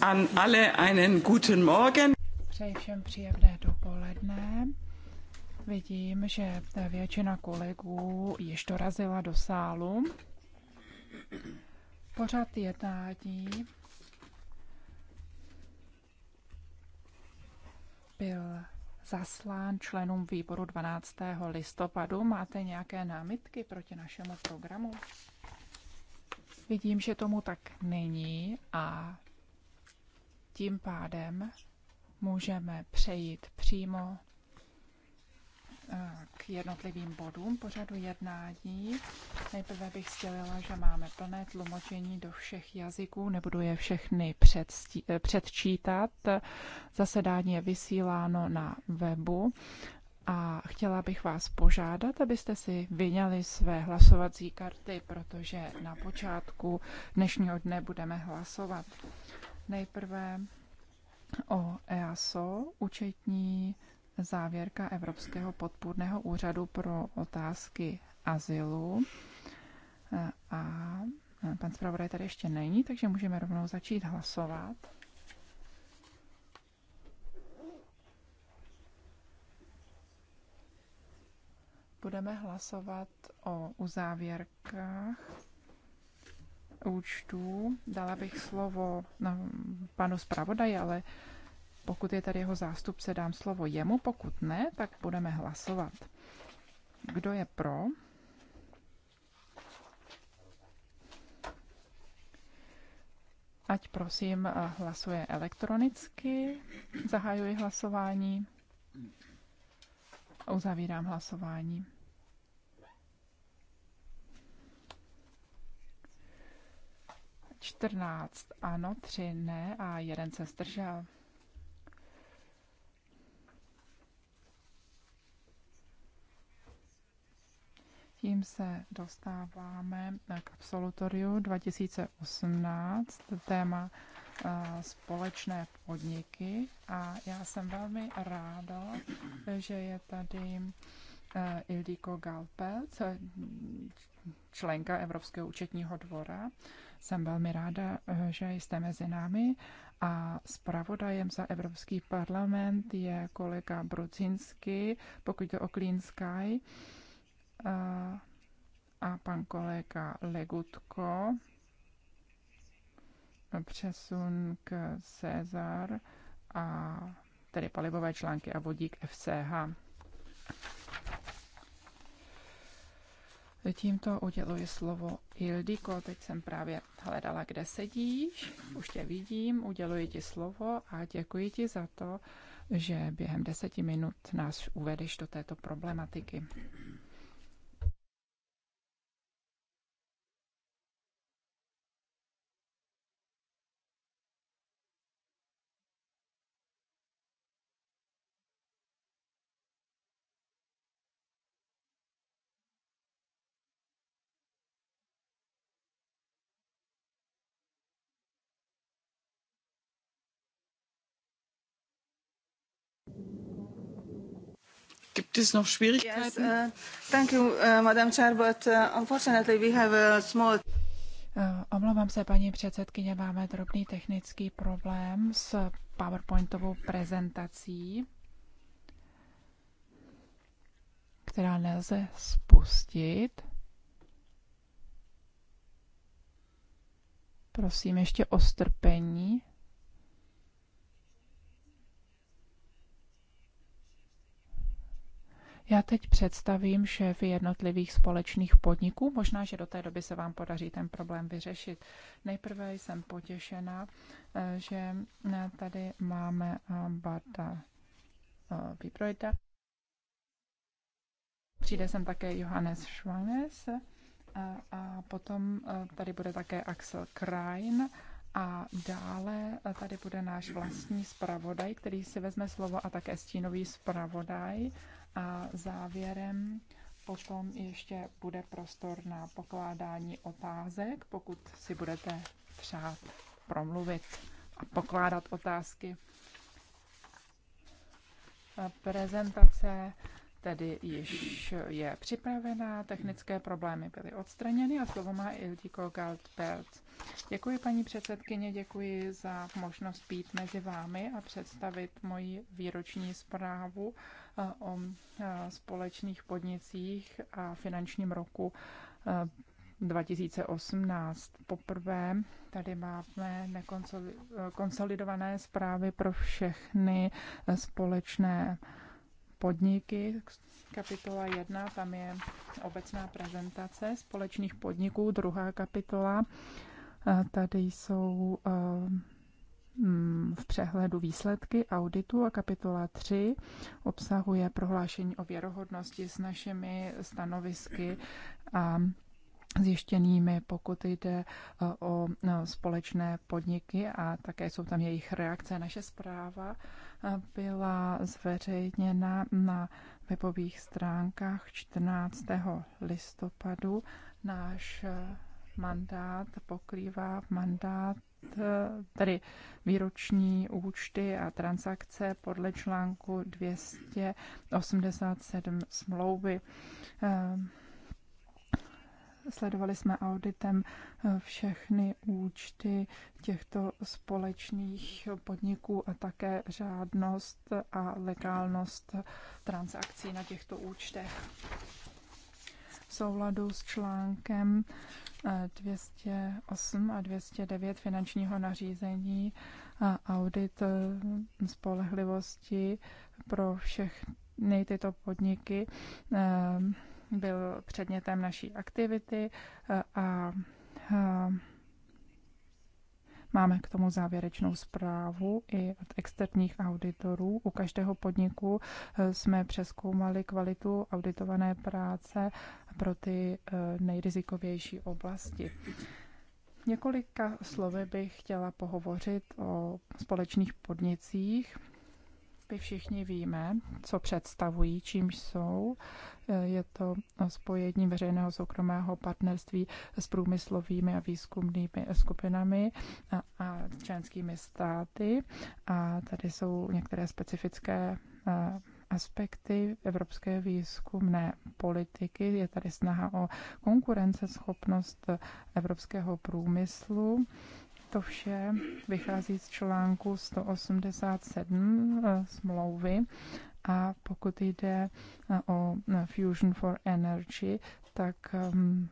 An alle einen guten Morgen. Přeji všem příjemné dopoledne. Vidím, že většina kolegů již dorazila do sálu. Pořád jednání byl zaslán členům výboru 12. listopadu. Máte nějaké námitky proti našemu programu? Vidím, že tomu tak není a tím pádem můžeme přejít přímo eh, k jednotlivým bodům pořadu jednání. Nejprve bych sdělila, že máme plné tlumočení do všech jazyků, nebudu je všechny předstí, eh, předčítat. Zasedání je vysíláno na webu a chtěla bych vás požádat, abyste si vyňali své hlasovací karty, protože na počátku dnešního dne budeme hlasovat. Nejprve o EASO, účetní závěrka Evropského podpůrného úřadu pro otázky azylu. A pan zpravodaj tady ještě není, takže můžeme rovnou začít hlasovat. budeme hlasovat o uzávěrkách účtů. Dala bych slovo na panu zpravodaji, ale pokud je tady jeho zástupce, dám slovo jemu. Pokud ne, tak budeme hlasovat. Kdo je pro? Ať prosím eh, hlasuje elektronicky. Zahajuji hlasování. Uzavírám hlasování. 14 ano, 3 ne a jeden se zdržel. Tím se dostáváme k absolutoriu 2018, téma eh, společné podniky a já jsem velmi ráda, že je tady eh, Ildiko Galpel, členka Evropského účetního dvora. Jsem velmi ráda, eh, že jste mezi námi a zpravodajem za Evropský parlament je kolega Brucinsky, pokud to o Clean Sky, eh, a, pan kolega Legutko, přesun k Cezar a tedy palivové články a vodík FCH. Tímto uděluji slovo Ildiko. Teď jsem právě hledala, kde sedíš. Už tě vidím, uděluji ti slovo a děkuji ti za to, že během deseti minut nás uvedeš do této problematiky. Gibt es noch Schwierigkeiten? Yes, uh, thank you, uh, Madam Chair, but uh, unfortunately we have a small... Uh, omlouvám se, paní předsedkyně, máme drobný technický problém s PowerPointovou prezentací, která nelze spustit. Prosím ještě o strpení. Já teď představím šéfy jednotlivých společných podniků. Možná, že do té doby se vám podaří ten problém vyřešit. Nejprve jsem potěšena, eh, že eh, tady máme eh, Barta Vibrojda. Přijde sem také Johannes Schwanes a potom tady bude také Axel Krajn A dále tady bude náš vlastní zpravodaj, který si vezme slovo a také stínový zpravodaj. A závěrem potom ještě bude prostor na pokládání otázek, pokud si budete přát promluvit a pokládat otázky. Prezentace tedy již je připravená, technické problémy byly odstraněny a slovo má Iltiko Galtbert. Děkuji paní předsedkyně, děkuji za možnost být mezi vámi a představit moji výroční zprávu eh, o eh, společných podnicích a finančním roku 2018. Eh, Poprvé tady máme nekonsolidované zprávy pro všechny společné podniky, kapitola 1, tam je obecná prezentace společných podniků, druhá kapitola, tady jsou eh, mm, v přehledu výsledky auditu a kapitola 3 obsahuje prohlášení o věrohodnosti s našimi stanovisky a zjištěnými, pokud jde eh, o no, společné podniky a také jsou tam jejich reakce. Naše zpráva byla zveřejněna na webových stránkách 14. listopadu. Náš eh, mandát pokrývá mandát eh, tedy výroční účty a transakce podle článku 287 smlouvy. Ehm, sledovali jsme auditem eh, všechny účty těchto společných podniků a také řádnost a legálnost transakcí na těchto účtech. V souladu s článkem 208 eh, a 209 finančního nařízení a audit eh, spolehlivosti pro všechny tyto podniky byl předmětem naší aktivity eh, a eh, Máme k tomu závěrečnou zprávu i od externích auditorů. U každého podniku eh, jsme přeskoumali kvalitu auditované práce pro ty nejrizikovější oblasti. Několika slovy bych chtěla pohovořit o společných podnicích my všichni víme, co představují, čím jsou. Je to spojení veřejného soukromého partnerství s průmyslovými a výzkumnými skupinami a, a členskými státy. A tady jsou některé specifické aspekty evropské výzkumné politiky. Je tady snaha o konkurenceschopnost evropského průmyslu to vše vychází z článku 187 eh, smlouvy a pokud jde eh, o eh, Fusion for Energy, tak ehm,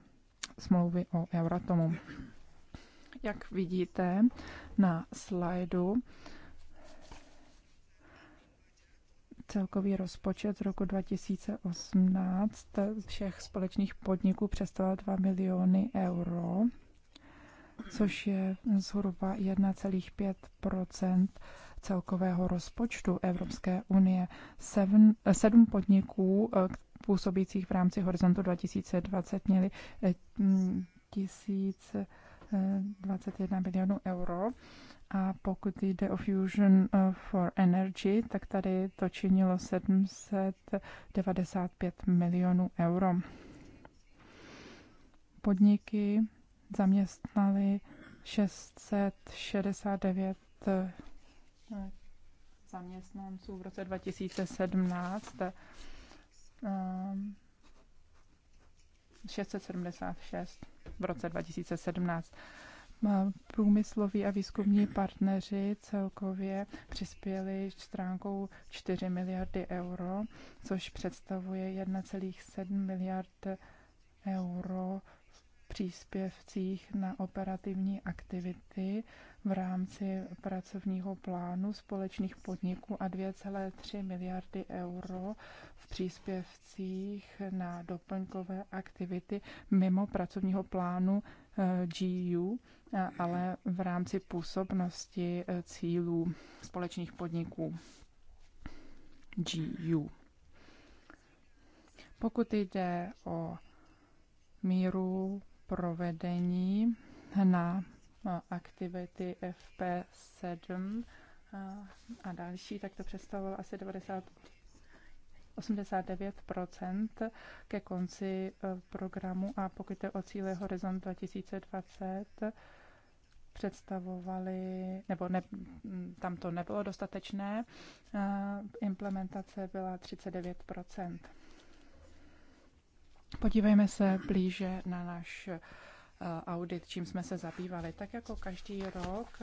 smlouvy o Euratomu. Jak vidíte na slajdu, celkový rozpočet roku 2018 všech společných podniků přestala 2 miliony euro což je zhruba 1,5 celkového rozpočtu Evropské unie. Sedm, sedm podniků eh, působících v rámci Horizontu 2020 měli 1021 eh, eh, milionů euro. A pokud jde o Fusion for Energy, tak tady to činilo 795 milionů euro. Podniky zaměstnali 669 eh, zaměstnanců v roce 2017. 676 eh, v roce 2017. Průmysloví a výzkumní partneři celkově přispěli stránkou 4 miliardy euro, což představuje 1,7 miliard euro příspěvcích na operativní aktivity v rámci pracovního plánu společných podniků a 2,3 miliardy euro v příspěvcích na doplňkové aktivity mimo pracovního plánu eh, GU, ale v rámci působnosti eh, cílů společných podniků GU. Pokud jde o míru provedení na aktivity FP7 a další, tak to představovalo asi 90 89 ke konci e, programu a pokud je o cíle Horizon 2020, představovali, nebo ne, tam to nebylo dostatečné, e, implementace byla 39 Podívejme se blíže na náš eh, audit, čím jsme se zabývali. Tak jako každý rok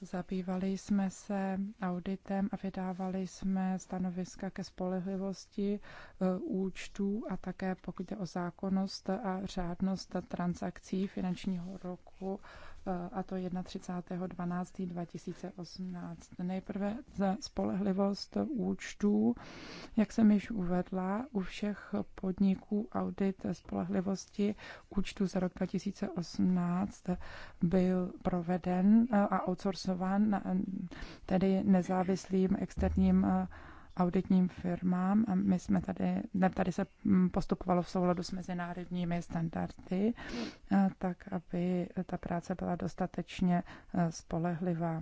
zabývali jsme se auditem a vydávali jsme stanoviska ke spolehlivosti eh, účtů a také pokud jde o zákonnost a řádnost transakcí finančního roku Eh, a to 31.12.2018. Nejprve za spolehlivost účtů, jak jsem již uvedla, u všech podniků audit spolehlivosti účtu za rok 2018 byl proveden eh, a outsourcován eh, tedy nezávislým externím auditním firmám a my jsme tady, ne, tady se mm, postupovalo v souladu s mezinárodními standardy, hmm. eh, tak aby ta práce byla dostatečně eh, spolehlivá.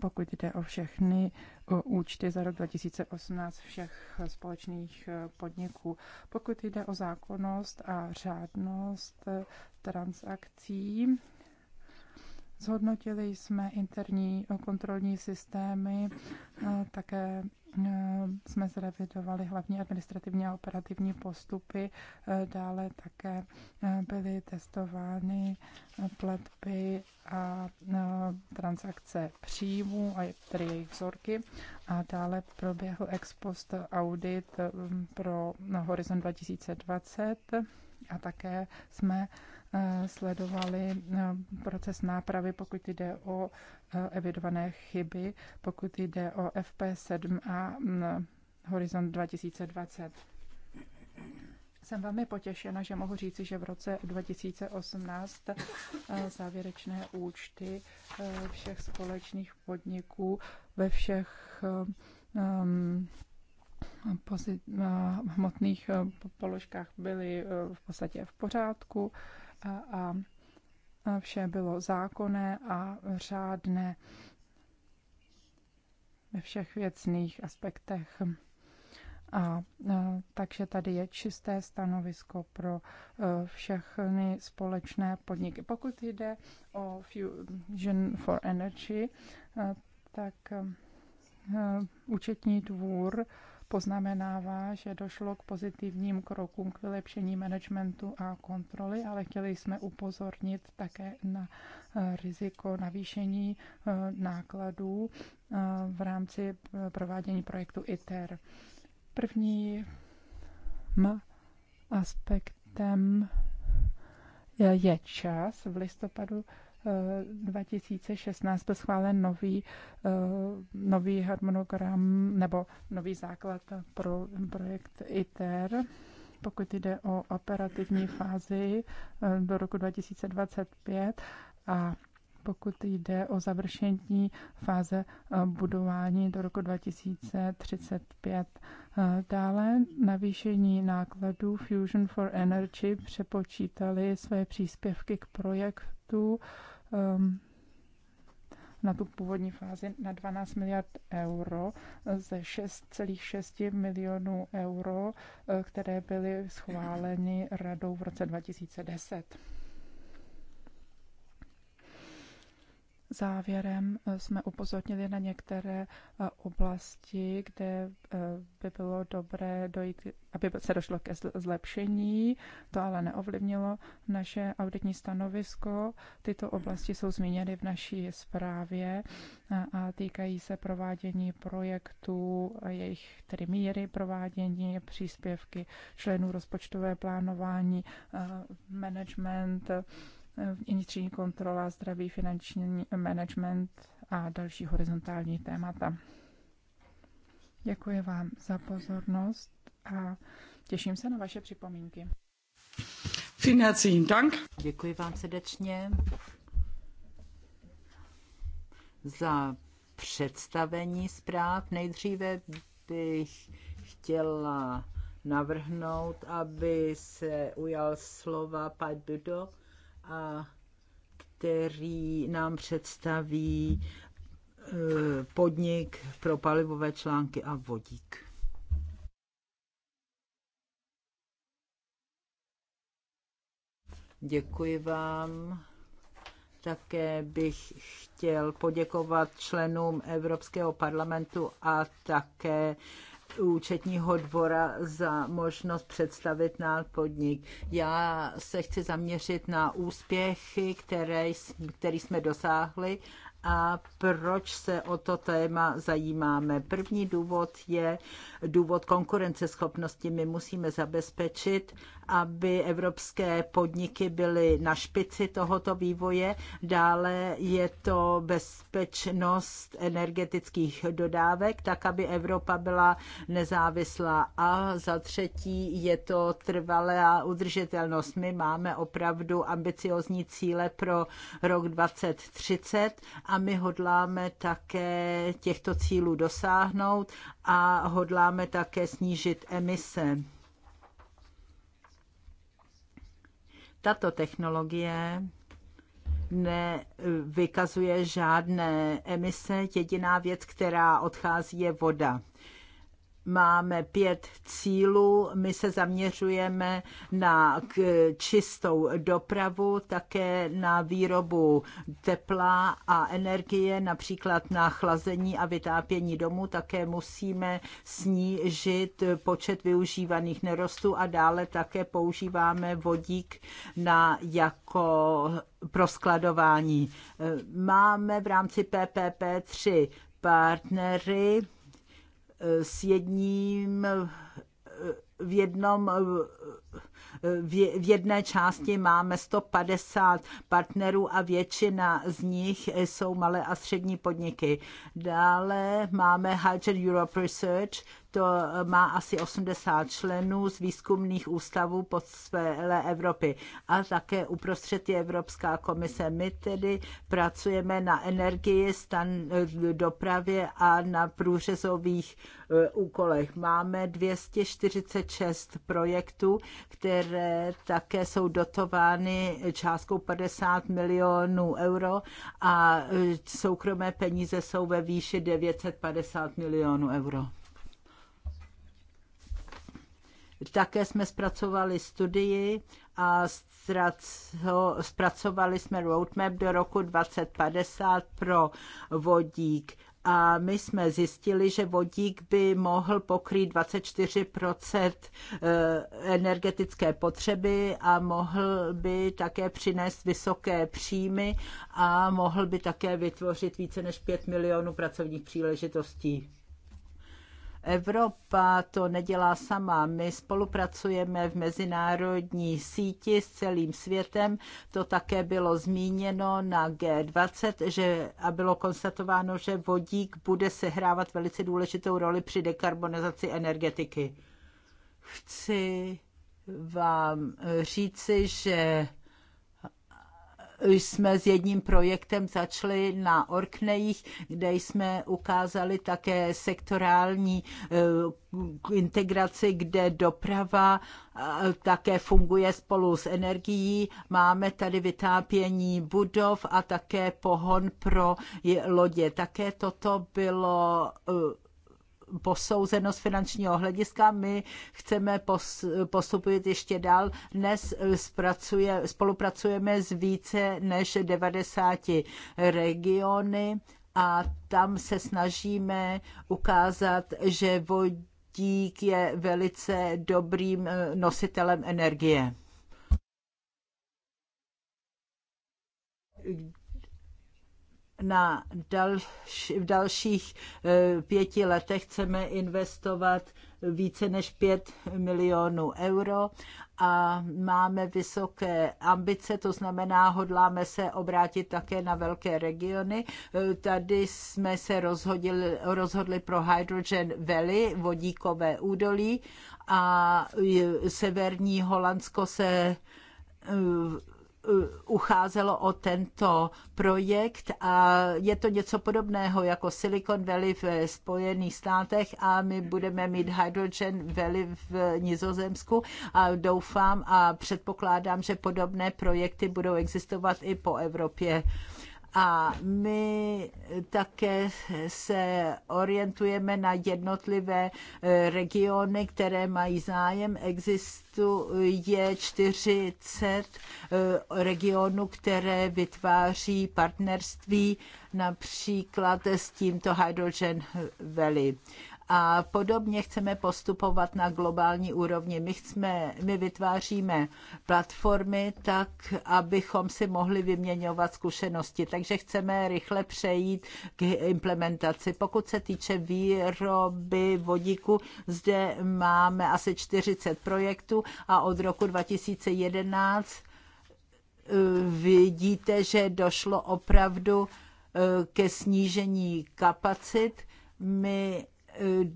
Pokud jde o všechny o účty za rok 2018 všech eh, společných podniků, pokud jde o zákonnost a řádnost transakcí, Zhodnotili jsme interní kontrolní systémy, eh, také eh, jsme zrevidovali hlavní administrativní a operativní postupy, eh, dále také byly testovány platby a transakce příjmů, a tedy jejich vzorky. A dále proběhl ex post audit pro Horizon 2020 a také jsme Eh, sledovali eh, proces nápravy, pokud jde o eh, evidované chyby, pokud jde o FP7 a mm, Horizont 2020. Jsem velmi potěšena, že mohu říci, že v roce 2018 závěrečné účty všech společných podniků ve všech um, mm, pozit, hmotných položkách byly v podstatě v pořádku a vše bylo zákonné a řádné ve všech věcných aspektech. A takže tady je čisté stanovisko pro e, všechny společné podniky. Pokud jde o Fusion for Energy, e, tak e, účetní dvůr poznamenává, že došlo k pozitivním krokům k vylepšení managementu a kontroly, ale chtěli jsme upozornit také na eh, riziko navýšení eh, nákladů eh, v rámci provádění projektu ITER. První aspektem je čas. V listopadu 2016 byl schválen nový, eh, nový harmonogram nebo nový základ pro projekt ITER. Pokud jde o operativní fázi eh, do roku 2025 a pokud jde o završení fáze eh, budování do roku 2035. Dále navýšení nákladů Fusion for Energy přepočítali své příspěvky k projektu Ehm, na tu původní fázi na 12 miliard euro ze 6,6 milionů euro, eh, které byly schváleny radou v roce 2010. Závěrem eh, jsme upozornili na některé eh, oblasti, kde eh, by bylo dobré dojít, aby se došlo ke zlepšení. To ale neovlivnilo naše auditní stanovisko. Tyto oblasti jsou zmíněny v naší zprávě a týkají se provádění projektů, jejich tedy míry provádění, příspěvky členů rozpočtové plánování, management, vnitřní kontrola, zdravý finanční management a další horizontální témata. Děkuji vám za pozornost a těším se na vaše připomínky. Finanční Dank. Děkuji vám srdečně za představení zpráv. Nejdříve bych chtěla navrhnout, aby se ujal slova Pat Budok, a který nám představí eh, podnik pro palivové články a vodík. Děkuji vám. Také bych chtěl poděkovat členům Evropského parlamentu a také účetního dvora za možnost představit nám podnik. Já se chci zaměřit na úspěchy, které, které jsme dosáhli a proč se o to téma zajímáme. První důvod je důvod konkurenceschopnosti. My musíme zabezpečit, aby evropské podniky byly na špici tohoto vývoje. Dále je to bezpečnost energetických dodávek, tak aby Evropa byla nezávislá. A za třetí je to trvalá udržitelnost. My máme opravdu ambiciozní cíle pro rok 2030 a my hodláme také těchto cílů dosáhnout a hodláme také snížit emise. Tato technologie nevykazuje žádné emise. Jediná věc, která odchází, je voda máme pět cílů. My se zaměřujeme na čistou dopravu, také na výrobu tepla a energie, například na chlazení a vytápění domů. Také musíme snížit počet využívaných nerostů a dále také používáme vodík na jako pro skladování. Máme v rámci PPP tři partnery, s jedním v jednom v jedné části máme 150 partnerů a většina z nich jsou malé a střední podniky. Dále máme Hydrogen Europe Research, to má asi 80 členů z výzkumných ústavů po celé Evropy. A také uprostřed je Evropská komise. My tedy pracujeme na energii, stan, dopravě a na průřezových e, úkolech. Máme 246 projektů, které také jsou dotovány částkou 50 milionů euro a e, soukromé peníze jsou ve výši 950 milionů euro. Také jsme zpracovali studii a zpracovali jsme roadmap do roku 2050 pro vodík a my jsme zjistili, že vodík by mohl pokrýt 24 eh, energetické potřeby a mohl by také přinést vysoké příjmy a mohl by také vytvořit více než 5 milionů pracovních příležitostí. Evropa to nedělá sama. My spolupracujeme v mezinárodní síti s celým světem. To také bylo zmíněno na G20 že, a bylo konstatováno, že vodík bude sehrávat velice důležitou roli při dekarbonizaci energetiky. Chci vám říci, že jsme s jedním projektem začali na Orknejích, kde jsme ukázali také sektorální eh, integraci, kde doprava eh, také funguje spolu s energií. Máme tady vytápění budov a také pohon pro lodě. Také toto bylo eh, z finančního hlediska. My chceme postupovat ještě dál. Dnes zpracuje, spolupracujeme s více než 90 regiony a tam se snažíme ukázat, že vodík je velice dobrým eh, nositelem energie na dalš, v dalších eh, pěti letech chceme investovat více než 5 milionů euro a máme vysoké ambice, to znamená, hodláme se obrátit také na velké regiony. Eh, tady jsme se rozhodili, rozhodli pro Hydrogen Valley, vodíkové údolí a severní Holandsko se eh, Eh, ucházelo o tento projekt a je to něco podobného jako Silicon Valley v Spojených státech a my budeme mít Hydrogen Valley v Nizozemsku a doufám a předpokládám, že podobné projekty budou existovat i po Evropě. A my také se orientujeme na jednotlivé eh, regiony, které mají zájem. Existuje 40 eh, regionů, které vytváří partnerství například s tímto Hydrogen Valley. A podobně chceme postupovat na globální úrovni. My, chceme, my vytváříme platformy tak, abychom si mohli vyměňovat zkušenosti. Takže chceme rychle přejít k implementaci. Pokud se týče výroby vodíku, zde máme asi 40 projektů a od roku 2011 eh, vidíte, že došlo opravdu eh, ke snížení kapacit. My Eh,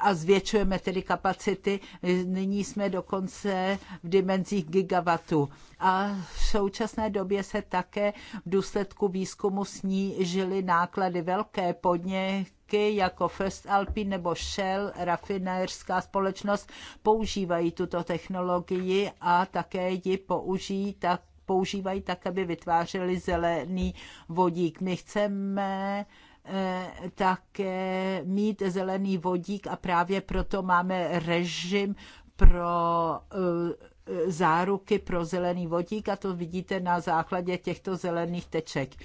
a zvětšujeme tedy kapacity. Nyní jsme dokonce v dimenzích gigawatu. A v současné době se také v důsledku výzkumu snížily náklady velké podniky, jako First Alpine nebo Shell, rafinérská společnost, používají tuto technologii a také ji použijí tak používají tak, aby vytvářeli zelený vodík. My chceme Eh, také mít zelený vodík a právě proto máme režim pro eh, záruky pro zelený vodík a to vidíte na základě těchto zelených teček. E,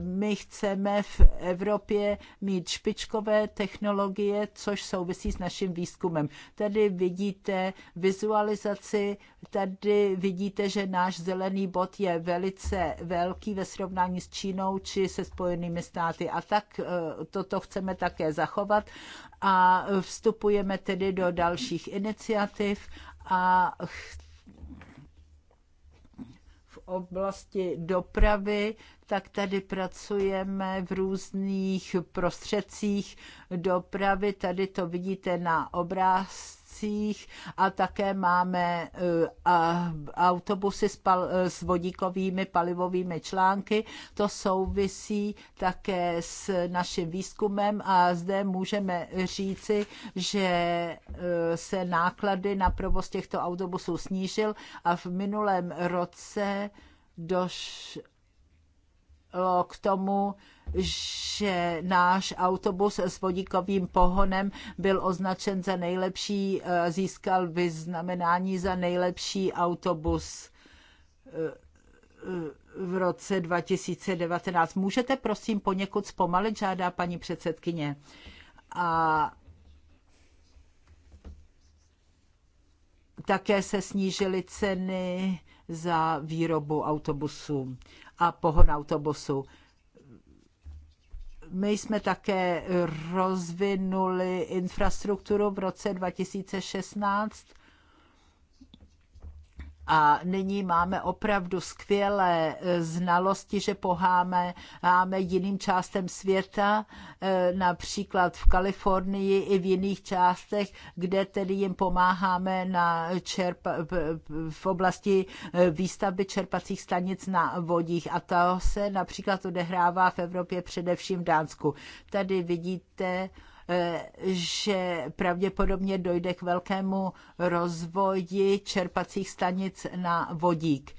my chceme v Evropě mít špičkové technologie, což souvisí s naším výzkumem. Tady vidíte vizualizaci, tady vidíte, že náš zelený bod je velice velký ve srovnání s Čínou či se Spojenými státy a tak e, toto chceme také zachovat a vstupujeme tedy do dalších iniciativ a oblasti dopravy, tak tady pracujeme v různých prostředcích dopravy. Tady to vidíte na obrázku vlacích a také máme eh, autobusy eh, s vodíkovými palivovými články. To souvisí také s naším výzkumem a zde můžeme říci, že eh, se náklady na provoz těchto autobusů snížil a v minulém roce doš, k tomu, že náš autobus s vodíkovým pohonem byl označen za nejlepší, eh, získal vyznamenání za nejlepší autobus eh, v roce 2019. Můžete prosím poněkud zpomalit, žádá paní předsedkyně. A také se snížily ceny za výrobu autobusů a pohon autobusu. My jsme také rozvinuli infrastrukturu v roce 2016 a nyní máme opravdu skvělé eh, znalosti, že poháme máme jiným částem světa, eh, například v Kalifornii i v jiných částech, kde tedy jim pomáháme na čerp, v oblasti eh, výstavby čerpacích stanic na vodích. A to se například odehrává v Evropě, především v Dánsku. Tady vidíte, Eh, že pravděpodobně dojde k velkému rozvoji čerpacích stanic na vodík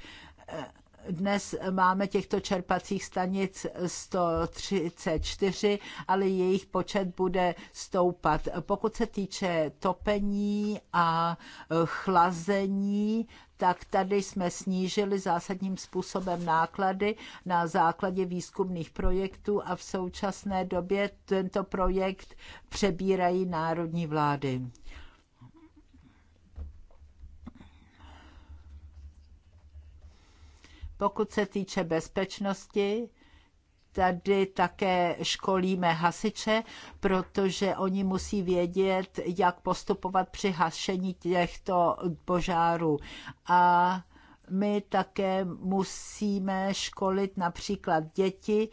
eh, dnes máme těchto čerpacích stanic 134, ale jejich počet bude stoupat. Pokud se týče topení a e, chlazení, tak tady jsme snížili zásadním způsobem náklady na základě výzkumných projektů a v současné době tento projekt přebírají národní vlády. Pokud se týče bezpečnosti, tady také školíme hasiče, protože oni musí vědět, jak postupovat při hašení těchto požárů. A my také musíme školit například děti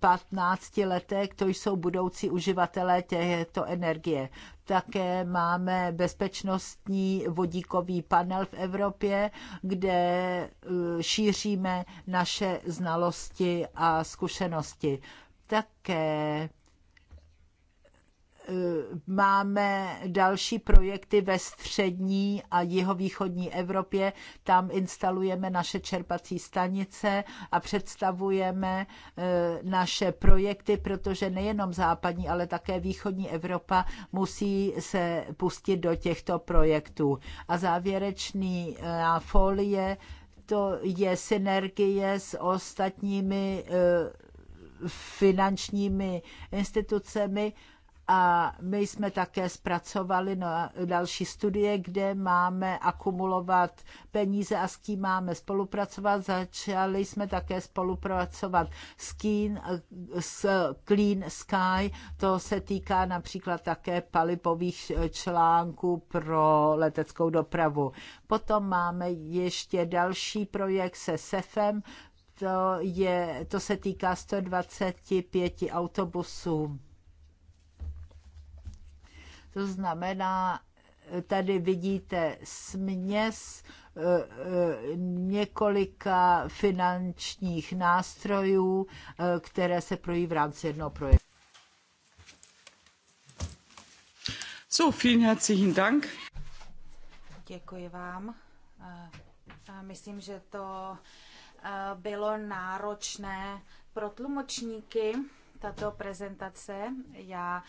15 eh, letek, to jsou budoucí uživatelé této energie. Také máme bezpečnostní vodíkový panel v Evropě, kde eh, šíříme naše znalosti a zkušenosti. Také Eh, máme další projekty ve střední a jihovýchodní Evropě. Tam instalujeme naše čerpací stanice a představujeme eh, naše projekty, protože nejenom západní, ale také východní Evropa musí se pustit do těchto projektů. A závěrečný eh, folie to je synergie s ostatními finančními institucemi, a my jsme také zpracovali na další studie, kde máme akumulovat peníze a s kým máme spolupracovat. Začali jsme také spolupracovat s, Keen, s Clean Sky. To se týká například také palivových článků pro leteckou dopravu. Potom máme ještě další projekt se SEFem. To, je, to se týká 125 autobusů to znamená, tady vidíte směs e, e, několika finančních nástrojů, e, které se projí v rámci jednoho projektu. So, vielen herzlichen Dank. Děkuji vám. Myslím, že to bylo náročné pro tlumočníky tato prezentace. Já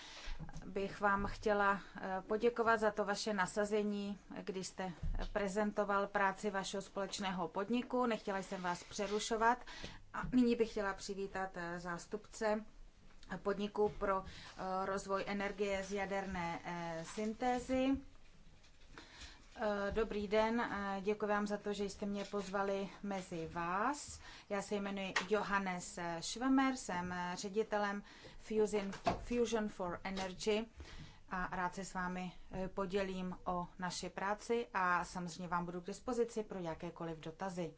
bych vám chtěla eh, poděkovat za to vaše nasazení, když jste prezentoval práci vašeho společného podniku. Nechtěla jsem vás přerušovat a nyní bych chtěla přivítat eh, zástupce podniku pro eh, rozvoj energie z jaderné syntézy. Eh, dobrý den, eh, děkuji vám za to, že jste mě pozvali mezi vás. Já se jmenuji Johannes eh, Schwemmer, jsem ředitelem Fusion for Energy a rád se s vámi podělím o naši práci a samozřejmě vám budu k dispozici pro jakékoliv dotazy.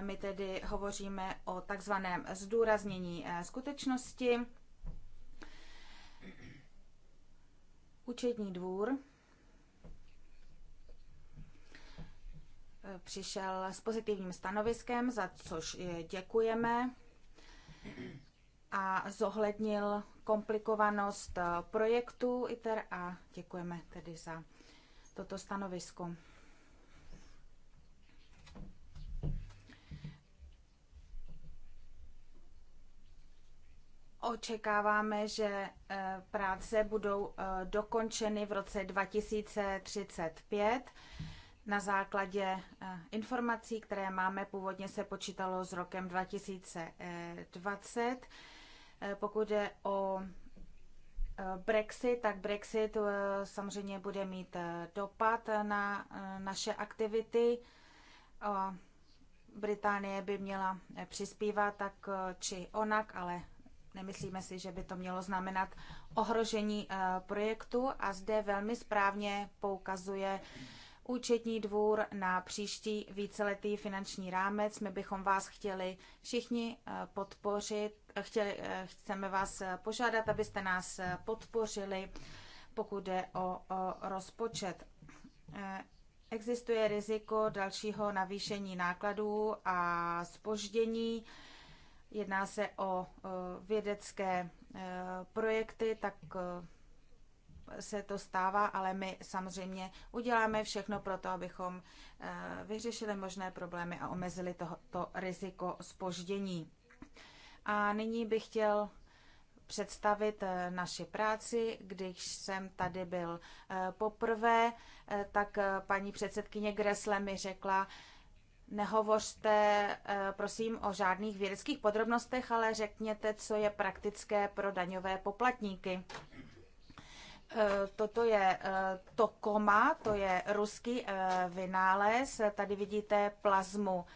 My tedy hovoříme o takzvaném zdůraznění skutečnosti. Učetní dvůr přišel s pozitivním stanoviskem, za což děkujeme a zohlednil komplikovanost eh, projektu ITER a děkujeme tedy za toto stanovisko. Očekáváme, že eh, práce budou eh, dokončeny v roce 2035 na základě eh, informací, které máme, původně se počítalo s rokem 2020. Eh, pokud je o eh, Brexit, tak Brexit samozřejmě bude mít dopad na naše aktivity. Británie by měla přispívat tak či onak, ale nemyslíme si, že by to mělo znamenat ohrožení projektu a zde velmi správně poukazuje účetní dvůr na příští víceletý finanční rámec. My bychom vás chtěli všichni eh, podpořit, chtěli, eh, chceme vás eh, požádat, abyste nás podpořili, pokud jde o, o rozpočet. Existuje riziko dalšího navýšení nákladů a spoždění. Jedná se o vědecké projekty, tak se to stává, ale my samozřejmě uděláme všechno pro to, abychom eh, vyřešili možné problémy a omezili to riziko spoždění. A nyní bych chtěl představit eh, naši práci. Když jsem tady byl eh, poprvé, tak paní předsedkyně Gresle mi řekla, nehovořte prosím o žádných vědeckých podrobnostech, ale řekněte, co je praktické pro daňové poplatníky. Eh, toto je eh, Tokoma, to je ruský eh, vynález. Tady vidíte plazmu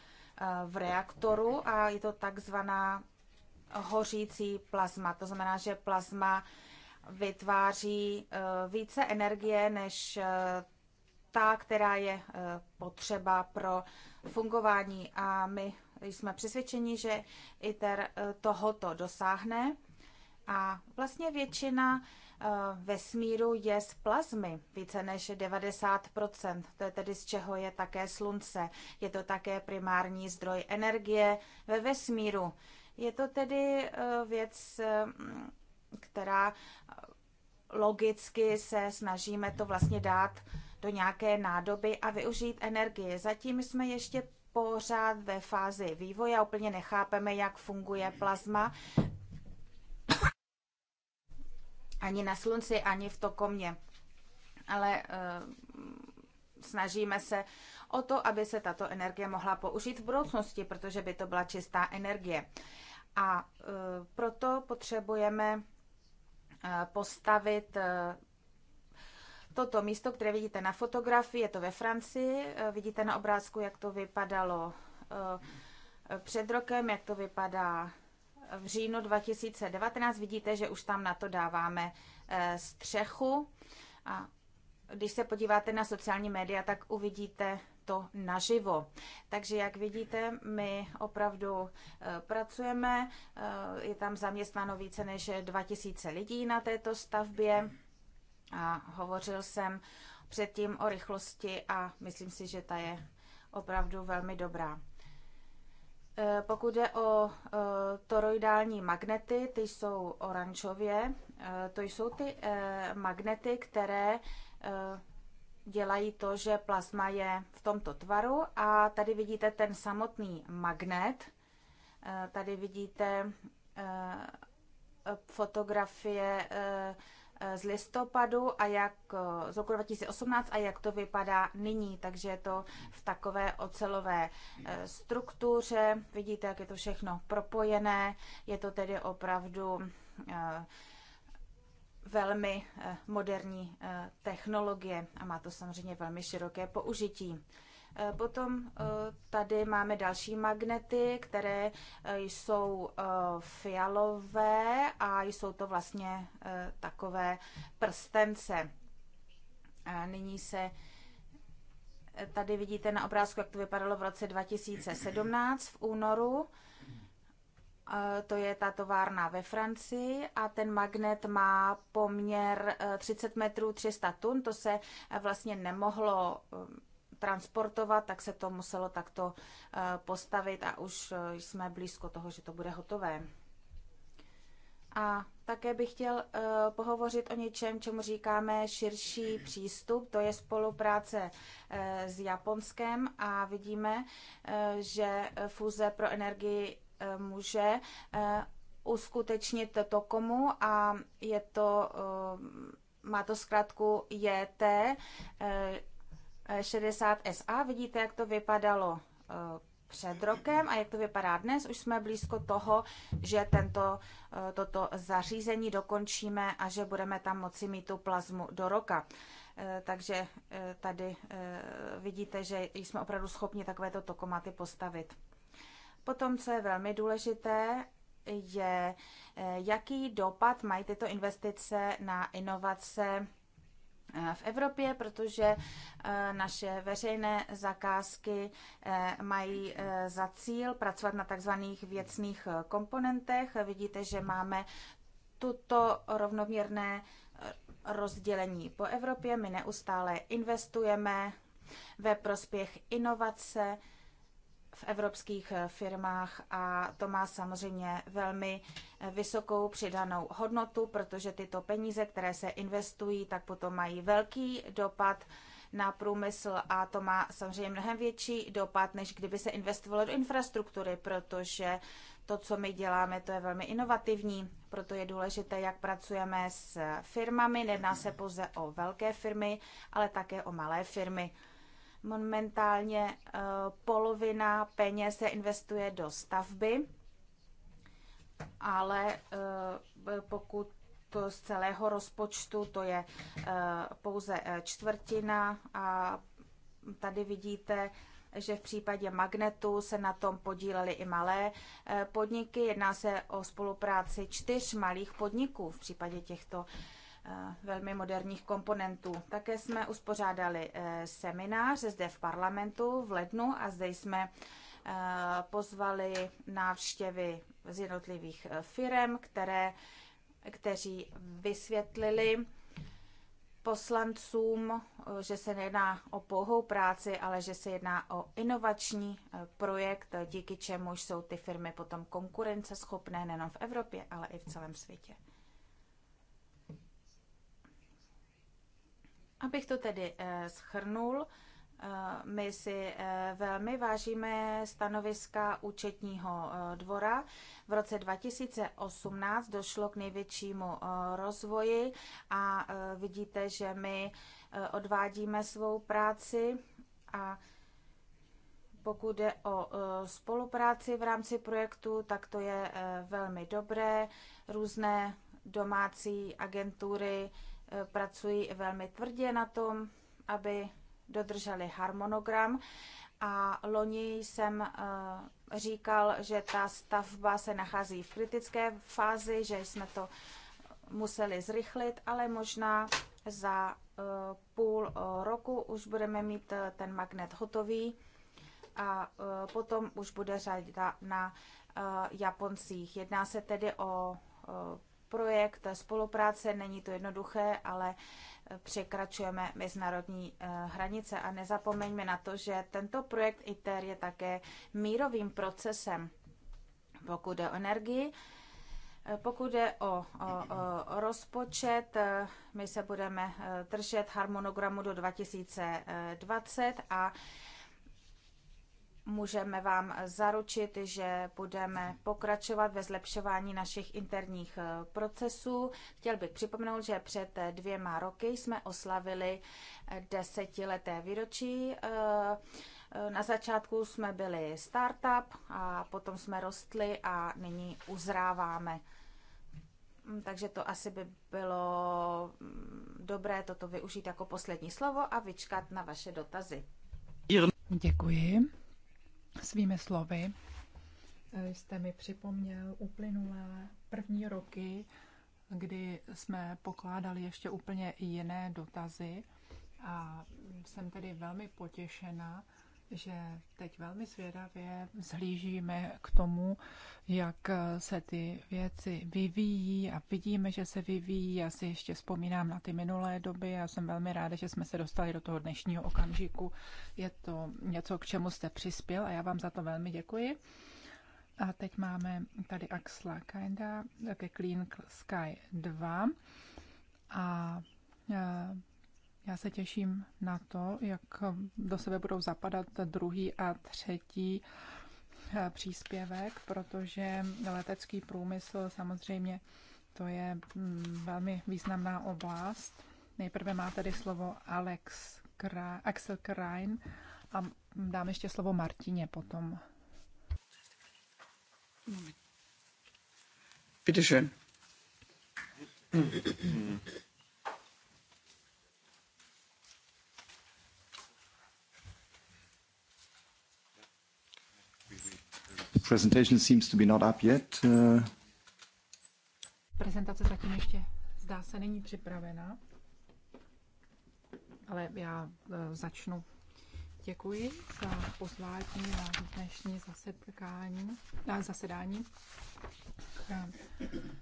v reaktoru a je to takzvaná hořící plazma. To znamená, že plazma vytváří více energie než ta, která je potřeba pro fungování. A my jsme přesvědčeni, že ITER tohoto dosáhne. A vlastně většina Eh, vesmíru je z plazmy, více než 90%, to je tedy z čeho je také slunce. Je to také primární zdroj energie ve vesmíru. Je to tedy eh, věc, eh, která logicky se snažíme to vlastně dát do nějaké nádoby a využít energie. Zatím jsme ještě pořád ve fázi vývoje a úplně nechápeme, jak funguje plazma, ani na slunci, ani v Tokomě. Ale eh, snažíme se o to, aby se tato energie mohla použít v budoucnosti, protože by to byla čistá energie. A eh, proto potřebujeme eh, postavit toto místo, které vidíte na fotografii, je to ve Francii. Vidíte na obrázku, jak to vypadalo před rokem, jak to vypadá v říjnu 2019. Vidíte, že už tam na to dáváme eh, střechu. A když se podíváte na sociální média, tak uvidíte to naživo. Takže jak vidíte, my opravdu eh, pracujeme, eh, je tam zaměstnáno více než 2000 lidí na této stavbě a hovořil jsem předtím o rychlosti a myslím si, že ta je opravdu velmi dobrá. Eh, pokud je o eh, toroidální magnety, ty jsou oranžově. Eh, to jsou ty magnety, které dělají to, že plazma je v tomto tvaru a tady vidíte ten samotný magnet. Tady vidíte fotografie z listopadu a jak eh, z roku 2018 a jak to vypadá nyní. Takže je to v takové ocelové eh, struktuře. Vidíte, jak je to všechno propojené. Je to tedy opravdu eh, velmi moderní technologie a má to samozřejmě velmi široké použití. Eh, potom eh, tady máme další magnety, které eh, jsou fialové a jsou to vlastně takové prstence. nyní se tady vidíte na obrázku, jak to vypadalo v roce 2017 v únoru. To je ta továrna ve Francii a ten magnet má poměr 30 metrů 300 tun. To se vlastně nemohlo transportovat, tak se to muselo takto eh, postavit a už eh, jsme blízko toho, že to bude hotové. A také bych chtěl eh, pohovořit o něčem, čemu říkáme širší přístup, to je spolupráce s Japonskem a vidíme, že fuze pro energii může uskutečnit Tokomu a je to, má to zkrátku JT, 60 eh, SA. Vidíte, jak to vypadalo eh, před rokem a jak to vypadá dnes. Už jsme blízko toho, že tento, eh, toto zařízení dokončíme a že budeme tam moci mít tu plazmu do roka. Takže tady vidíte, že jsme opravdu schopni takovéto tokomaty postavit. Potom, co je velmi důležité, je, jaký dopad mají tyto investice na inovace Eh, v Evropě, protože eh, naše veřejné zakázky eh, mají za cíl pracovat na takzvaných věcných komponentech. Vidíte, že máme tuto rovnoměrné rozdělení po Evropě. My neustále investujeme ve prospěch inovace, v evropských eh, firmách a to má samozřejmě velmi eh, vysokou přidanou hodnotu, protože tyto peníze, které se investují, tak potom mají velký dopad na průmysl a to má samozřejmě mnohem větší dopad, než kdyby se investovalo do infrastruktury, protože to, co my děláme, to je velmi inovativní, proto je důležité, jak pracujeme s firmami. Nedná se pouze o velké firmy, ale také o malé firmy. Momentálně eh, polovina peněz se investuje do stavby, ale eh, pokud to z celého rozpočtu, to je eh, pouze čtvrtina a tady vidíte, že v případě magnetu se na tom podílely i malé podniky. Jedná se o spolupráci čtyř malých podniků v případě těchto velmi moderních komponentů. Také jsme uspořádali e, seminář zde v parlamentu v lednu a zde jsme e, pozvali návštěvy z jednotlivých e, firm, které, kteří vysvětlili poslancům, že se nejedná o pouhou práci, ale že se jedná o inovační projekt, díky čemuž jsou ty firmy potom konkurenceschopné nejenom v Evropě, ale i v celém světě. Abych to tedy eh, schrnul, eh, my si eh, velmi vážíme stanoviska účetního dvora. V roce 2018 došlo k největšímu rozvoji a vidíte, že my odvádíme svou práci a pokud jde o spolupráci v rámci projektu, tak to je velmi dobré. Různé domácí agentury, pracují velmi tvrdě na tom, aby dodrželi harmonogram. A loni jsem eh, říkal, že ta stavba se nachází v kritické fázi, že jsme to museli zrychlit, ale možná za eh, půl eh, roku už budeme mít ten magnet hotový a potom už bude řada na Japoncích. Jedná se tedy o projekt spolupráce, není to jednoduché, ale eh, překračujeme mezinárodní eh, hranice a nezapomeňme na to, že tento projekt ITER je také mírovým procesem, pokud je o energii. Eh, pokud je o, o, o rozpočet, my se budeme držet harmonogramu do 2020 a můžeme vám zaručit, že budeme pokračovat ve zlepšování našich interních eh, procesů. Chtěl bych připomenout, že před eh, dvěma roky jsme oslavili eh, desetileté výročí. Na začátku jsme byli startup a potom jsme rostli a nyní uzráváme. Mm, takže to asi by bylo mm, dobré toto využít jako poslední slovo a vyčkat na vaše dotazy. Děkuji. Svými slovy eh, jste mi připomněl uplynulé první roky, kdy jsme pokládali ještě úplně jiné dotazy a jsem tedy velmi potěšena, že teď velmi zvědavě zhlížíme k tomu, jak se ty věci vyvíjí a vidíme, že se vyvíjí. Já si ještě vzpomínám na ty minulé doby. a jsem velmi ráda, že jsme se dostali do toho dnešního okamžiku. Je to něco, k čemu jste přispěl a já vám za to velmi děkuji. A teď máme tady Axla Kinda také Clean Sky 2 a já se těším na to, jak do sebe budou zapadat druhý a třetí eh, příspěvek, protože letecký průmysl samozřejmě to je mm, velmi významná oblast. Nejprve má tedy slovo Alex Kra- Axel Krein a dám ještě slovo Martině potom. Bitte schön. presentation seems to be not up yet. Uh, Prezentace zatím ještě zdá se není připravena, ale já eh, začnu Děkuji za pozvání na dnešní zasedání. Na zasedání.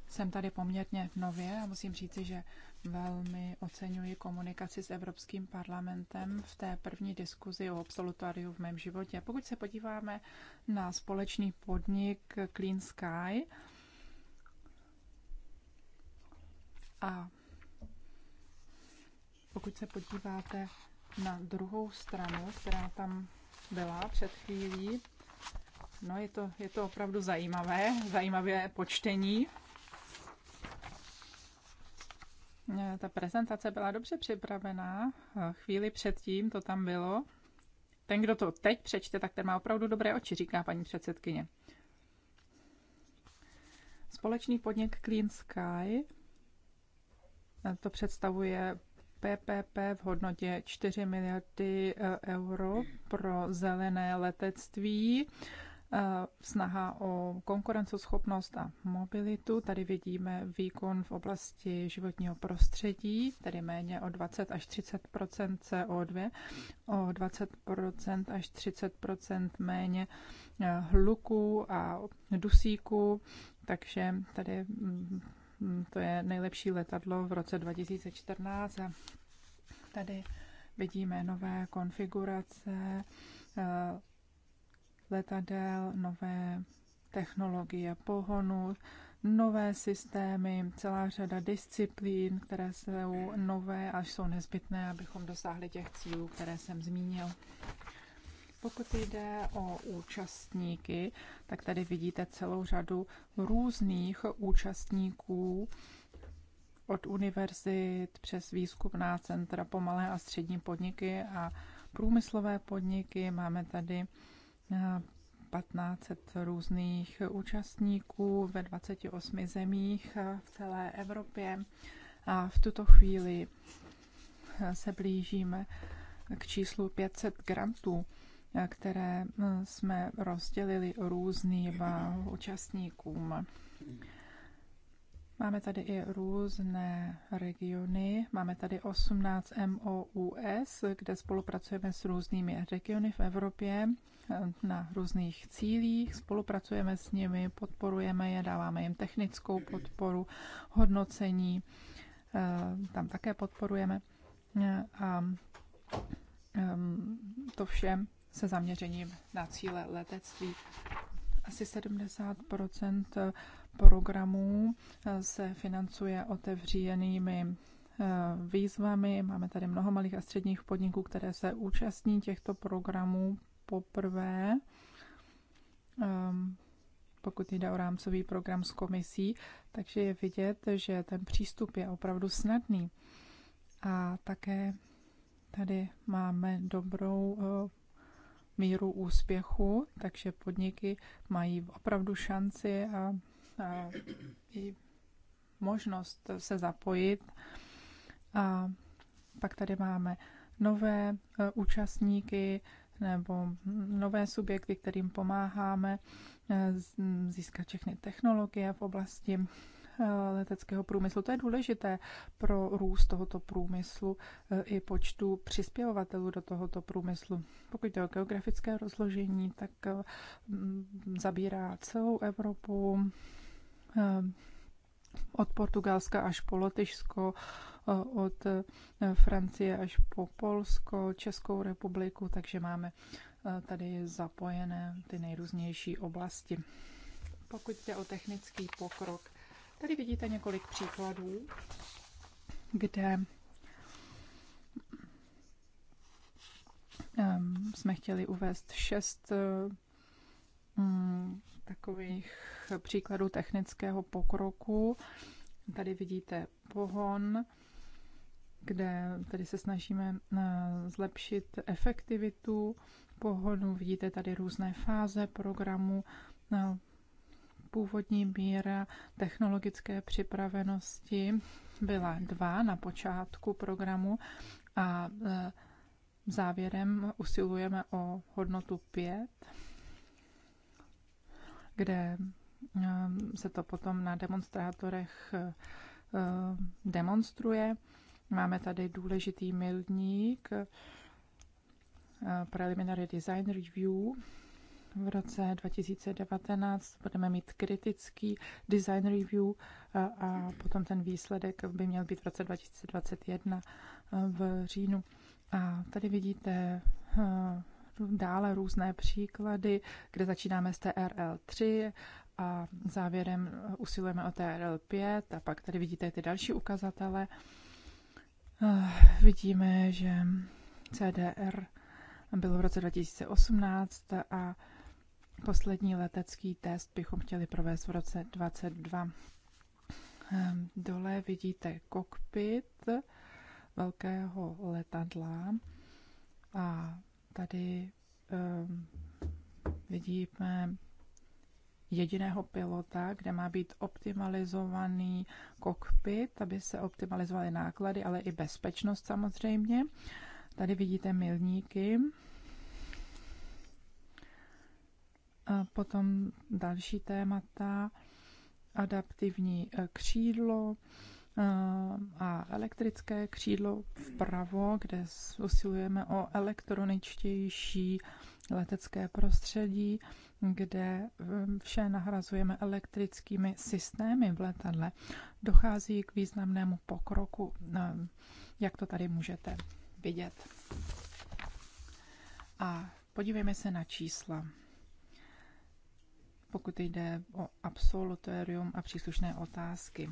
Jsem tady poměrně nově a musím říci, že velmi oceňuji komunikaci s Evropským parlamentem v té první diskuzi o absolutoriu v mém životě. Pokud se podíváme na společný podnik Clean Sky a pokud se podíváte na druhou stranu, která tam byla před chvílí. No, je to, je to opravdu zajímavé, zajímavé počtení. E, ta prezentace byla dobře připravená. E, chvíli předtím to tam bylo. Ten, kdo to teď přečte, tak ten má opravdu dobré oči, říká paní předsedkyně. Společný podnik Clean Sky e, to představuje PPP v hodnotě 4 miliardy eh, euro pro zelené letectví. Eh, snaha o konkurenceschopnost a mobilitu. Tady vidíme výkon v oblasti životního prostředí, tedy méně o 20 až 30 CO2, o 20 až 30 méně eh, hluku a dusíku, takže tady mm, Hm, to je nejlepší letadlo v roce 2014. A tady vidíme nové konfigurace eh, letadel, nové technologie pohonu, nové systémy, celá řada disciplín, které jsou nové a jsou nezbytné, abychom dosáhli těch cílů, které jsem zmínil. Pokud jde o účastníky, tak tady vidíte celou řadu různých účastníků od univerzit přes výzkumná centra po malé a střední podniky a průmyslové podniky. Máme tady 1500 eh, různých účastníků ve 28 zemích eh, v celé Evropě. A v tuto chvíli eh, se blížíme k číslu 500 grantů které eh, jsme rozdělili různým účastníkům. Máme tady i různé regiony. Máme tady 18 MOUS, kde spolupracujeme s různými regiony v Evropě eh, na různých cílích. Spolupracujeme s nimi, podporujeme je, dáváme jim technickou podporu, hodnocení. Eh, tam také podporujeme. A ehm, to vše se zaměřením na cíle letectví. Asi 70 programů eh, se financuje otevřenými eh, výzvami. Máme tady mnoho malých a středních podniků, které se účastní těchto programů poprvé. Ehm, pokud jde o rámcový program s komisí, takže je vidět, že ten přístup je opravdu snadný. A také tady máme dobrou eh, míru úspěchu, takže podniky mají opravdu šanci a, a i možnost se zapojit. A pak tady máme nové e, účastníky nebo nové subjekty, kterým pomáháme e, získat všechny technologie v oblasti Eh, leteckého průmyslu. To je důležité pro růst tohoto průmyslu eh, i počtu přispěvovatelů do tohoto průmyslu. Pokud jde o geografické rozložení, tak eh, mm, zabírá celou Evropu od Portugalska až po Lotyšsko, od Francie až po Polsko, Českou republiku, takže máme tady zapojené ty nejrůznější oblasti. Pokud jde o technický pokrok, Tady vidíte několik příkladů, kde ehm, jsme chtěli uvést šest mm, takových příkladů technického pokroku. Tady vidíte pohon, kde tady se snažíme eh, zlepšit efektivitu pohonu. Vidíte tady různé fáze programu eh, původní míra technologické připravenosti byla dva na počátku programu a e, závěrem usilujeme o hodnotu pět, kde e, se to potom na demonstrátorech e, demonstruje. Máme tady důležitý milník, preliminary design review, v roce 2019 budeme mít kritický design review a potom ten výsledek by měl být v roce 2021 v říjnu. A tady vidíte dále různé příklady, kde začínáme s TRL3 a závěrem usilujeme o TRL5 a pak tady vidíte ty další ukazatele. Vidíme, že CDR bylo v roce 2018 a Poslední letecký test bychom chtěli provést v roce 22. Ehm, dole vidíte kokpit velkého letadla a tady um, vidíme jediného pilota, kde má být optimalizovaný kokpit, aby se optimalizovaly náklady, ale i bezpečnost samozřejmě. Tady vidíte milníky A potom další témata, adaptivní eh, křídlo eh, a elektrické křídlo vpravo, kde usilujeme o elektroničtější letecké prostředí, kde eh, vše nahrazujeme elektrickými systémy v letadle. Dochází k významnému pokroku, jak to tady můžete vidět. A podívejme se na čísla pokud jde o absolutorium a příslušné otázky.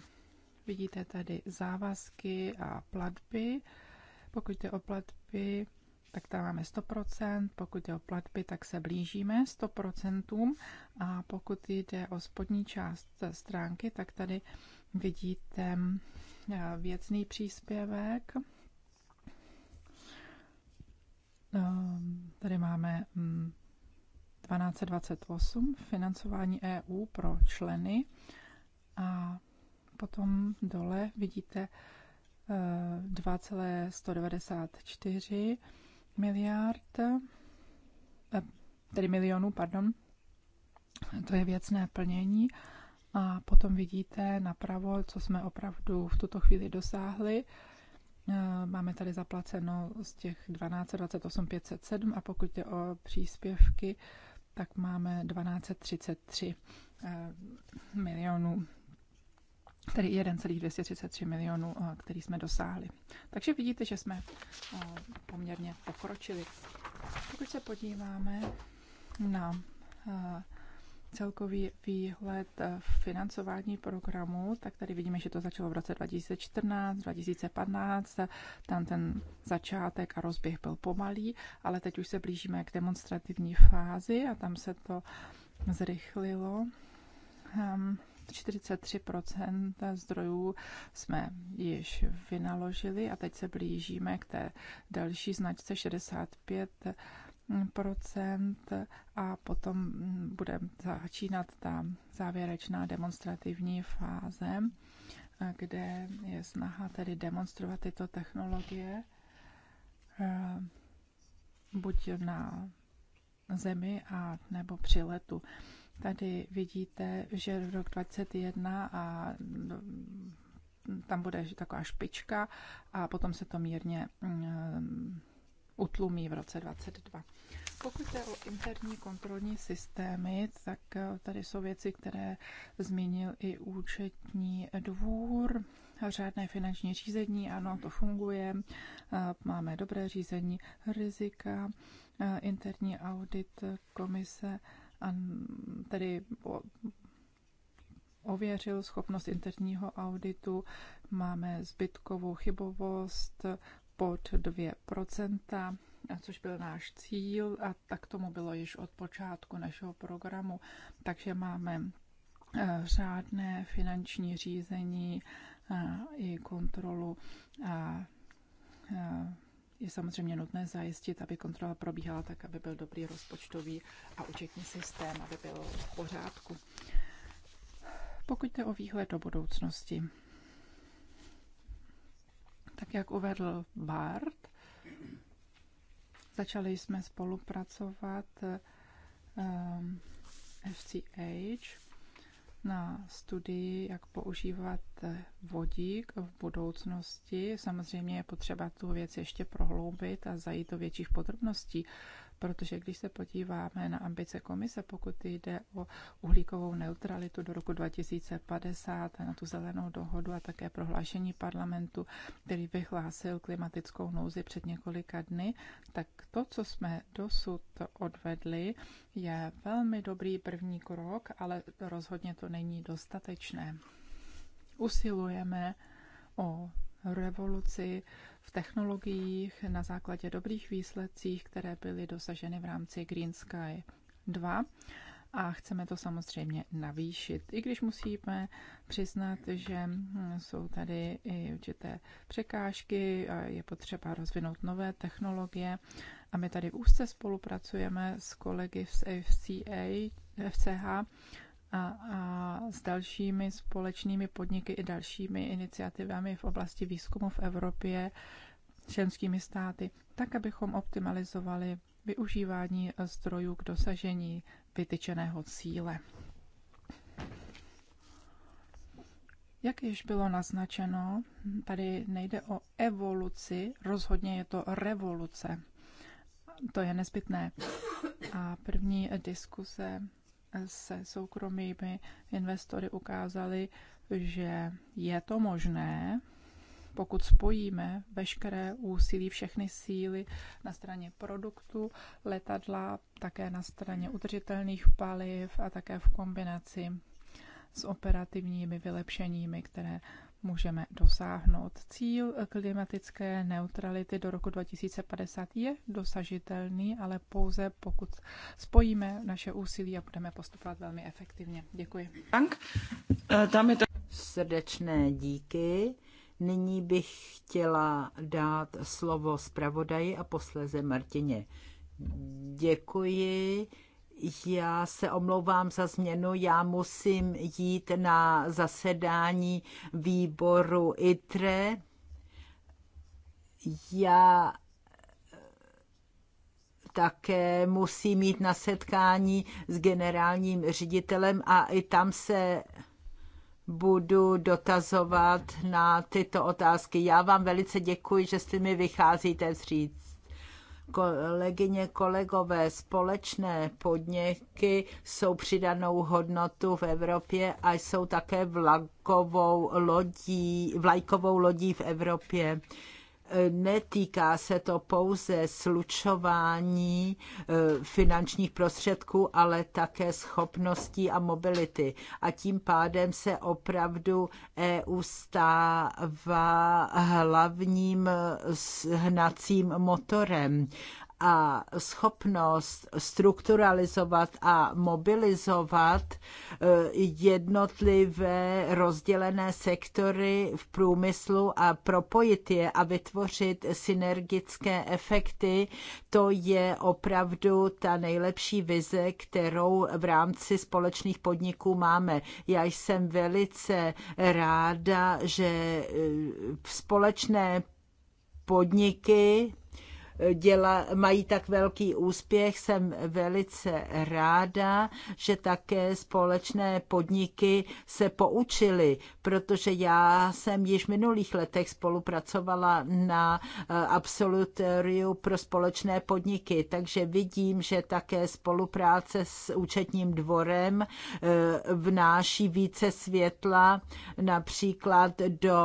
Vidíte tady závazky a platby. Pokud jde o platby, tak tam máme 100%, pokud jde o platby, tak se blížíme 100%, a pokud jde o spodní část stránky, tak tady vidíte věcný příspěvek. Ehm, tady máme 1228, financování EU pro členy. A potom dole vidíte 2,194 eh, miliard, eh, tedy milionů, pardon, to je věcné plnění. A potom vidíte napravo, co jsme opravdu v tuto chvíli dosáhli. Eh, máme tady zaplaceno z těch 12 28 507 a pokud je o příspěvky, tak máme 1233 eh, milionů tedy 1,233 milionů, eh, který jsme dosáhli. Takže vidíte, že jsme eh, poměrně pokročili. Pokud se podíváme na celkový výhled eh, financování programu, tak tady vidíme, že to začalo v roce 2014, 2015, tam ten začátek a rozběh byl pomalý, ale teď už se blížíme k demonstrativní fázi a tam se to zrychlilo. 43 ehm, zdrojů jsme již vynaložili a teď se blížíme k té další značce 65 procent a potom bude začínat ta závěrečná demonstrativní fáze, kde je snaha tedy demonstrovat tyto technologie eh, buď na zemi a nebo při letu. Tady vidíte, že rok 21 a no, tam bude taková špička a potom se to mírně mm, utlumí v roce 2022. Pokud jde o interní kontrolní systémy, tak eh, tady jsou věci, které zmínil i účetní dvůr. Řádné finanční řízení, ano, to funguje. Eh, máme dobré řízení rizika, eh, interní audit komise, a tedy ověřil schopnost interního auditu, máme zbytkovou chybovost, pod 2%, což byl náš cíl a tak tomu bylo již od počátku našeho programu. Takže máme eh, řádné finanční řízení eh, i kontrolu a eh, je samozřejmě nutné zajistit, aby kontrola probíhala tak, aby byl dobrý rozpočtový a účetní systém, aby byl v pořádku. Pokud jde o výhled do budoucnosti, tak jak uvedl Bart, začali jsme spolupracovat um, ehm, FCH na studii, jak používat vodík v budoucnosti. Samozřejmě je potřeba tu věc ještě prohloubit a zajít do větších podrobností protože když se podíváme na ambice komise, pokud jde o uhlíkovou neutralitu do roku 2050, na tu zelenou dohodu a také prohlášení parlamentu, který vyhlásil klimatickou nouzi před několika dny, tak to, co jsme dosud odvedli, je velmi dobrý první krok, ale rozhodně to není dostatečné. Usilujeme o revoluci v technologiích na základě dobrých výsledcích, které byly dosaženy v rámci Green Sky 2 a chceme to samozřejmě navýšit. I když musíme přiznat, že hm, jsou tady i určité překážky, a je potřeba rozvinout nové technologie a my tady úzce spolupracujeme s kolegy z FCA, FCH a, a s dalšími společnými podniky i dalšími iniciativami v oblasti výzkumu v Evropě členskými státy, tak abychom optimalizovali využívání zdrojů k dosažení vytyčeného cíle. Jak již bylo naznačeno, tady nejde o evoluci, rozhodně je to revoluce. To je nezbytné. A první diskuse se soukromými investory ukázali, že je to možné, pokud spojíme veškeré úsilí, všechny síly na straně produktu letadla, také na straně udržitelných paliv a také v kombinaci s operativními vylepšeními, které můžeme dosáhnout. Cíl klimatické neutrality do roku 2050 je dosažitelný, ale pouze pokud spojíme naše úsilí a budeme postupovat velmi efektivně. Děkuji. Dank. Äh, Srdečné díky. Nyní bych chtěla dát slovo zpravodaji a posleze Martině. Děkuji. Já se omlouvám za změnu, já musím jít na zasedání výboru ITRE. Já eh, také musím mít na setkání s generálním ředitelem a i tam se budu dotazovat na tyto otázky. Já vám velice děkuji, že jste mi vycházíte vstříc. Kolegyně, kolegové, společné podniky jsou přidanou hodnotu v Evropě a jsou také vlakovou lodí, vlajkovou lodí v Evropě netýká se to pouze slučování e, finančních prostředků, ale také schopností a mobility. A tím pádem se opravdu EU stává hlavním hnacím motorem a schopnost strukturalizovat a mobilizovat eh, jednotlivé rozdělené sektory v průmyslu a propojit je a vytvořit synergické efekty, to je opravdu ta nejlepší vize, kterou v rámci společných podniků máme. Já jsem velice ráda, že eh, společné podniky děla, mají tak velký úspěch. Jsem velice ráda, že také společné podniky se poučily, protože já jsem již v minulých letech spolupracovala na eh, absolutoriu pro společné podniky, takže vidím, že také spolupráce s účetním dvorem eh, vnáší více světla například do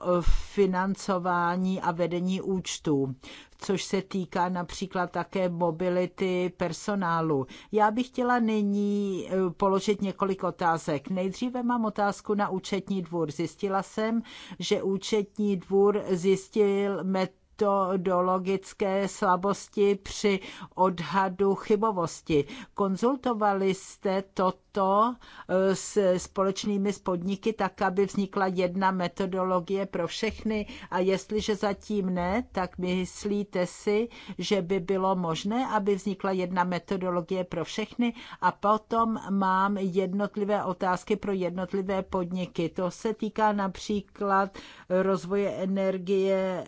eh, financování a vedení účtů což se týká například také mobility personálu. Já bych chtěla nyní eh, položit několik otázek. Nejdříve mám otázku na účetní dvůr. Zjistila jsem, že účetní dvůr zjistil met metodologické slabosti při odhadu chybovosti. Konzultovali jste toto e, s společnými spodníky tak, aby vznikla jedna metodologie pro všechny a jestliže zatím ne, tak myslíte si, že by bylo možné, aby vznikla jedna metodologie pro všechny a potom mám jednotlivé otázky pro jednotlivé podniky. To se týká například rozvoje energie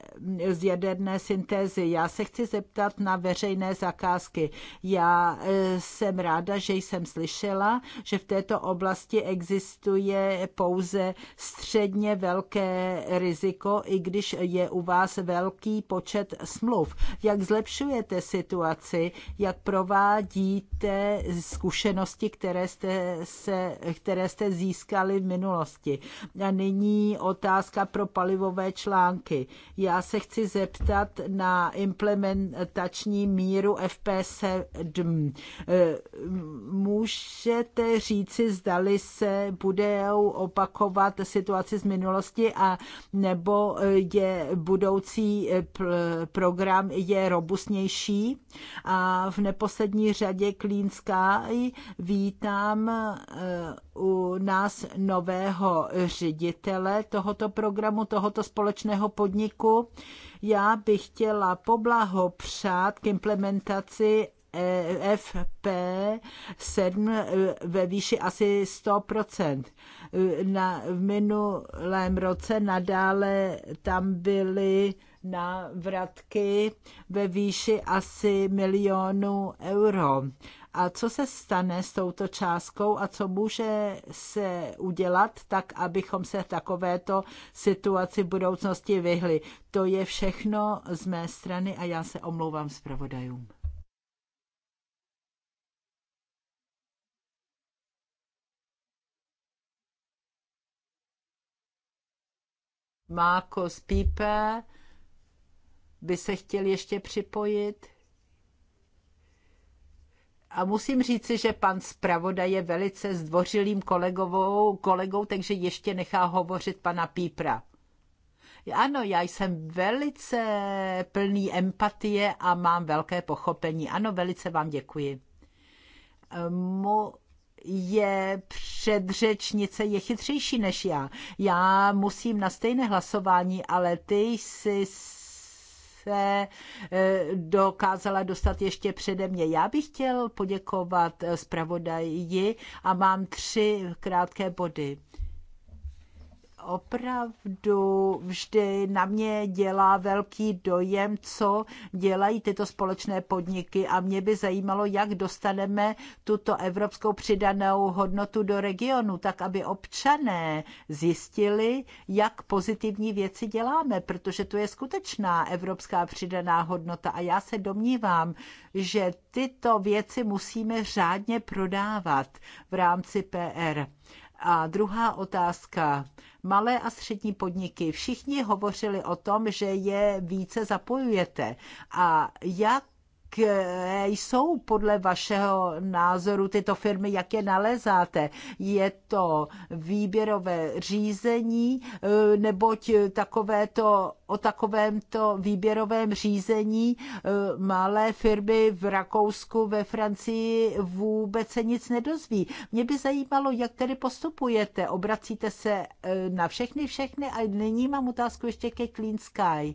z jedné jaderné syntézy. Já se chci zeptat na veřejné zakázky. Já e, jsem ráda, že jsem slyšela, že v této oblasti existuje pouze středně velké riziko, i když je u vás velký počet smluv. Jak zlepšujete situaci, jak provádíte zkušenosti, které jste, se, které jste získali v minulosti. A nyní otázka pro palivové články. Já se chci zeptat, zeptat na implementační míru FP7. E, můžete říci, zdali se budou opakovat situaci z minulosti a nebo je budoucí e, program je robustnější. A v neposlední řadě Clean Sky vítám e, u nás nového ředitele tohoto programu, tohoto společného podniku. Já bych chtěla poblahopřát k implementaci eh, FP7 eh, ve výši asi 100%. Eh, na, v minulém roce nadále tam byly návratky ve výši asi milionu euro. A co se stane s touto částkou a co může se udělat tak, abychom se takovéto situaci v budoucnosti vyhli. To je všechno z mé strany a já se omlouvám zpravodajům. Máko z Pípe by se chtěl ještě připojit. A musím říci, že pan zpravodaj je velice zdvořilým kolegovou, kolegou, takže ještě nechá hovořit pana Pípra. Ano, já jsem velice plný empatie a mám velké pochopení. Ano, velice vám děkuji. Mo je předřečnice je chytřejší než já. Já musím na stejné hlasování, ale ty jsi se eh, dokázala dostat ještě přede mě. Já bych chtěl poděkovat eh, zpravodaji a mám tři krátké body opravdu vždy na mě dělá velký dojem, co dělají tyto společné podniky a mě by zajímalo, jak dostaneme tuto evropskou přidanou hodnotu do regionu, tak aby občané zjistili, jak pozitivní věci děláme, protože to je skutečná evropská přidaná hodnota a já se domnívám, že tyto věci musíme řádně prodávat v rámci PR. A druhá otázka. Malé a střední podniky. Všichni hovořili o tom, že je více zapojujete. A jak jak jsou podle vašeho názoru tyto firmy, jak je nalezáte? Je to výběrové řízení, eh, neboť takovéto, o takovémto výběrovém řízení eh, malé firmy v Rakousku, ve Francii vůbec se nic nedozví. Mě by zajímalo, jak tedy postupujete. Obracíte se eh, na všechny, všechny a nyní mám otázku ještě ke Clean Sky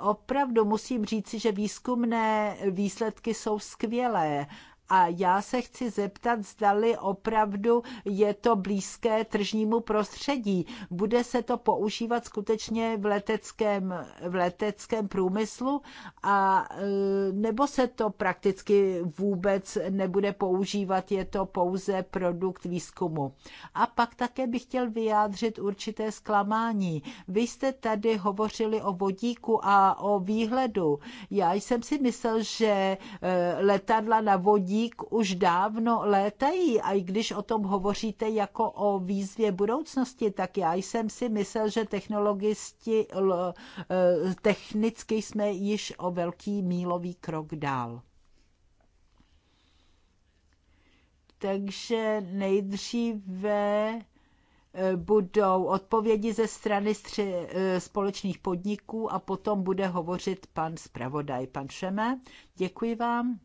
opravdu musím říci, že výzkumné výsledky jsou skvělé a já se chci zeptat, zdali opravdu je to blízké tržnímu prostředí. Bude se to používat skutečně v leteckém, v leteckém průmyslu a e, nebo se to prakticky vůbec nebude používat, je to pouze produkt výzkumu. A pak také bych chtěl vyjádřit určité zklamání. Vy jste tady hovořili o vodíku a o výhledu. Já jsem si myslel, že e, letadla na vodí vodík už dávno létají a i když o tom hovoříte jako o výzvě budoucnosti, tak já jsem si myslel, že technologisti, e, technicky jsme již o velký mílový krok dál. Takže nejdříve e, budou odpovědi ze strany stři, e, společných podniků a potom bude hovořit pan zpravodaj, pan Šeme. Děkuji vám.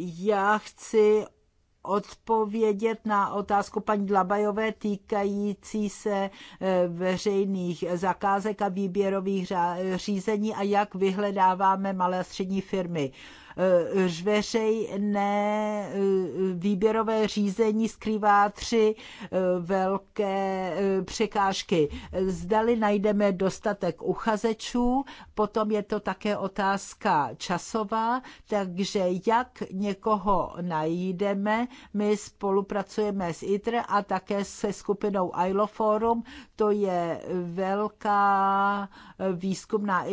Já chci odpovědět na otázku paní Dlabajové týkající se e, veřejných zakázek a výběrových řízení a jak vyhledáváme malé a střední firmy veřejné eh, výběrové řízení skrývá tři eh, velké eh, překážky. Zdali najdeme dostatek uchazečů, potom je to také otázka časová, takže jak někoho najdeme, my spolupracujeme s ITR a také se skupinou Forum, to je velká výzkumná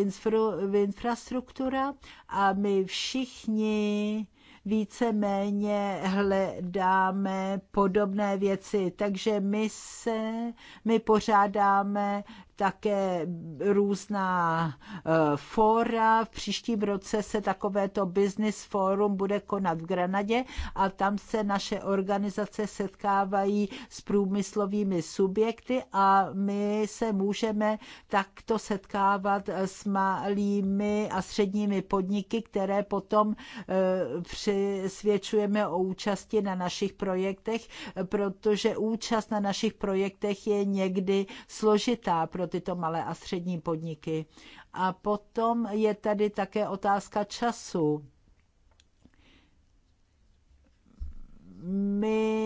infrastruktura a my všichni víceméně hledáme podobné věci. Takže my se, my pořádáme také různá eh, fóra. V příštím roce se takovéto business forum bude konat v Granadě a tam se naše organizace setkávají s průmyslovými subjekty a my se můžeme takto setkávat s malými a středními podniky, které potom eh, přesvědčujeme o účasti na našich projektech, protože účast na našich projektech je někdy složitá, pro tyto malé a střední podniky. A potom je tady také otázka času. my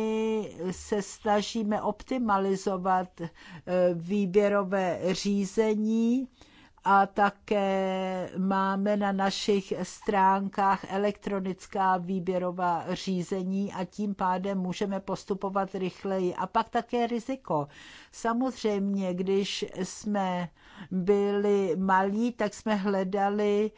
se snažíme optimalizovat eh, výběrové řízení a také máme na našich stránkách elektronická výběrová řízení a tím pádem můžeme postupovat rychleji. A pak také riziko. Samozřejmě, když jsme byli malí, tak jsme hledali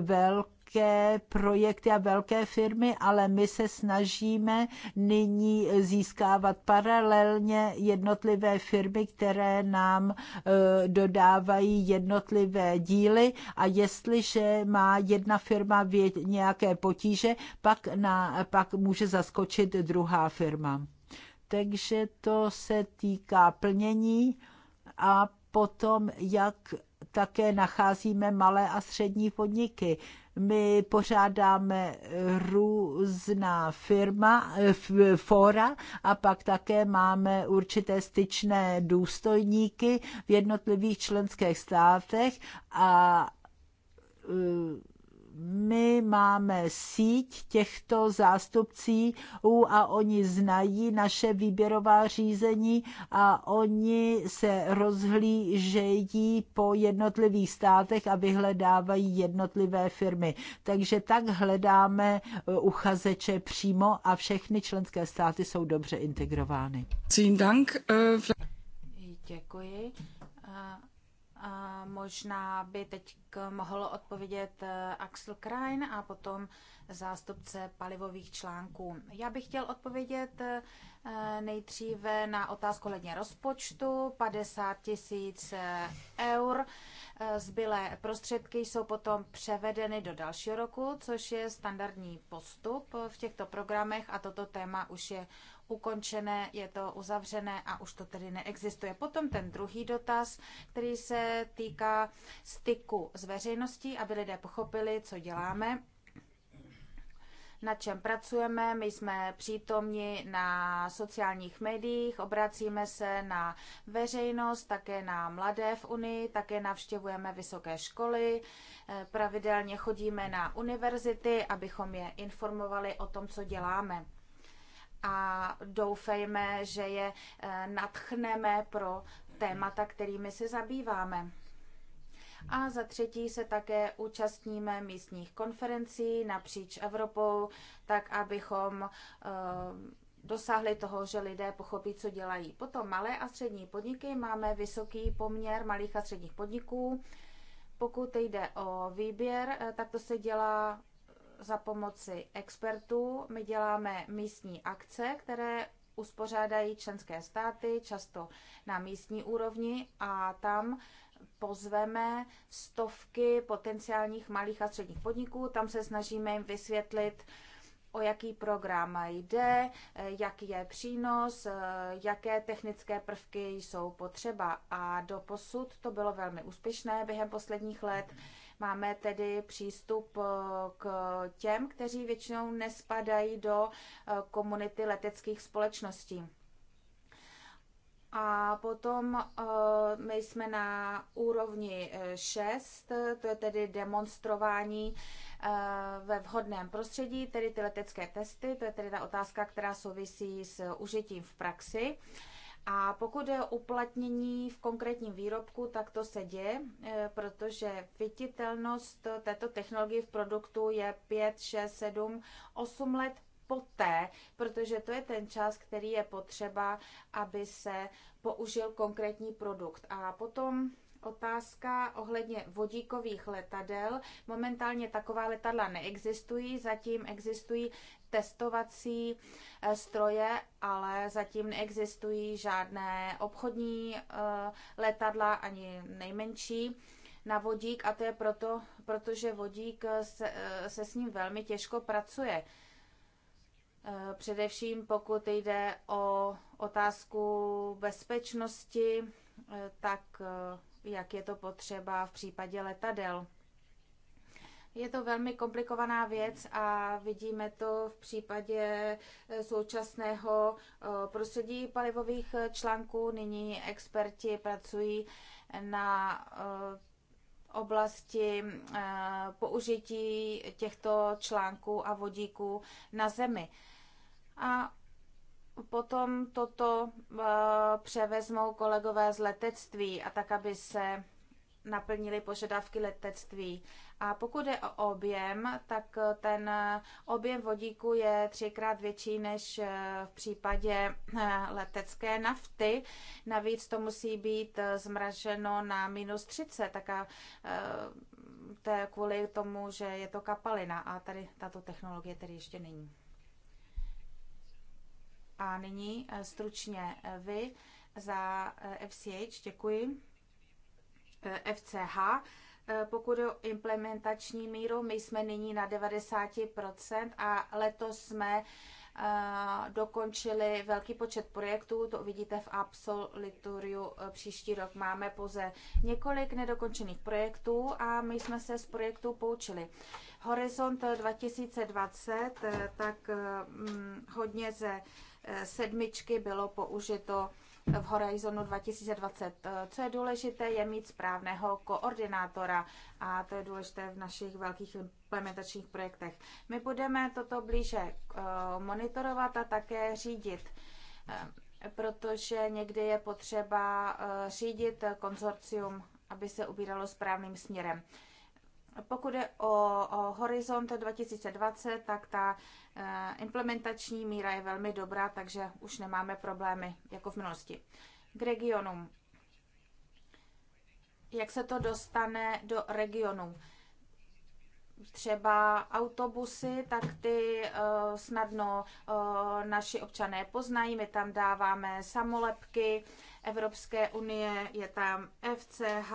velké velké projekty a velké firmy, ale my se snažíme nyní získávat paralelně jednotlivé firmy, které nám e, dodávají jednotlivé díly a jestliže má jedna firma nějaké potíže, pak, na, pak může zaskočit druhá firma. Takže to se týká plnění a potom, jak také nacházíme malé a střední podniky my pořádáme různá firma, eh, fora a pak také máme určité styčné důstojníky v jednotlivých členských státech a eh, my máme síť těchto zástupcí a oni znají naše výběrová řízení a oni se rozhlížejí po jednotlivých státech a vyhledávají jednotlivé firmy. Takže tak hledáme eh, uchazeče přímo a všechny členské státy jsou dobře integrovány. Eh, Děkuji. Možná by teď mohl odpovědět eh, Axel Krein a potom zástupce palivových článků. Já bych chtěl odpovědět eh, nejdříve na otázku ledně rozpočtu. 50 tisíc eh, eur zbylé prostředky jsou potom převedeny do dalšího roku, což je standardní postup v těchto programech a toto téma už je ukončené, je to uzavřené a už to tedy neexistuje. Potom ten druhý dotaz, který se týká styku s veřejností, aby lidé pochopili, co děláme na čem pracujeme. My jsme přítomni na sociálních médiích, obracíme se na veřejnost, také na mladé v Unii, také navštěvujeme vysoké školy, eh, pravidelně chodíme na univerzity, abychom je informovali o tom, co děláme a doufejme, že je eh, natchneme pro témata, kterými se zabýváme. A za třetí se také účastníme místních konferencí napříč Evropou, tak abychom eh, dosáhli toho, že lidé pochopí, co dělají. Potom malé a střední podniky máme vysoký poměr malých a středních podniků. Pokud jde o výběr, eh, tak to se dělá za pomoci expertů. My děláme místní akce, které uspořádají členské státy, často na místní úrovni a tam pozveme stovky potenciálních malých a středních podniků. Tam se snažíme jim vysvětlit, o jaký program jde, jaký je přínos, jaké technické prvky jsou potřeba. A do posud to bylo velmi úspěšné během posledních let. Mm Máme tedy přístup eh, k těm, kteří většinou nespadají do eh, komunity leteckých společností. A potom eh, my jsme na úrovni 6, to je tedy demonstrování ve vhodném prostředí, tedy ty letecké testy, to je tedy ta otázka, která souvisí s užitím v praxi. A pokud je o uplatnění v konkrétním výrobku, tak to se děje, e, protože viditelnost této technologie v produktu je 5, 6, 7, 8 let poté, protože to je ten čas, který je potřeba, aby se použil konkrétní produkt. A potom otázka ohledně vodíkových letadel. Momentálně taková letadla neexistují, zatím existují testovací eh, stroje, ale zatím neexistují žádné obchodní eh, letadla, ani nejmenší na vodík a to je proto, protože vodík eh, se, se s ním velmi těžko pracuje. Především pokud jde o otázku bezpečnosti, tak jak je to potřeba v případě letadel. Je to velmi komplikovaná věc a vidíme to v případě eh, současného eh, prostředí palivových eh, článků. Nyní experti pracují na oblasti použití těchto článků a vodíků na Zemi. A potom toto převezmou kolegové z letectví a tak, aby se naplnili požadavky letectví. A pokud je o objem, tak eh, ten eh, objem vodíku je třikrát větší než eh, v případě letecké nafty. Navíc to musí být zmraženo na minus 30, tak a to je kvůli tomu, že je to kapalina a tady tato technologie tedy ještě není. A nyní stručně vy za FCH, děkuji, FCH. Eh, pokud o implementační míru, my jsme nyní na 90% a letos jsme eh, dokončili velký počet projektů, to uvidíte v Absolutoriu eh, příští rok. Máme pouze několik nedokončených projektů a my jsme se z projektů poučili. Horizont 2020, tak mm, hodně ze sedmičky bylo použito v Horizonu 2020. Eh, co je důležité, je mít správného koordinátora a to je důležité v našich velkých implementačních projektech. My budeme toto blíže eh, monitorovat a také řídit eh, protože někdy je potřeba řídit konzorcium, aby se ubíralo správným směrem. Pokud je o, o horizont 2020, tak ta eh, implementační míra je velmi dobrá, takže už nemáme problémy jako v minulosti. K regionům. Jak se to dostane do regionů? třeba autobusy, tak ty uh, snadno uh, naši občané poznají. My tam dáváme samolepky Evropské unie, je tam FCH,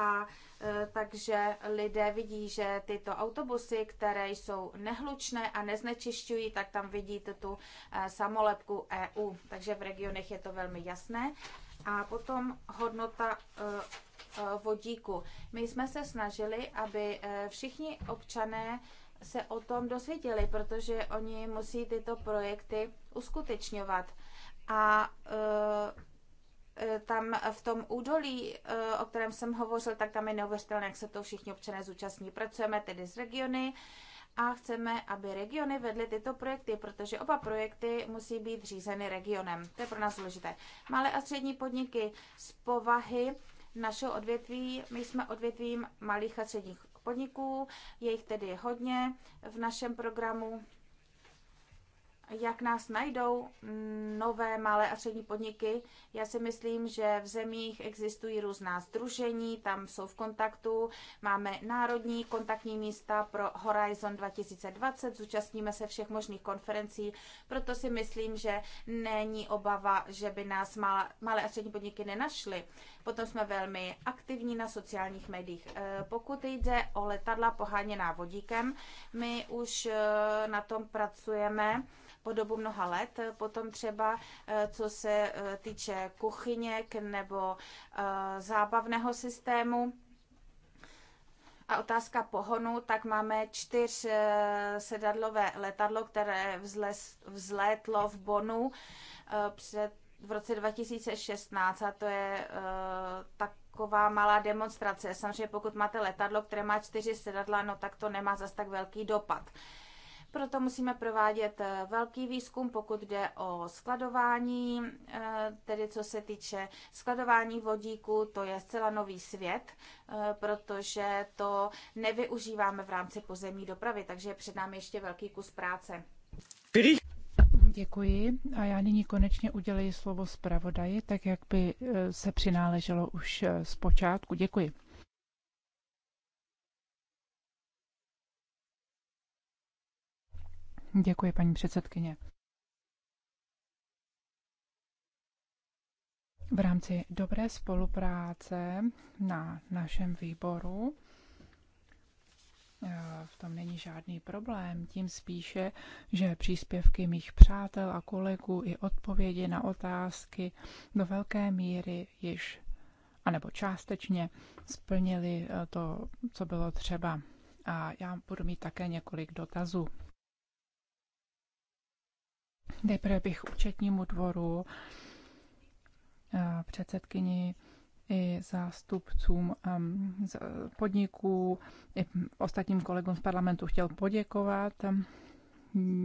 Eh, takže lidé vidí, že tyto autobusy, které jsou nehlučné a neznečišťují, tak tam vidíte tu eh, samolepku EU. Takže v regionech je to velmi jasné. A potom hodnota eh, vodíku. My jsme se snažili, aby všichni občané se o tom dozvěděli, protože oni musí tyto projekty uskutečňovat. A Eh, tam v tom údolí, eh, o kterém jsem hovořil, tak tam je neuvěřitelné, jak se to všichni občané zúčastní. Pracujeme tedy z regiony a chceme, aby regiony vedly tyto projekty, protože oba projekty musí být řízeny regionem. To je pro nás důležité. Malé a střední podniky z povahy našeho odvětví, my jsme odvětvím malých a středních podniků, je jich tedy hodně v našem programu jak nás najdou nové malé a střední podniky. Já si myslím, že v zemích existují různá združení, tam jsou v kontaktu, máme národní kontaktní místa pro Horizon 2020, zúčastníme se všech možných konferencí, proto si myslím, že není obava, že by nás malé a střední podniky nenašly. Potom jsme velmi aktivní na sociálních médiích. Eh, pokud jde o letadla poháněná vodíkem, my už eh, na tom pracujeme po dobu mnoha let. Eh, potom třeba, co se týče kuchyněk nebo zábavného systému, a otázka pohonu, tak máme čtyř sedadlové letadlo, které vzlétlo v Bonu před v roce 2016 a to je uh, taková malá demonstrace. Samozřejmě pokud máte letadlo, které má čtyři sedadla, no tak to nemá zas tak velký dopad. Proto musíme provádět eh, velký výzkum, pokud jde o skladování, eh, tedy co se týče skladování vodíku, to je zcela nový svět, protože to nevyužíváme v rámci pozemní dopravy, takže je před námi ještě velký kus práce. Děkuji a já nyní konečně udělím slovo zpravodaji, tak jak by eh, se přináleželo už eh, z počátku. Děkuji. Děkuji, paní předsedkyně. V rámci dobré spolupráce na našem výboru v tom není žádný problém, tím spíše, že příspěvky mých přátel a kolegů i odpovědi na otázky do velké míry již anebo částečně splnili eh, to, co bylo třeba. A já budu mít také několik dotazů. Nejprve bych účetnímu dvoru eh, předsedkyni i zástupcům podniků, i ostatním kolegům z parlamentu chtěl poděkovat.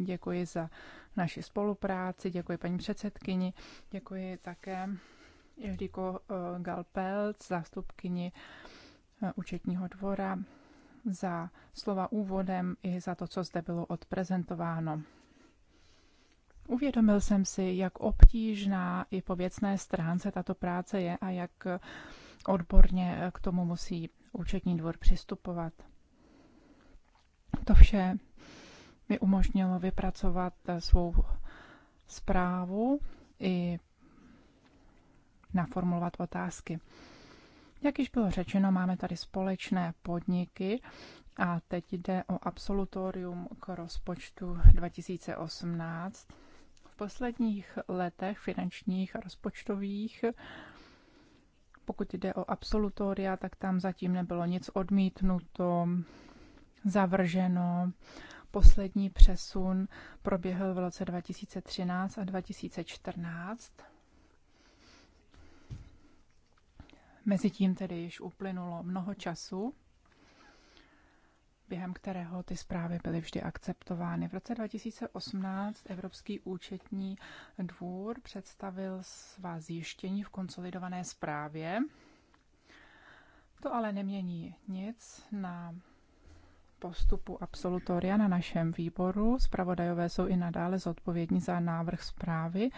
Děkuji za naši spolupráci, děkuji paní předsedkyni, děkuji také Jeldiko eh, Galpelc, zástupkyni eh, účetního dvora, za slova úvodem i za to, co zde bylo odprezentováno. Uvědomil jsem si, jak obtížná i po věcné stránce tato práce je a jak odborně k tomu musí účetní dvor přistupovat. To vše mi umožnilo vypracovat svou zprávu i naformulovat otázky. Jak již bylo řečeno, máme tady společné podniky a teď jde o absolutorium k rozpočtu 2018 posledních letech finančních a rozpočtových, pokud jde o absolutoria, tak tam zatím nebylo nic odmítnuto, zavrženo. Poslední přesun proběhl v roce 2013 a 2014. Mezitím tedy již uplynulo mnoho času během kterého ty zprávy byly vždy akceptovány. V roce 2018 Evropský účetní dvůr představil svá zjištění v konsolidované zprávě. To ale nemění nic na postupu absolutoria na našem výboru. Spravodajové jsou i nadále zodpovědní za návrh zprávy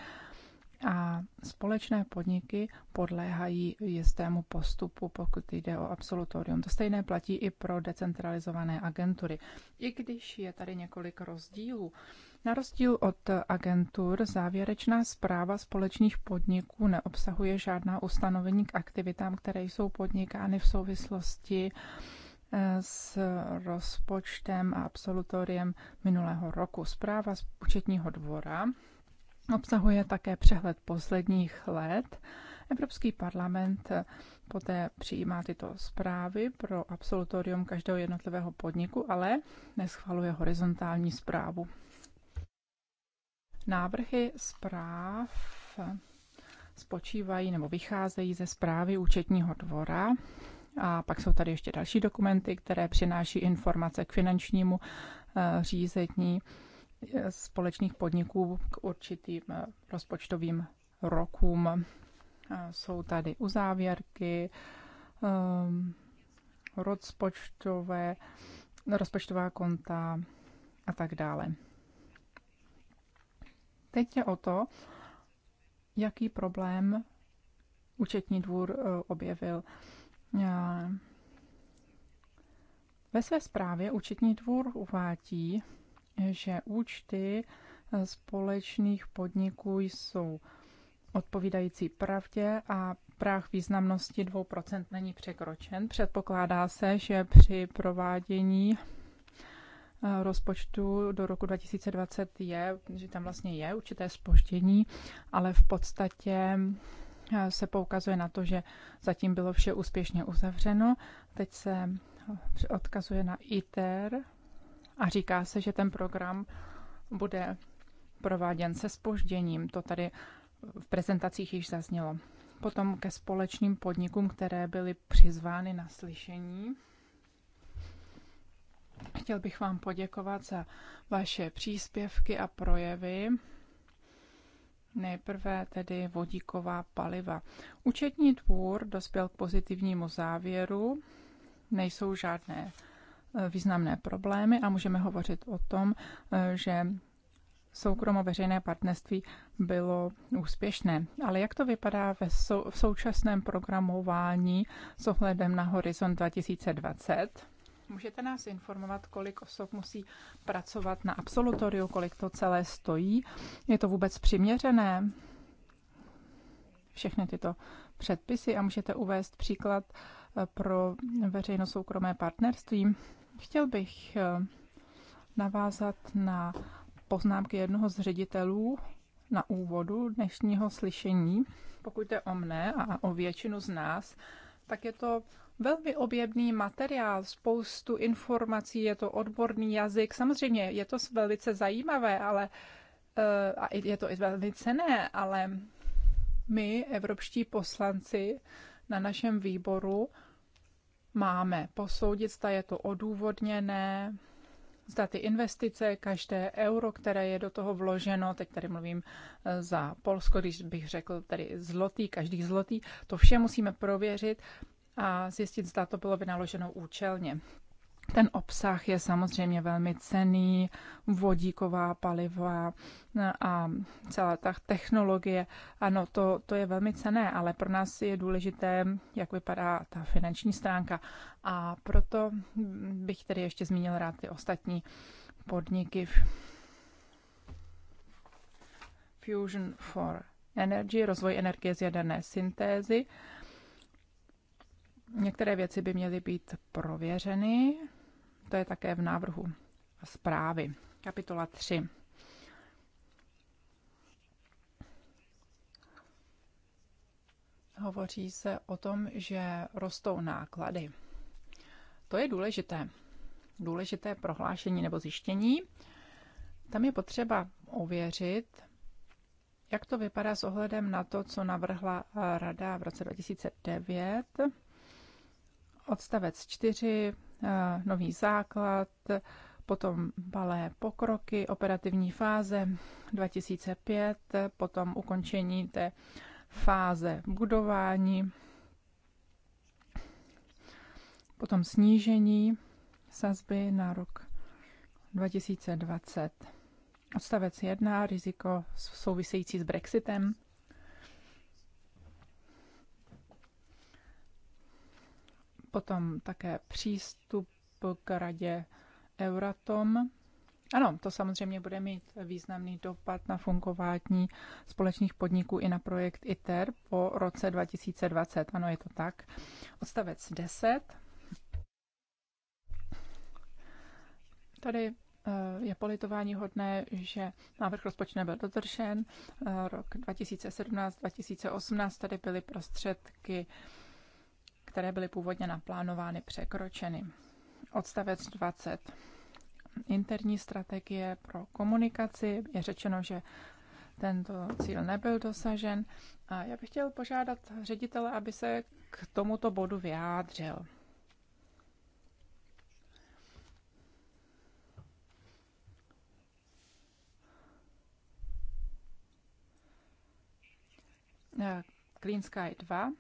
a společné podniky podléhají jistému postupu, pokud jde o absolutorium. To stejné platí i pro decentralizované agentury. I když je tady několik rozdílů, na rozdíl od agentur, závěrečná zpráva společných podniků neobsahuje žádná ustanovení k aktivitám, které jsou podnikány v souvislosti eh, s rozpočtem a absolutoriem minulého roku. Zpráva z účetního dvora Obsahuje také přehled posledních let. Evropský parlament poté přijímá tyto zprávy pro absolutorium každého jednotlivého podniku, ale neschvaluje horizontální zprávu. Návrhy zpráv spočívají nebo vycházejí ze zprávy účetního dvora. A pak jsou tady ještě další dokumenty, které přináší informace k finančnímu eh, řízení společných podniků k určitým eh, rozpočtovým rokům. Eh, jsou tady uzávěrky, ehm, rozpočtové, rozpočtová konta a tak dále. Teď je o to, jaký problém účetní dvůr eh, objevil. Ve své zprávě účetní dvůr uvádí, že účty společných podniků jsou odpovídající pravdě a práh významnosti 2% není překročen. Předpokládá se, že při provádění eh, rozpočtu do roku 2020 je, že tam vlastně je určité spoždění, ale v podstatě eh, se poukazuje na to, že zatím bylo vše úspěšně uzavřeno. Teď se odkazuje na ITER, a říká se, že ten program bude prováděn se spožděním. To tady v prezentacích již zaznělo. Potom ke společným podnikům, které byly přizvány na slyšení. Chtěl bych vám poděkovat za vaše příspěvky a projevy. Nejprve tedy vodíková paliva. Účetní dvůr dospěl k pozitivnímu závěru. Nejsou žádné významné problémy a můžeme hovořit o tom, že soukromo-veřejné partnerství bylo úspěšné. Ale jak to vypadá ve sou, v současném programování s ohledem na horizont 2020? Můžete nás informovat, kolik osob musí pracovat na absolutoriu, kolik to celé stojí? Je to vůbec přiměřené? Všechny tyto předpisy a můžete uvést příklad eh, pro veřejno-soukromé partnerství. Chtěl bych eh, navázat na poznámky jednoho z ředitelů na úvodu dnešního slyšení. Pokud je o mne a o většinu z nás, tak je to velmi objemný materiál, spoustu informací, je to odborný jazyk. Samozřejmě je to velice zajímavé, ale eh, a je to i velmi cené, ale my, evropští poslanci, na našem výboru máme posoudit, zda je to odůvodněné, zda ty investice, každé euro, které je do toho vloženo, teď tady mluvím eh, za Polsko, když bych řekl tady zlotý, každý zlotý, to vše musíme prověřit a zjistit, zda to bylo vynaloženo účelně. Ten obsah je samozřejmě velmi cený, vodíková paliva eh, a celá ta technologie. Ano, to, to je velmi cené, ale pro nás je důležité, jak vypadá ta finanční stránka. A proto bych tedy ještě zmínil rád ty ostatní podniky. Fusion for Energy, rozvoj energie z jaderné syntézy. Některé věci by měly být prověřeny, to je také v návrhu zprávy. Kapitola 3. Hovoří se o tom, že rostou náklady. To je důležité. Důležité prohlášení nebo zjištění. Tam je potřeba ověřit, jak to vypadá s ohledem na to, co navrhla Rada v roce 2009. Odstavec 4, Eh, nový základ, potom balé pokroky, operativní fáze 2005, potom ukončení té fáze budování, potom snížení sazby na rok 2020. Odstavec 1, riziko související s Brexitem. potom také přístup k radě Euratom. Ano, to samozřejmě bude mít významný dopad na fungování společných podniků i na projekt ITER po roce 2020. Ano, je to tak. Odstavec 10. Tady eh, je politování hodné, že návrh rozpočtu nebyl dodržen. Eh, rok 2017-2018 tady byly prostředky které byly původně naplánovány, překročeny. Odstavec 20. Interní strategie pro komunikaci. Je řečeno, že tento cíl nebyl dosažen. A já bych chtěl požádat ředitele, aby se k tomuto bodu vyjádřil. Clean Sky 2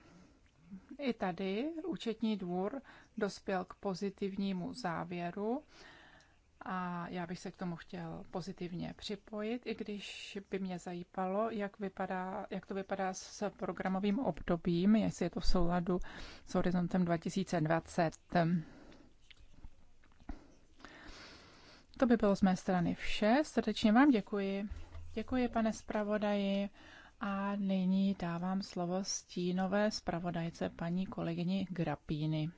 i tady účetní dvůr dospěl k pozitivnímu závěru a já bych se k tomu chtěl pozitivně připojit, i když by mě zajípalo, jak, vypadá, jak to vypadá s programovým obdobím, jestli je to v souladu s horizontem 2020. To by bylo z mé strany vše. Srdečně vám děkuji. Děkuji, pane zpravodaji. A nyní dávám slovo stínové zpravodajce paní kolegyni Grapíny.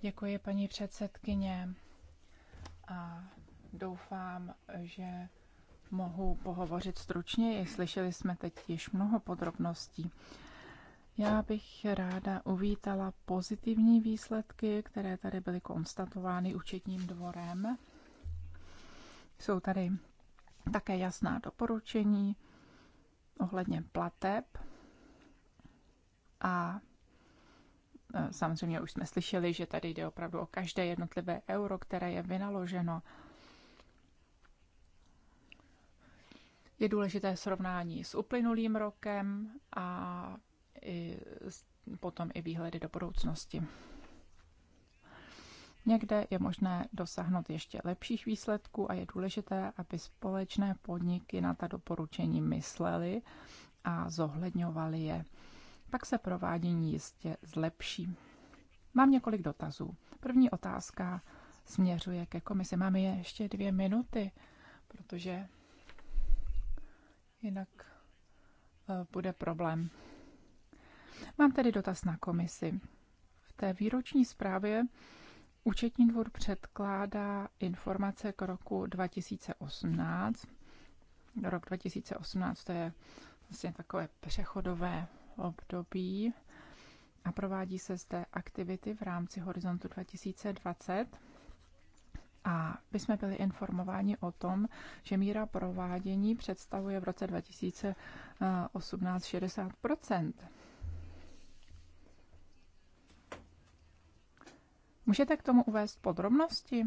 Děkuji, paní předsedkyně. A doufám, že mohu pohovořit stručně. Slyšeli jsme teď již mnoho podrobností. Já bych ráda uvítala pozitivní výsledky, které tady byly konstatovány účetním dvorem. Jsou tady také jasná doporučení ohledně plateb a e, samozřejmě už jsme slyšeli, že tady jde opravdu o každé jednotlivé euro, které je vynaloženo. Je důležité srovnání s uplynulým rokem a i, potom i výhledy do budoucnosti. Někde je možné dosáhnout ještě lepších výsledků a je důležité, aby společné podniky na ta doporučení myslely a zohledňovaly je. Pak se provádění jistě zlepší. Mám několik dotazů. První otázka směřuje ke komisi. Máme je ještě dvě minuty, protože jinak eh, bude problém. Mám tedy dotaz na komisi. V té výroční zprávě Účetní dvůr předkládá informace k roku 2018. Rok 2018 to je vlastně takové přechodové období a provádí se zde aktivity v rámci Horizontu 2020. A my jsme byli informováni o tom, že míra provádění představuje v roce 2018 60 Můžete k tomu uvést podrobnosti?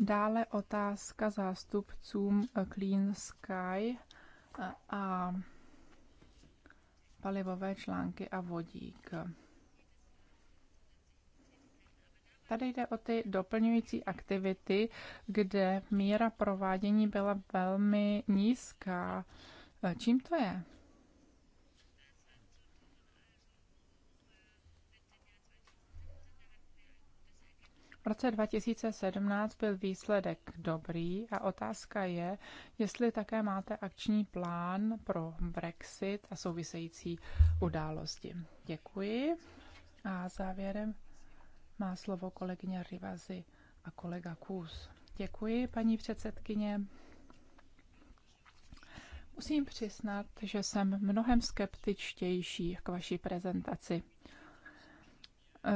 Dále otázka zástupcům Clean Sky a palivové články a vodík. Tady jde o ty doplňující aktivity, kde míra provádění byla velmi nízká. Čím to je? V roce 2017 byl výsledek dobrý a otázka je, jestli také máte akční plán pro Brexit a související události. Děkuji. A závěrem má slovo kolegyně Rivazi a kolega Kůz. Děkuji, paní předsedkyně. Musím přiznat, že jsem mnohem skeptičtější k vaší prezentaci.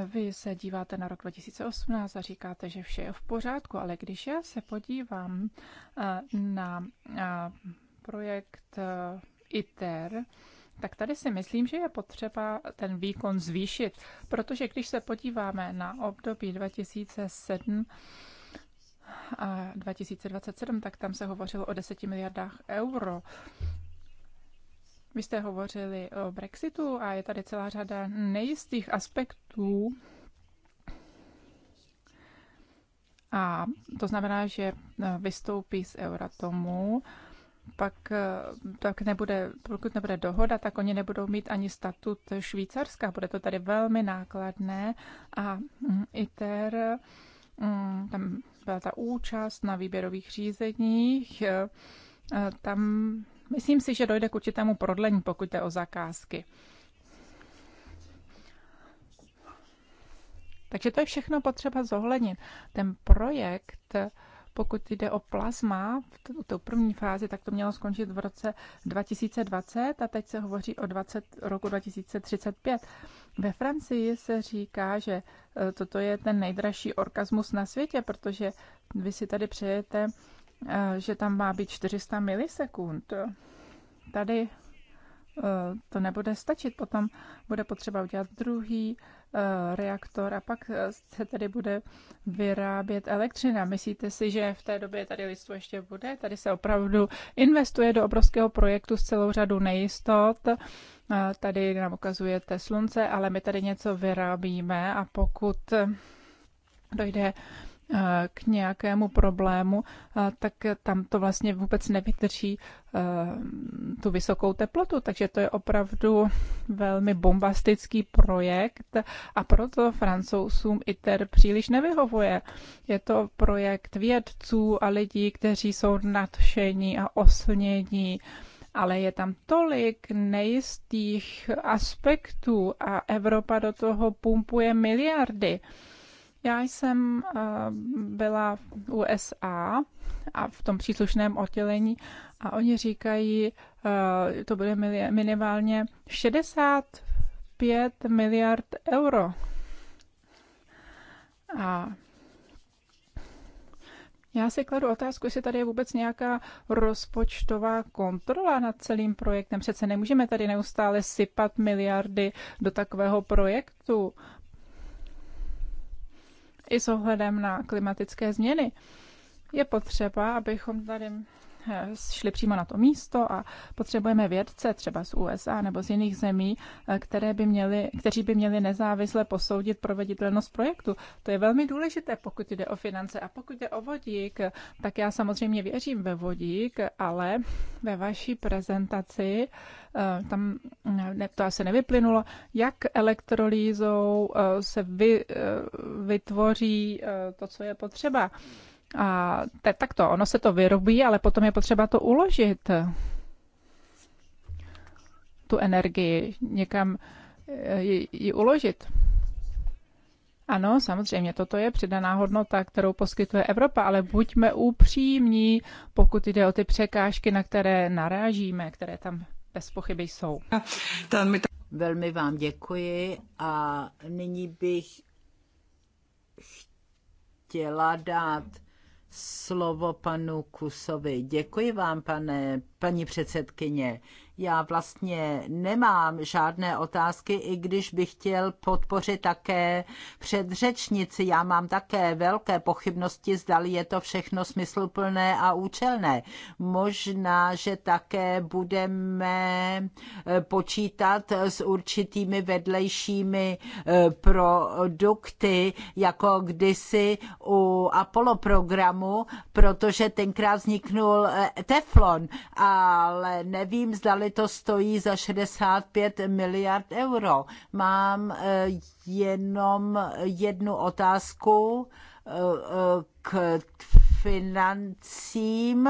Vy se díváte na rok 2018 a říkáte, že vše je v pořádku, ale když já se podívám eh, na eh, projekt eh, ITER, tak tady si myslím, že je potřeba ten výkon zvýšit, protože když se podíváme na období 2007 a 2027, tak tam se hovořilo o 10 miliardách euro. Vy jste hovořili o Brexitu a je tady celá řada nejistých aspektů. A to znamená, že eh, vystoupí z Euratomu, pak eh, tak nebude, pokud nebude dohoda, tak oni nebudou mít ani statut Švýcarska. Bude to tady velmi nákladné a mm, ITER, mm, tam byla ta účast na výběrových řízeních, eh, tam Myslím si, že dojde k určitému prodlení, pokud jde o zakázky. Takže to je všechno potřeba zohlednit. Ten projekt, pokud jde o plazma, v té první fázi, tak to mělo skončit v roce 2020 a teď se hovoří o 20, roku 2035. Ve Francii se říká, že e, toto je ten nejdražší orgasmus na světě, protože vy si tady přejete Eh, že tam má být 400 milisekund. Tady eh, to nebude stačit. Potom bude potřeba udělat druhý eh, reaktor a pak se tady bude vyrábět elektřina. Myslíte si, že v té době tady lidstvo ještě bude? Tady se opravdu investuje do obrovského projektu s celou řadou nejistot. Tady nám ukazujete slunce, ale my tady něco vyrábíme a pokud dojde k nějakému problému, tak tam to vlastně vůbec nevydrží e, tu vysokou teplotu. Takže to je opravdu velmi bombastický projekt a proto francouzům ITER příliš nevyhovuje. Je to projekt vědců a lidí, kteří jsou nadšení a oslnění ale je tam tolik nejistých aspektů a Evropa do toho pumpuje miliardy. Já jsem eh, byla v USA a v tom příslušném oddělení a oni říkají, eh, to bude minimálně 65 miliard euro. A já si kladu otázku, jestli tady je vůbec nějaká rozpočtová kontrola nad celým projektem. Přece nemůžeme tady neustále sypat miliardy do takového projektu i s ohledem na klimatické změny. Je potřeba, abychom tady šli přímo na to místo a potřebujeme vědce třeba z USA nebo z jiných zemí, eh, které by měli, kteří by měli nezávisle posoudit proveditelnost projektu. To je velmi důležité, pokud jde o finance a pokud jde o vodík, tak já samozřejmě věřím ve vodík, ale ve vaší prezentaci eh, tam eh, to asi nevyplynulo, jak elektrolýzou se vy, vytvoří to, co je potřeba. A tak to, ono se to vyrobí, ale potom je potřeba to uložit, tu energii, někam eh, ji, ji uložit. Ano, samozřejmě, toto je přidaná hodnota, kterou poskytuje Evropa, ale buďme upřímní, pokud jde o ty překážky, na které narážíme, které tam bez pochyby jsou. Velmi vám děkuji a nyní bych chtěla dát slovo panu Kusovi. Děkuji vám, pane, paní předsedkyně. Já vlastně nemám žádné otázky, i když bych chtěl podpořit také předřečnici. Já mám také velké pochybnosti, zdali je to všechno smysluplné a účelné. Možná, že také budeme eh, počítat s určitými vedlejšími eh, produkty, jako kdysi u Apollo programu, protože tenkrát vzniknul eh, Teflon, ale nevím, zdali ale to stojí za 65 miliard euro. Mám eh, jenom jednu otázku eh, eh, k financím,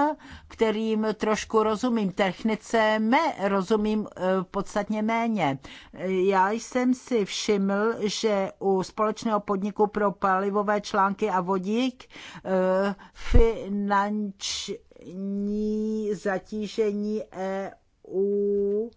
kterým trošku rozumím. Technice me rozumím podstatně méně. Já jsem si všiml, že u společného podniku pro palivové články a vodík finanční zatížení EU EU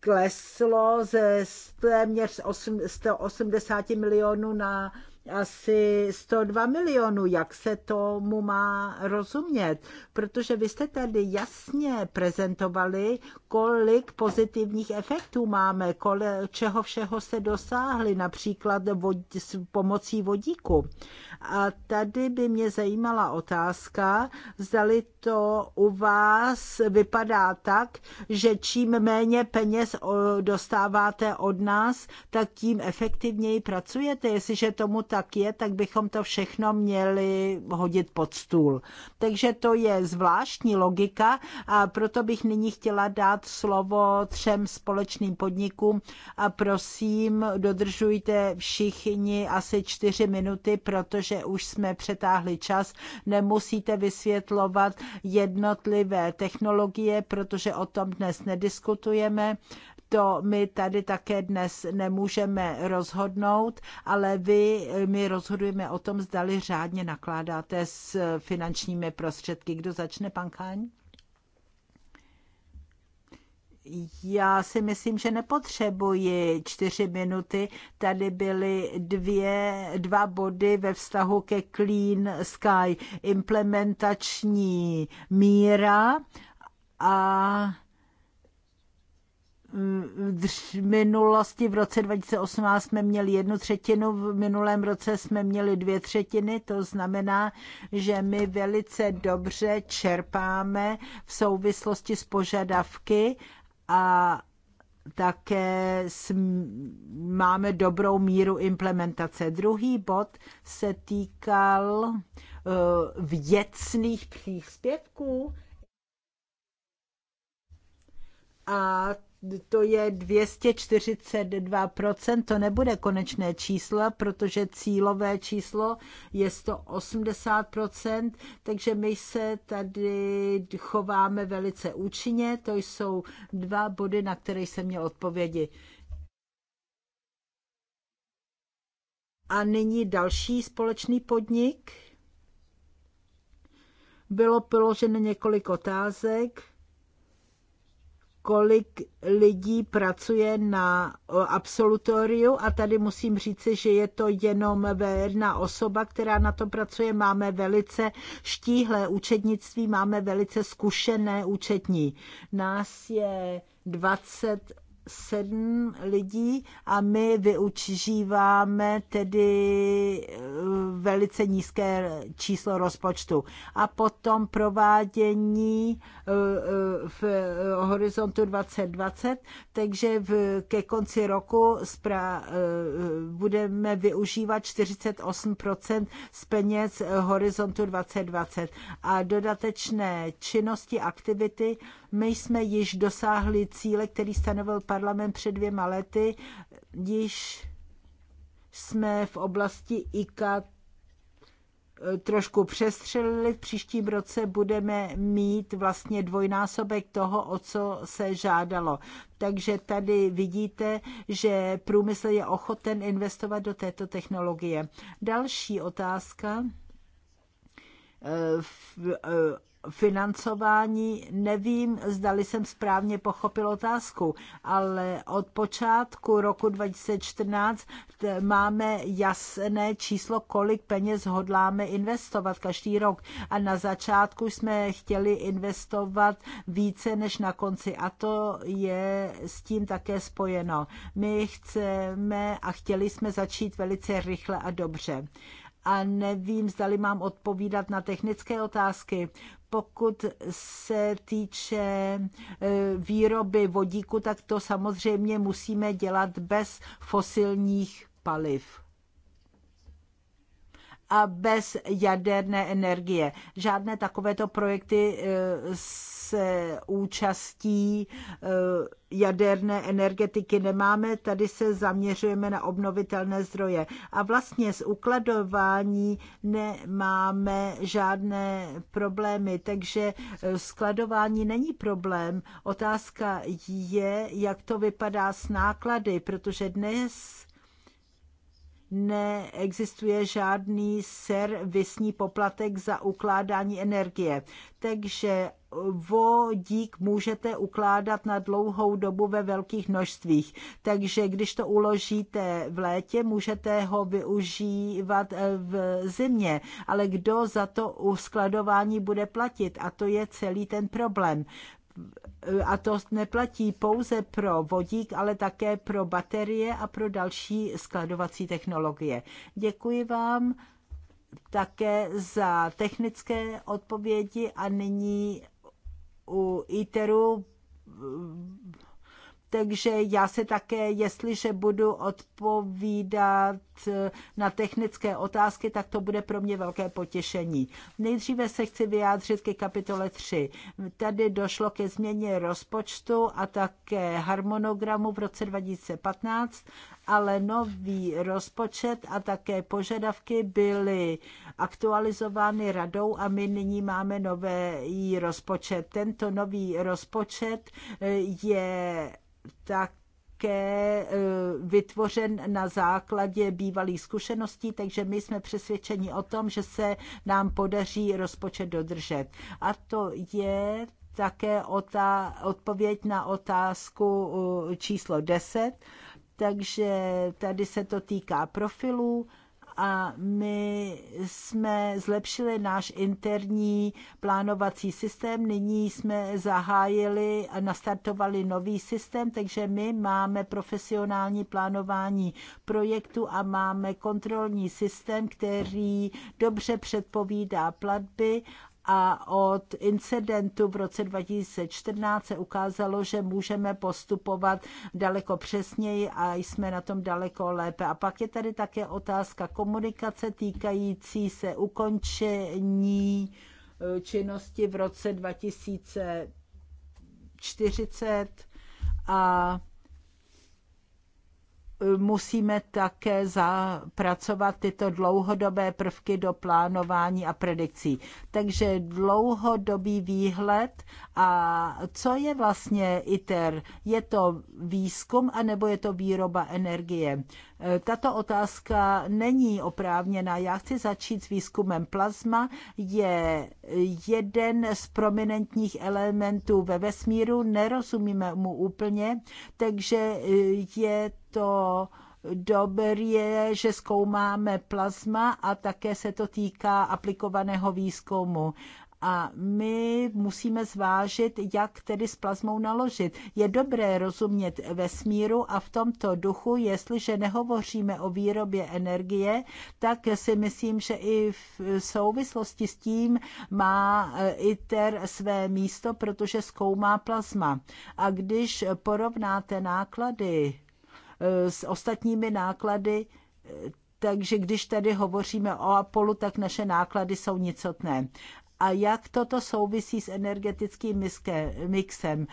kleslo ze téměř 8, 180 milionů na asi 102 milionů. Jak se tomu má rozumět? Protože vy jste tady jasně prezentovali, kolik pozitivních efektů máme, kole, čeho všeho se dosáhli, například vod, s pomocí vodíku. A tady by mě zajímala otázka, zdali to u vás vypadá tak, že čím méně peněz dostáváte od nás, tak tím efektivněji pracujete. Jestliže tomu tak je, tak bychom to všechno měli hodit pod stůl. Takže to je zvláštní logika a proto bych nyní chtěla dát slovo třem společným podnikům a prosím, dodržujte všichni asi čtyři minuty, protože už jsme přetáhli čas. Nemusíte vysvětlovat jednotlivé technologie, protože o tom dnes nediskutujeme to my tady také dnes nemůžeme rozhodnout, ale vy, my rozhodujeme o tom, zdali řádně nakládáte s finančními prostředky. Kdo začne, pan Kaň? Já si myslím, že nepotřebuji čtyři minuty. Tady byly dvě, dva body ve vztahu ke Clean Sky. Implementační míra a v minulosti v roce 2018 jsme měli jednu třetinu, v minulém roce jsme měli dvě třetiny, to znamená, že my velice dobře čerpáme v souvislosti s požadavky a také máme dobrou míru implementace. Druhý bod se týkal eh, věcných příspěvků a to je 242%, to nebude konečné číslo, protože cílové číslo je 180%, takže my se tady chováme velice účinně, to jsou dva body, na které jsem měl odpovědi. A nyní další společný podnik. Bylo položeno několik otázek kolik lidí pracuje na absolutoriu a tady musím říci, že je to jenom jedna osoba, která na to pracuje. Máme velice štíhlé účetnictví, máme velice zkušené účetní. Nás je 20 sedm lidí a my využíváme tedy eh, velice nízké číslo rozpočtu. A potom provádění eh, eh, v horizontu 2020, takže v, ke konci roku spra, budeme využívat 48 z peněz horizontu 2020 a dodatečné činnosti, aktivity my jsme již dosáhli cíle, který stanovil parlament před dvěma lety. Již jsme v oblasti IKA trošku přestřelili. V příštím roce budeme mít vlastně dvojnásobek toho, o co se žádalo. Takže tady vidíte, že průmysl je ochoten investovat do této technologie. Další otázka. Eh, v eh, financování. Nevím, zdali jsem správně pochopil otázku, ale od počátku roku 2014 máme jasné číslo, kolik peněz hodláme investovat každý rok. A na začátku jsme chtěli investovat více než na konci. A to je s tím také spojeno. My chceme a chtěli jsme začít velice rychle a dobře a nevím, zdali mám odpovídat na technické otázky pokud se týče e, výroby vodíku, tak to samozřejmě musíme dělat bez fosilních paliv a bez jaderné energie. Žádné takovéto projekty e, se účastí eh, jaderné energetiky nemáme, tady se zaměřujeme na obnovitelné zdroje. A vlastně z ukladování nemáme žádné problémy, takže eh, skladování není problém. Otázka je, jak to vypadá s náklady, protože dnes neexistuje žádný servisní poplatek za ukládání energie. Takže vodík můžete ukládat na dlouhou dobu ve velkých množstvích. Takže když to uložíte v létě, můžete ho využívat eh, v zimě. Ale kdo za to u skladování bude platit? A to je celý ten problém a to neplatí pouze pro vodík, ale také pro baterie a pro další skladovací technologie. Děkuji vám také za technické odpovědi a nyní u ITERu takže já se také, jestliže budu odpovídat eh, na technické otázky, tak to bude pro mě velké potěšení. Nejdříve se chci vyjádřit ke kapitole 3. Tady došlo ke změně rozpočtu a také harmonogramu v roce 2015, ale nový rozpočet a také požadavky byly aktualizovány radou a my nyní máme nový rozpočet. Tento nový rozpočet eh, je také e, vytvořen na základě bývalých zkušeností, takže my jsme přesvědčeni o tom, že se nám podaří rozpočet dodržet. A to je také otá- odpověď na otázku e, číslo 10. Takže tady se to týká profilů a my jsme zlepšili náš interní plánovací systém. Nyní jsme zahájili a nastartovali nový systém, takže my máme profesionální plánování projektu a máme kontrolní systém, který dobře předpovídá platby a od incidentu v roce 2014 se ukázalo, že můžeme postupovat daleko přesněji a jsme na tom daleko lépe. A pak je tady také otázka komunikace týkající se ukončení eh, činnosti v roce 2040 a musíme také zapracovat tyto dlouhodobé prvky do plánování a predikcí. Takže dlouhodobý výhled a co je vlastně ITER? Je to výzkum anebo je to výroba energie? E, tato otázka není oprávněná. Já chci začít s výzkumem. Plazma je jeden z prominentních elementů ve vesmíru, nerozumíme mu úplně, takže e, je to dobré, že zkoumáme plazma a také se to týká aplikovaného výzkumu a my musíme zvážit, jak tedy s plazmou naložit. Je dobré rozumět vesmíru a v tomto duchu, jestliže nehovoříme o výrobě energie, tak si myslím, že i v souvislosti s tím má eh, ITER své místo, protože zkoumá plazma. A když porovnáte náklady Eh, s ostatními náklady, eh, takže když tady hovoříme o Apolu, tak naše náklady jsou nicotné a jak toto souvisí s energetickým mixem. E,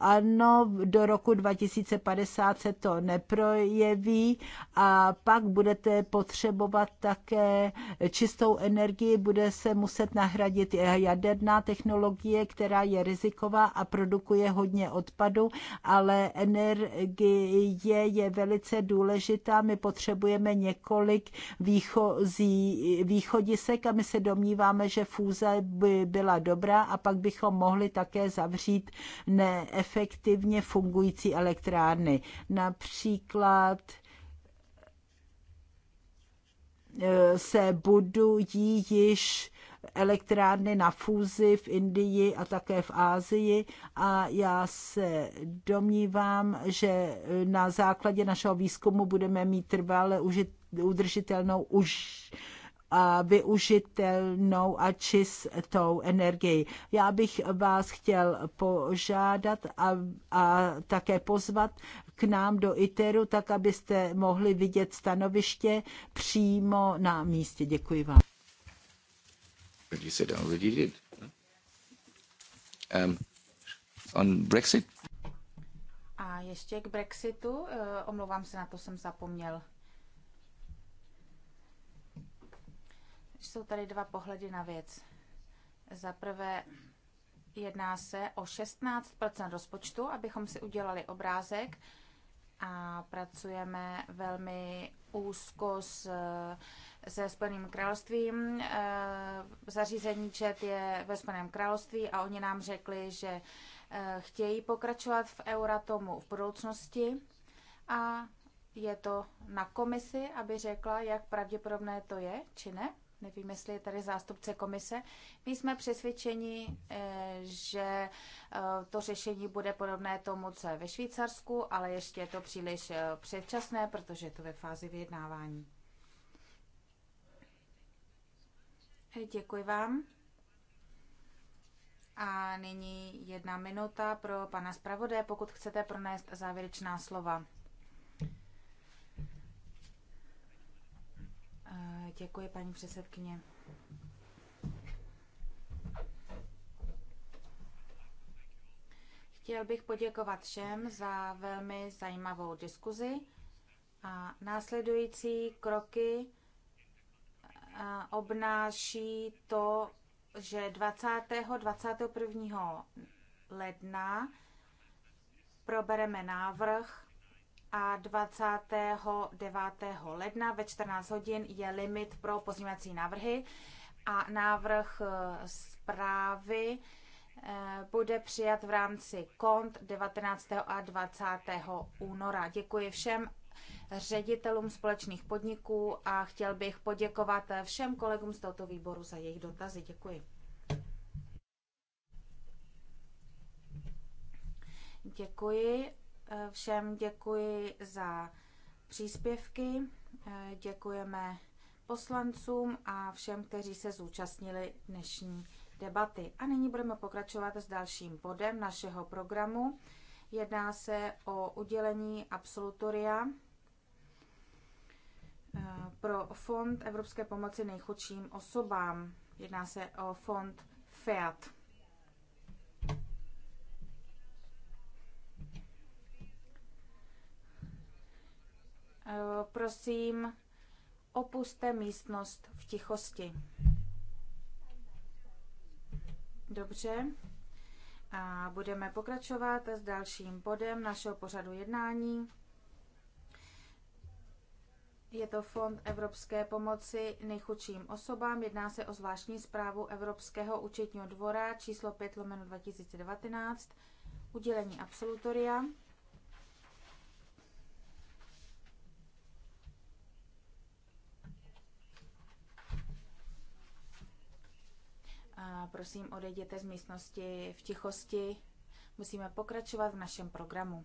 ano, do roku 2050 se to neprojeví a pak budete potřebovat také čistou energii, bude se muset nahradit jaderná technologie, která je riziková a produkuje hodně odpadu, ale energie je velice důležitá. My potřebujeme několik výchozí, východisek a my se domníváme, že fúze by byla dobrá a pak bychom mohli také zavřít neefektivně fungující elektrárny. Například eh, se budují již elektrárny na fúzi v Indii a také v Ázii a já se domnívám, že na základě našeho výzkumu budeme mít trvale udržitelnou už využitelnou a čistou energii. Já bych vás chtěl požádat a, a také pozvat k nám do ITERu, tak abyste mohli vidět stanoviště přímo na místě. Děkuji vám. Oh, um, on Brexit? A ještě k Brexitu, eh, omlouvám se, na to jsem zapomněl. Jsou tady dva pohledy na věc. Za prvé, jedná se o 16 rozpočtu, abychom si udělali obrázek a pracujeme velmi úzko s, se Spojeným královstvím. Eh, zařízení ČET je ve Spojeném království a oni nám řekli, že eh, chtějí pokračovat v Euratomu v budoucnosti a je to na komisi, aby řekla, jak pravděpodobné to je, či ne nevím, jestli je tady zástupce komise. My jsme přesvědčeni, eh, že eh, to řešení bude podobné tomu, co je ve Švýcarsku, ale ještě je to příliš eh, předčasné, protože je to ve fázi vyjednávání. Děkuji vám. A nyní jedna minuta pro pana zpravodaje, pokud chcete pronést závěrečná slova. Děkuji, paní předsedkyně. Chtěl bych poděkovat všem za velmi zajímavou diskuzi a následující kroky obnáší to, že 20. 21. ledna probereme návrh a 29. ledna ve 14 hodin je limit pro pozměňovací návrhy a návrh eh, zprávy eh, bude přijat v rámci KONT 19. a 20. února. Děkuji všem ředitelům společných podniků a chtěl bych poděkovat eh, všem kolegům z tohoto výboru za jejich dotazy. Děkuji. Děkuji všem děkuji za příspěvky, eh, děkujeme poslancům a všem, kteří se zúčastnili dnešní debaty. A nyní budeme pokračovat s dalším bodem našeho programu. Jedná se o udělení absolutoria eh, pro Fond Evropské pomoci nejchudším osobám. Jedná se o fond FEAT. Eh, prosím, opuste místnost v tichosti. Dobře. A budeme pokračovat s dalším bodem našeho pořadu jednání. Je to Fond Evropské pomoci nejchudším osobám. Jedná se o zvláštní zprávu Evropského účetního dvora číslo 5 lomeno 2019, udělení absolutoria. Prosím, odejděte z místnosti v tichosti. Musíme pokračovat v našem programu.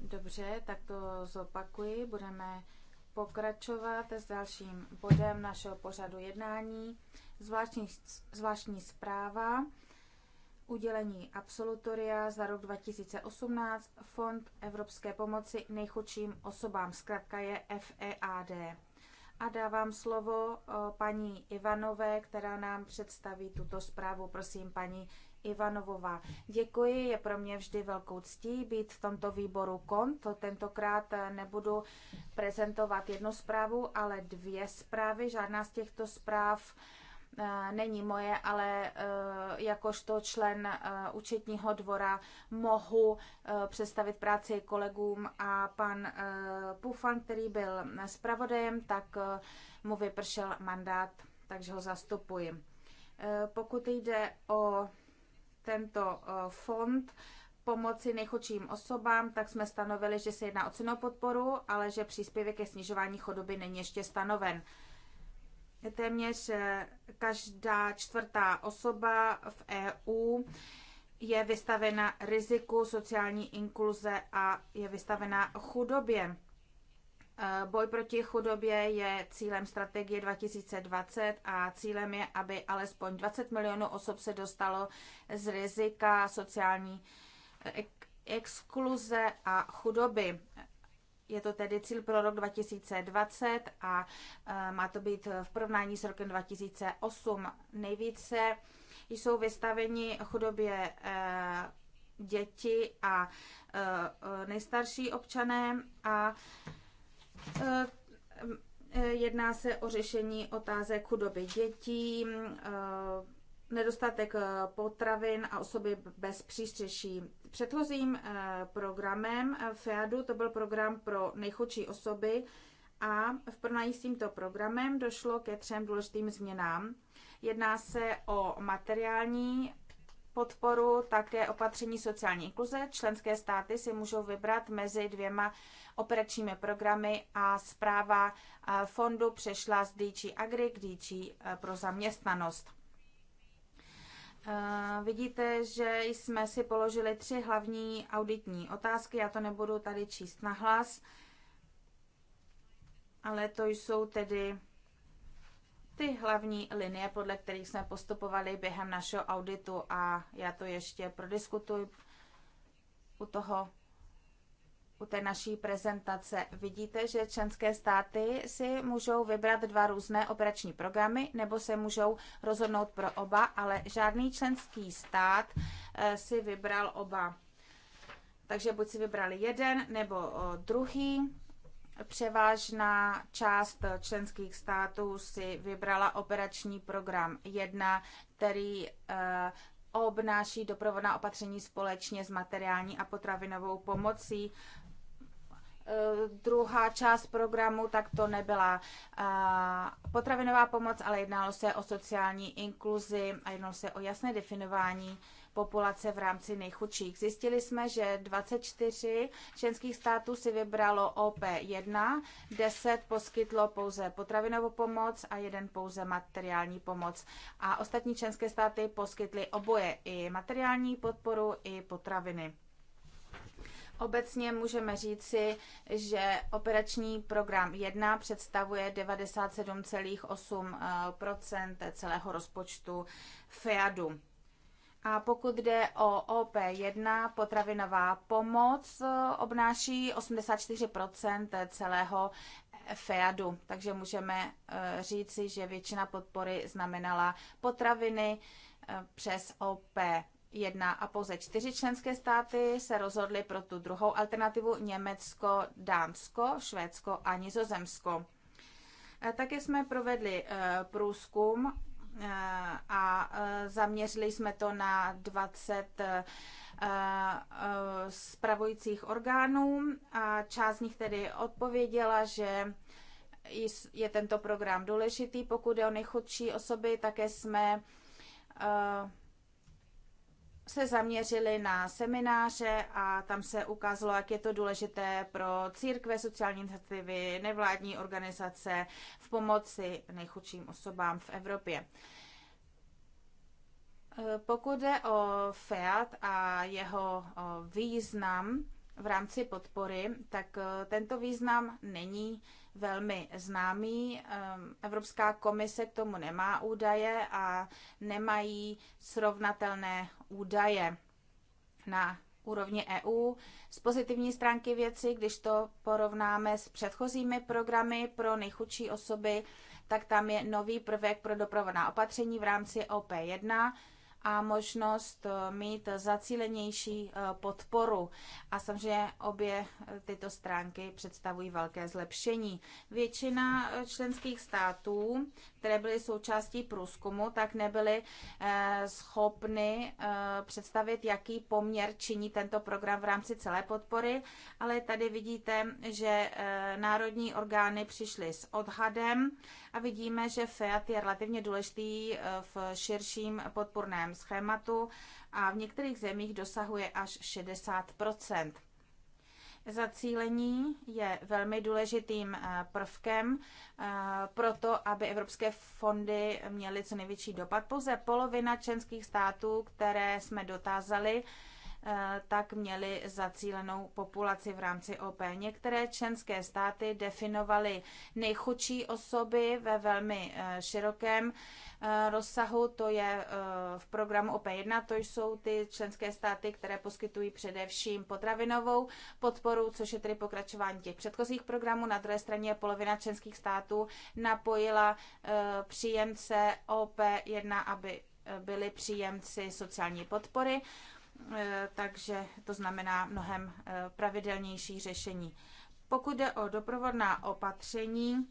Dobře, tak to zopakuji. Budeme pokračovat s dalším bodem našeho pořadu jednání. Zvláštní, zvláštní zpráva udělení absolutoria za rok 2018 Fond Evropské pomoci nejchudším osobám, zkrátka je FEAD. A dávám slovo paní Ivanové, která nám představí tuto zprávu. Prosím, paní Ivanovová. Děkuji, je pro mě vždy velkou ctí být v tomto výboru KONT. Tentokrát e, nebudu prezentovat jednu zprávu, ale dvě zprávy. Žádná z těchto zpráv Eh, není moje, ale eh, jakožto člen eh, účetního dvora mohu představit práci kolegům a pan Pufan, který byl zpravodajem, tak mu vypršel mandát, takže ho zastupuji. Pokud jde o tento fond, pomoci nejchudším osobám, tak jsme stanovili, že se jedná o cenou podporu, ale že příspěvek ke snižování chodoby není ještě stanoven. Téměř eh, každá čtvrtá osoba v EU je vystavena riziku sociální inkluze a je vystavena chudobě. Eh, boj proti chudobě je cílem strategie 2020 a cílem je, aby alespoň 20 milionů osob se dostalo z rizika sociální eh, exkluze a chudoby. Je to tedy cíl pro rok 2020 a e, má to být v porovnání s rokem 2008. Nejvíce jsou vystaveni chudobě e, děti a e, nejstarší občané a jedná se o řešení otázek chudoby dětí, nedostatek potravin a osoby bez přístřeší předchozím eh, programem eh, FEADu, to byl program pro nejchudší osoby, a v porovnání s tímto programem došlo ke třem důležitým změnám. Jedná se o materiální podporu, také opatření sociální inkluze. Členské státy si můžou vybrat mezi dvěma operačními programy a zpráva eh, fondu přešla z DG Agri k DG pro zaměstnanost. Eh, vidíte, že jsme si položili tři hlavní auditní otázky, já to nebudu tady číst na hlas, ale to jsou tedy ty hlavní linie, podle kterých jsme postupovali během našeho auditu a já to ještě prodiskutuji u toho u té naší prezentace vidíte, že členské státy si můžou vybrat dva různé operační programy nebo se můžou rozhodnout pro oba, ale žádný členský stát eh, si vybral oba. Takže buď si vybrali jeden nebo eh, druhý. Převážná část členských států si vybrala operační program 1, který eh, obnáší doprovodná opatření společně s materiální a potravinovou pomocí Eh, druhá část programu, tak to nebyla eh, potravinová pomoc, ale jednalo se o sociální inkluzi a jednalo se o jasné definování populace v rámci nejchudších. Zjistili jsme, že 24 členských států si vybralo OP1, 10 poskytlo pouze potravinovou pomoc a jeden pouze materiální pomoc. A ostatní členské státy poskytly oboje, i materiální podporu, i potraviny. Obecně můžeme říci, že operační program 1 představuje 97,8 celého rozpočtu FEADu. A pokud jde o OP1, potravinová pomoc obnáší 84 celého FEADu. Takže můžeme eh, říci, že většina podpory znamenala potraviny eh, přes OP jedna a pouze čtyři členské státy se rozhodly pro tu druhou alternativu Německo, Dánsko, Švédsko a Nizozemsko. E, také jsme provedli e, průzkum e, a zaměřili jsme to na 20 spravujících orgánů a část z nich tedy odpověděla, že je tento program důležitý. Pokud je o nejchudší osoby, také jsme se zaměřili na semináře a tam se ukázalo, jak je to důležité pro církve, sociální iniciativy, nevládní organizace v pomoci nejchudším osobám v Evropě. Eh, pokud jde o FEAT a jeho význam v rámci podpory, tak eh, tento význam není velmi známý. Ehm, Evropská komise k tomu nemá údaje a nemají srovnatelné údaje na úrovni EU. Z pozitivní stránky věci, když to porovnáme s předchozími programy pro nejchudší osoby, tak tam je nový prvek pro doprovodná opatření v rámci OP1, a možnost eh, mít zacílenější eh, podporu. A samozřejmě obě eh, tyto stránky představují velké zlepšení. Většina členských států, které byly součástí průzkumu, tak nebyly schopny představit, jaký poměr činí tento program v rámci celé podpory, ale tady vidíte, že národní orgány přišly s odhadem a vidíme, že FEAT je relativně důležitý v širším podporném jiném schématu a v některých zemích dosahuje až 60 Zacílení je velmi důležitým eh, prvkem eh, pro to, aby evropské fondy měly co největší dopad. Pouze polovina členských států, které jsme dotázali, Eh, tak měly zacílenou populaci v rámci OP. Některé členské státy definovaly nejchudší osoby ve velmi eh, širokém eh, rozsahu, to je v programu OP1, to jsou ty členské státy, které poskytují především potravinovou podporu, což je tedy pokračování těch předchozích programů. Na druhé straně polovina členských států napojila příjemce OP1, aby byli příjemci sociální podpory. Eh, takže to znamená mnohem eh, pravidelnější řešení. Pokud jde o doprovodná opatření,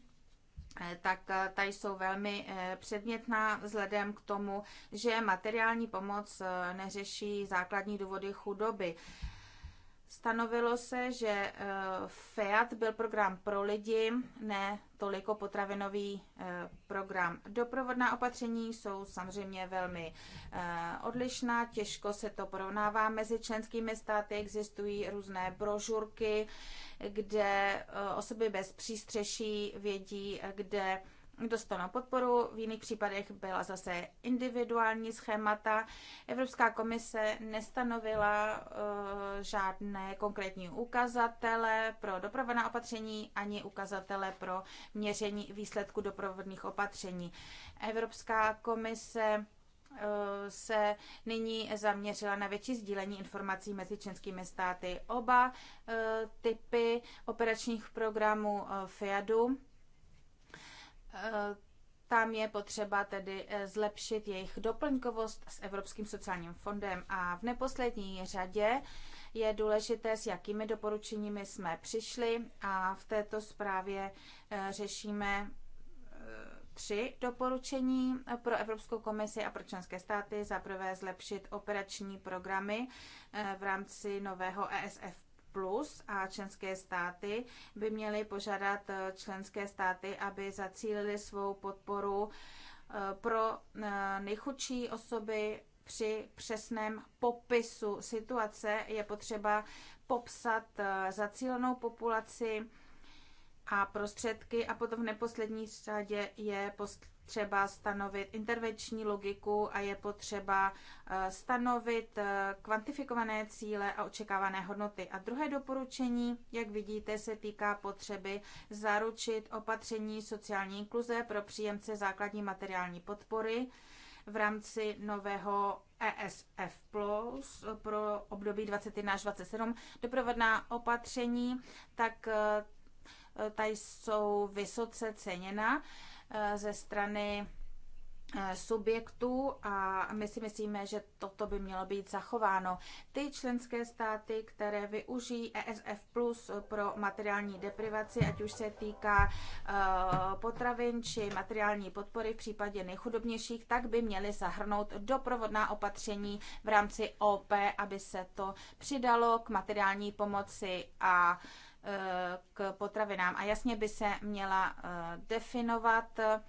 eh, tak ta jsou velmi předmětná vzhledem k tomu, že materiální pomoc neřeší základní důvody chudoby. Stanovilo se, že eh, FEAT byl program pro lidi, ne toliko potravinový eh, program. Doprovodná opatření jsou samozřejmě velmi eh, odlišná, těžko se to porovnává mezi členskými státy, existují různé brožurky, kde osoby bez přístřeší vědí, kde dostala podporu, v jiných případech byla zase individuální schémata. Evropská komise nestanovila uh, žádné konkrétní ukazatele pro doprovodná opatření ani ukazatele pro měření výsledku doprovodných opatření. Evropská komise eh, se nyní zaměřila na větší sdílení informací mezi členskými státy. Oba eh, typy operačních programů FIADu tam je potřeba tedy eh, zlepšit jejich doplňkovost s Evropským sociálním fondem. A v neposlední řadě je důležité, s jakými doporučeními jsme přišli a v této zprávě eh, řešíme eh, tři doporučení pro Evropskou komisi a pro členské státy. Za prvé zlepšit operační programy v rámci nového ESF+, plus a členské státy by měly požádat eh, členské státy, aby zacílili svou podporu eh, pro eh, nejchudší osoby při přesném popisu situace. Je potřeba popsat zacílenou populaci a prostředky a potom v neposlední řadě je třeba stanovit intervenční logiku a je potřeba eh, stanovit eh, kvantifikované cíle a očekávané hodnoty. A druhé doporučení, jak vidíte, se týká potřeby zaručit opatření sociální inkluze pro příjemce základní materiální podpory v rámci nového ESF Plus pro období 21 až 27 doprovodná opatření, tak eh, tady jsou vysoce ceněna. Eh, ze strany eh, subjektů a my si myslíme, že toto by mělo být zachováno. Ty členské státy, které využijí ESF Plus pro materiální deprivaci, ať už se týká eh, potravin či materiální podpory v případě nejchudobnějších, tak by měly zahrnout doprovodná opatření v rámci OP, aby se to přidalo k materiální pomoci a k potravinám. A jasně by se měla eh, definovat eh,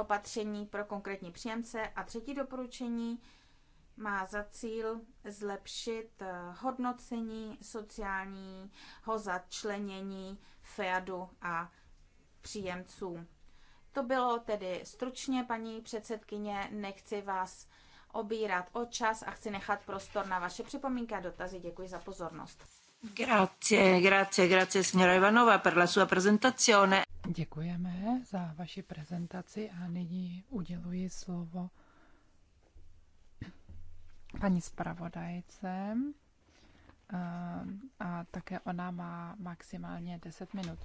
opatření pro konkrétní příjemce. A třetí doporučení má za cíl zlepšit eh, hodnocení sociálního začlenění FEADu a příjemců. To bylo tedy stručně, paní předsedkyně, nechci vás obírat o čas a chci nechat prostor na vaše připomínky a dotazy. Děkuji za pozornost. Grazie, grazie, grazie signora Ivanova per la sua presentazione. Děkujeme za vaši prezentaci a nyní uděluji slovo paní zpravodajce a také ona má maximálně 10 minut.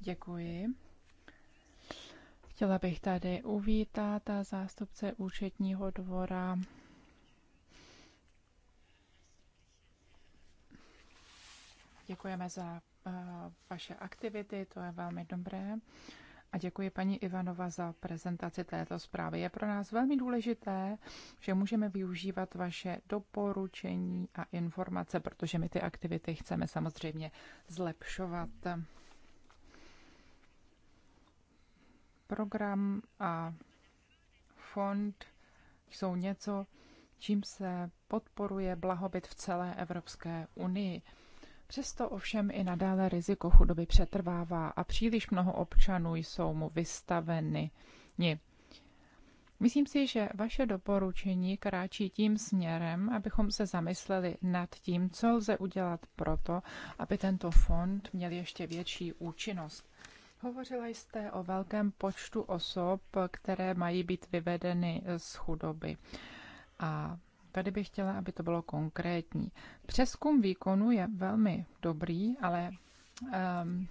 Děkuji. Chtěla bych tady uvítat zástupce účetního dvora Děkujeme za eh, vaše aktivity, to je velmi dobré. A děkuji paní Ivanova za prezentaci této zprávy. Je pro nás velmi důležité, že můžeme využívat vaše doporučení a informace, protože my ty aktivity chceme samozřejmě zlepšovat. Program a fond jsou něco, čím se podporuje blahobyt v celé Evropské unii. Přesto ovšem i nadále riziko chudoby přetrvává a příliš mnoho občanů jsou mu vystaveny. Myslím si, že vaše doporučení kráčí tím směrem, abychom se zamysleli nad tím, co lze udělat proto, aby tento fond měl ještě větší účinnost. Hovořila jste o velkém počtu osob, které mají být vyvedeny z chudoby. A Tady bych chtěla, aby to bylo konkrétní. Přeskum výkonu je velmi dobrý, ale um,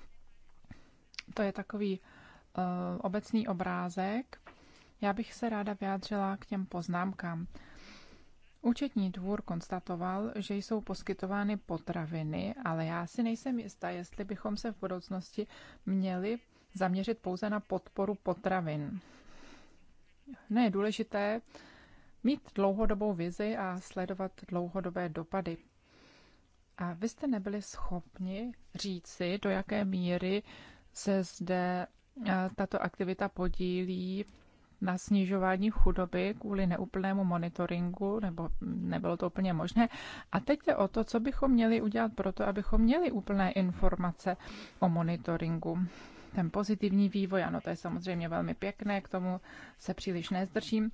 to je takový uh, obecný obrázek. Já bych se ráda vyjádřila k těm poznámkám. Účetní dvůr konstatoval, že jsou poskytovány potraviny, ale já si nejsem jistá, jestli bychom se v budoucnosti měli zaměřit pouze na podporu potravin. Ne, důležité, mít dlouhodobou vizi a sledovat dlouhodobé dopady. A vy jste nebyli schopni říci, do jaké míry se zde eh, tato aktivita podílí na snižování chudoby kvůli neúplnému monitoringu, nebo nebylo to úplně možné. A teď je o to, co bychom měli udělat pro to, abychom měli úplné informace o monitoringu. Ten pozitivní vývoj, ano, to je samozřejmě velmi pěkné, k tomu se příliš nezdržím.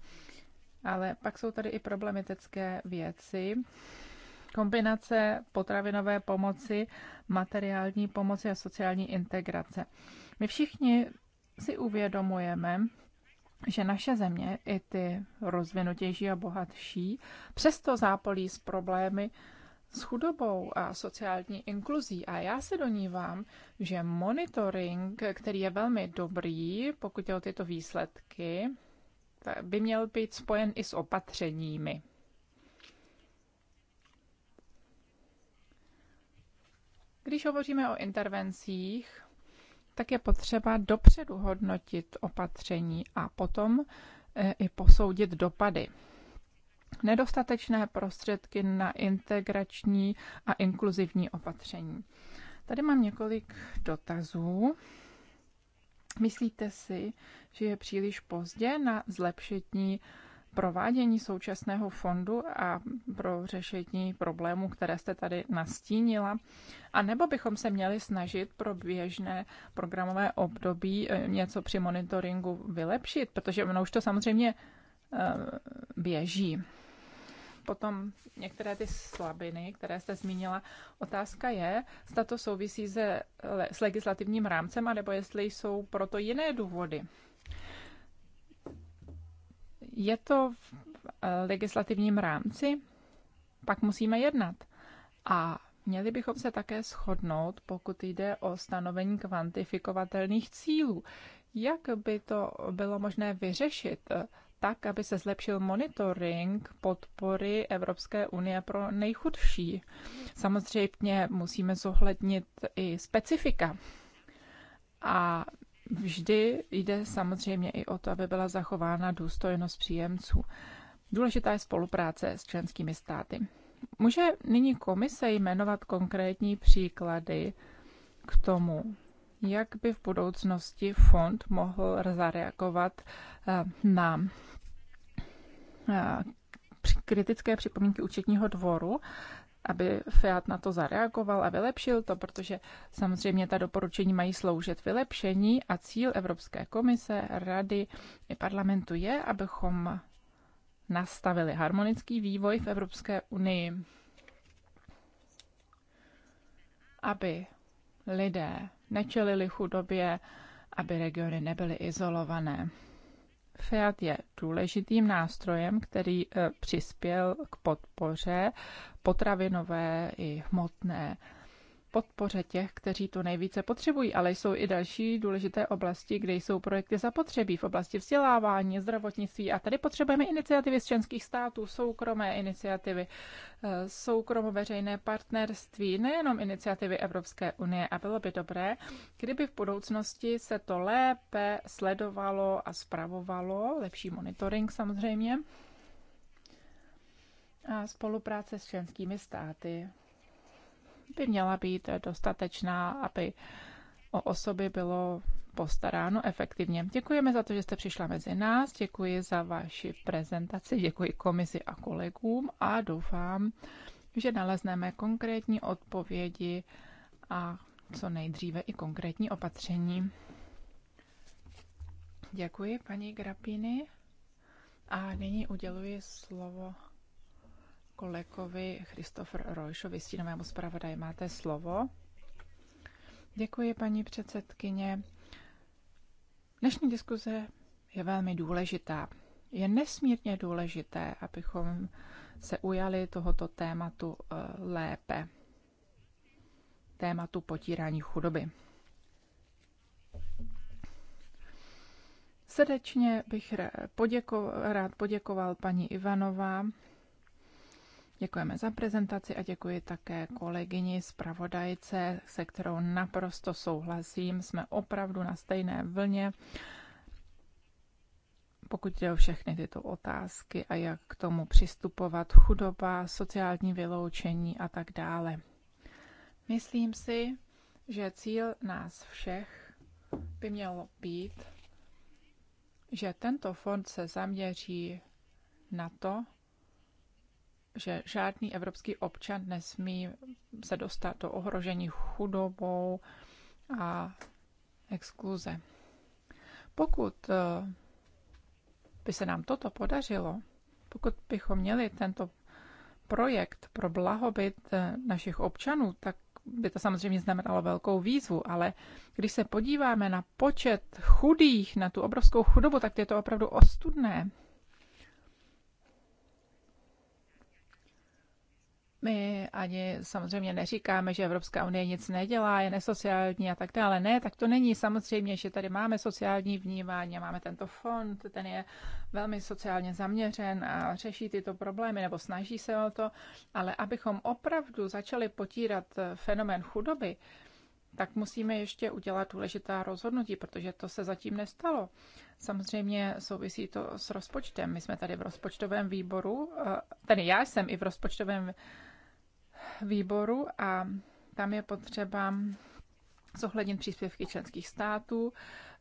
Ale pak jsou tady i problematické věci. Kombinace potravinové pomoci, materiální pomoci a sociální integrace. My všichni si uvědomujeme, že naše země, i ty rozvinutější a bohatší, přesto zápolí s problémy s chudobou a sociální inkluzí. A já se donívám, že monitoring, který je velmi dobrý, pokud je o tyto výsledky, by měl být spojen i s opatřeními. Když hovoříme o intervencích, tak je potřeba dopředu hodnotit opatření a potom e, i posoudit dopady. Nedostatečné prostředky na integrační a inkluzivní opatření. Tady mám několik dotazů. Myslíte si, že je příliš pozdě na zlepšení provádění současného fondu a pro řešení problémů, které jste tady nastínila? A nebo bychom se měli snažit pro běžné programové období eh, něco při monitoringu vylepšit? Protože ono už to samozřejmě eh, běží potom některé ty slabiny, které jste zmínila. Otázka je, zda to souvisí se, s legislativním rámcem, anebo jestli jsou proto jiné důvody. Je to v eh, legislativním rámci, pak musíme jednat. A Měli bychom se také shodnout, pokud jde o stanovení kvantifikovatelných cílů. Jak by to bylo možné vyřešit tak, aby se zlepšil monitoring podpory Evropské unie pro nejchudší. Samozřejmě musíme zohlednit i specifika. A vždy jde samozřejmě i o to, aby byla zachována důstojnost příjemců. Důležitá je spolupráce s členskými státy. Může nyní komise jmenovat konkrétní příklady k tomu, jak by v budoucnosti fond mohl zareagovat eh, na eh, kritické připomínky účetního dvoru, aby FIAT na to zareagoval a vylepšil to, protože samozřejmě ta doporučení mají sloužit vylepšení a cíl Evropské komise, rady i parlamentu je, abychom nastavili harmonický vývoj v Evropské unii, aby lidé nečelili chudobě, aby regiony nebyly izolované. Fiat je důležitým nástrojem, který eh, přispěl k podpoře potravinové i hmotné podpoře těch, kteří to nejvíce potřebují, ale jsou i další důležité oblasti, kde jsou projekty zapotřebí v oblasti vzdělávání, zdravotnictví a tady potřebujeme iniciativy z členských států, soukromé iniciativy, eh, soukromo-veřejné partnerství, nejenom iniciativy Evropské unie a bylo by dobré, kdyby v budoucnosti se to lépe sledovalo a zpravovalo, lepší monitoring samozřejmě, a spolupráce s členskými státy by měla být dostatečná, aby o osoby bylo postaráno efektivně. Děkujeme za to, že jste přišla mezi nás, děkuji za vaši prezentaci, děkuji komisi a kolegům a doufám, že nalezneme konkrétní odpovědi a co nejdříve i konkrétní opatření. Děkuji paní Grapiny a nyní uděluji slovo kolegovi Christopher Rojšovi, stínovému zpravodaji. Máte slovo. Děkuji, paní předsedkyně. Dnešní diskuze je velmi důležitá. Je nesmírně důležité, abychom se ujali tohoto tématu eh, lépe. Tématu potírání chudoby. Srdečně bych rád poděkoval paní Ivanová Děkujeme za prezentaci a děkuji také kolegyni zpravodajce, se kterou naprosto souhlasím. Jsme opravdu na stejné vlně. Pokud jde o všechny tyto otázky a jak k tomu přistupovat, chudoba, sociální vyloučení a tak dále. Myslím si, že cíl nás všech by mělo být, že tento fond se zaměří na to, že žádný evropský občan nesmí se dostat do ohrožení chudobou a exkluze. Pokud eh, by se nám toto podařilo, pokud bychom měli tento projekt pro blahobyt eh, našich občanů, tak by to samozřejmě znamenalo velkou výzvu, ale když se podíváme na počet chudých, na tu obrovskou chudobu, tak je to opravdu ostudné. My ani samozřejmě neříkáme, že Evropská unie nic nedělá, je nesociální a tak dále. Ne, tak to není. Samozřejmě, že tady máme sociální vnímání a máme tento fond, ten je velmi sociálně zaměřen a řeší tyto problémy nebo snaží se o to. Ale abychom opravdu začali potírat fenomén chudoby, tak musíme ještě udělat důležitá rozhodnutí, protože to se zatím nestalo. Samozřejmě souvisí to s rozpočtem. My jsme tady v rozpočtovém výboru, eh, tedy já jsem i v rozpočtovém výboru, výboru a tam je potřeba zohlednit příspěvky členských států.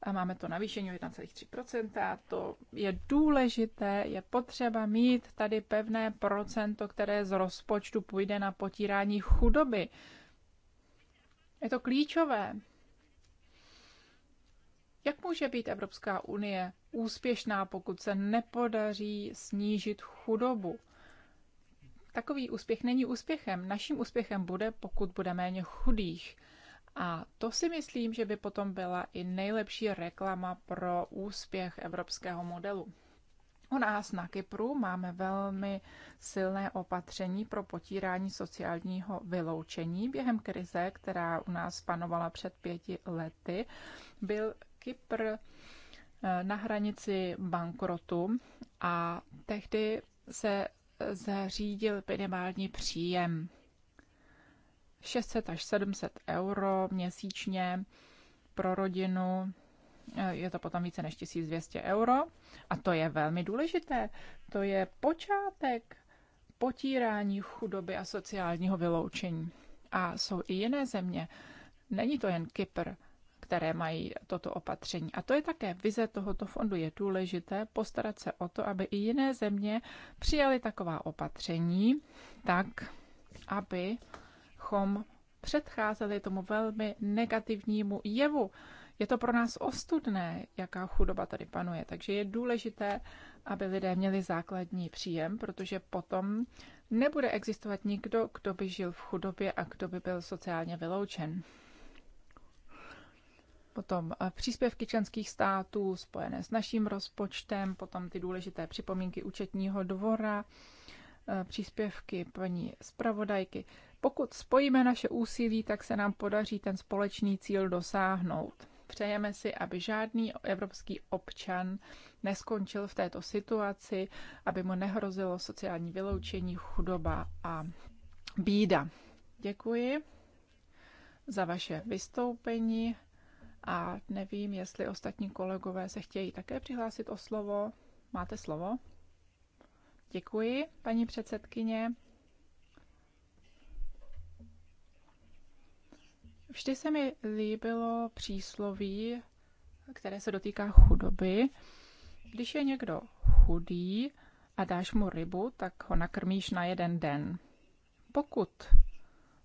A máme to navýšení o 1,3%. To je důležité, je potřeba mít tady pevné procento, které z rozpočtu půjde na potírání chudoby. Je to klíčové. Jak může být Evropská unie úspěšná, pokud se nepodaří snížit chudobu? Takový úspěch není úspěchem. Naším úspěchem bude, pokud bude méně chudých. A to si myslím, že by potom byla i nejlepší reklama pro úspěch evropského modelu. U nás na Kypru máme velmi silné opatření pro potírání sociálního vyloučení. Během krize, která u nás panovala před pěti lety, byl Kypr eh, na hranici bankrotu a tehdy se zařídil minimální příjem 600 až 700 euro měsíčně pro rodinu, eh, je to potom více než 1200 euro a to je velmi důležité. To je počátek potírání chudoby a sociálního vyloučení. A jsou i jiné země. Není to jen Kypr které mají toto opatření. A to je také vize tohoto fondu. Je důležité postarat se o to, aby i jiné země přijaly taková opatření, tak abychom předcházeli tomu velmi negativnímu jevu. Je to pro nás ostudné, jaká chudoba tady panuje. Takže je důležité, aby lidé měli základní příjem, protože potom nebude existovat nikdo, kdo by žil v chudobě a kdo by byl sociálně vyloučen potom eh, příspěvky členských států spojené s naším rozpočtem, potom ty důležité připomínky účetního dvora, eh, příspěvky paní zpravodajky. Pokud spojíme naše úsilí, tak se nám podaří ten společný cíl dosáhnout. Přejeme si, aby žádný evropský občan neskončil v této situaci, aby mu nehrozilo sociální vyloučení, chudoba a bída. Děkuji za vaše vystoupení a nevím, jestli ostatní kolegové se chtějí také přihlásit o slovo. Máte slovo? Děkuji, paní předsedkyně. Vždy se mi líbilo přísloví, které se dotýká chudoby. Když je někdo chudý a dáš mu rybu, tak ho nakrmíš na jeden den. Pokud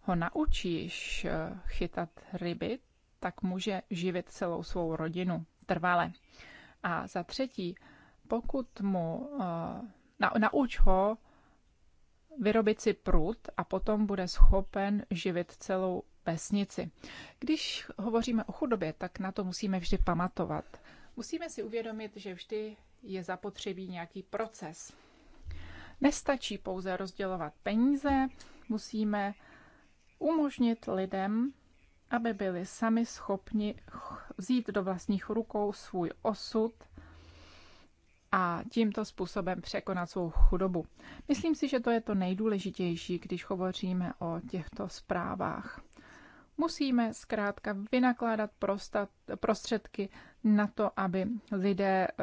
ho naučíš chytat ryby, tak může živit celou svou rodinu trvale. A za třetí, pokud mu eh, na, nauč ho vyrobit si prut a potom bude schopen živit celou vesnici. Když hovoříme o chudobě, tak na to musíme vždy pamatovat. Musíme si uvědomit, že vždy je zapotřebí nějaký proces. Nestačí pouze rozdělovat peníze, musíme umožnit lidem, aby byli sami schopni vzít do vlastních rukou svůj osud a tímto způsobem překonat svou chudobu. Myslím si, že to je to nejdůležitější, když hovoříme o těchto zprávách. Musíme zkrátka vynakládat prostředky na to, aby lidé eh,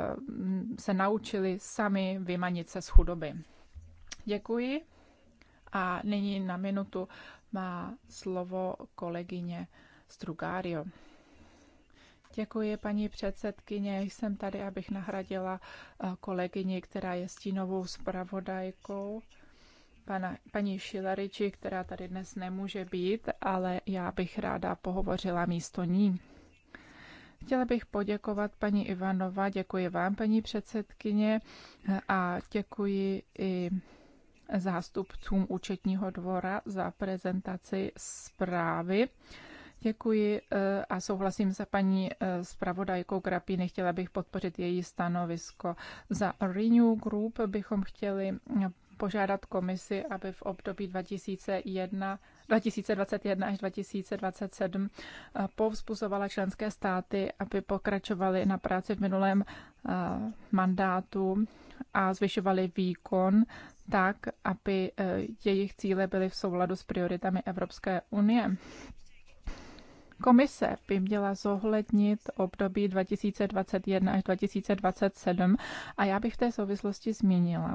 se naučili sami vymanit se z chudoby. Děkuji. A nyní na minutu má slovo kolegyně Strugario. Děkuji, paní předsedkyně. Jsem tady, abych nahradila eh, kolegyni, která je stínovou zpravodajkou, pana, paní Šilariči, která tady dnes nemůže být, ale já bych ráda pohovořila místo ní. Chtěla bych poděkovat paní Ivanova, děkuji vám, paní předsedkyně, eh, a děkuji i zástupcům účetního dvora za prezentaci zprávy. Děkuji eh, a souhlasím se paní eh, zpravodajkou Krapíny. Chtěla bych podpořit její stanovisko. Za Renew Group bychom chtěli eh, požádat komisi, aby v období 2001, 2021 až 2027 povzbuzovala členské státy, aby pokračovaly na práci v minulém mandátu a zvyšovali výkon tak, aby eh, jejich cíle byly v souladu s prioritami Evropské unie. Komise by měla zohlednit období 2021 až 2027 a já bych v té souvislosti zmínila,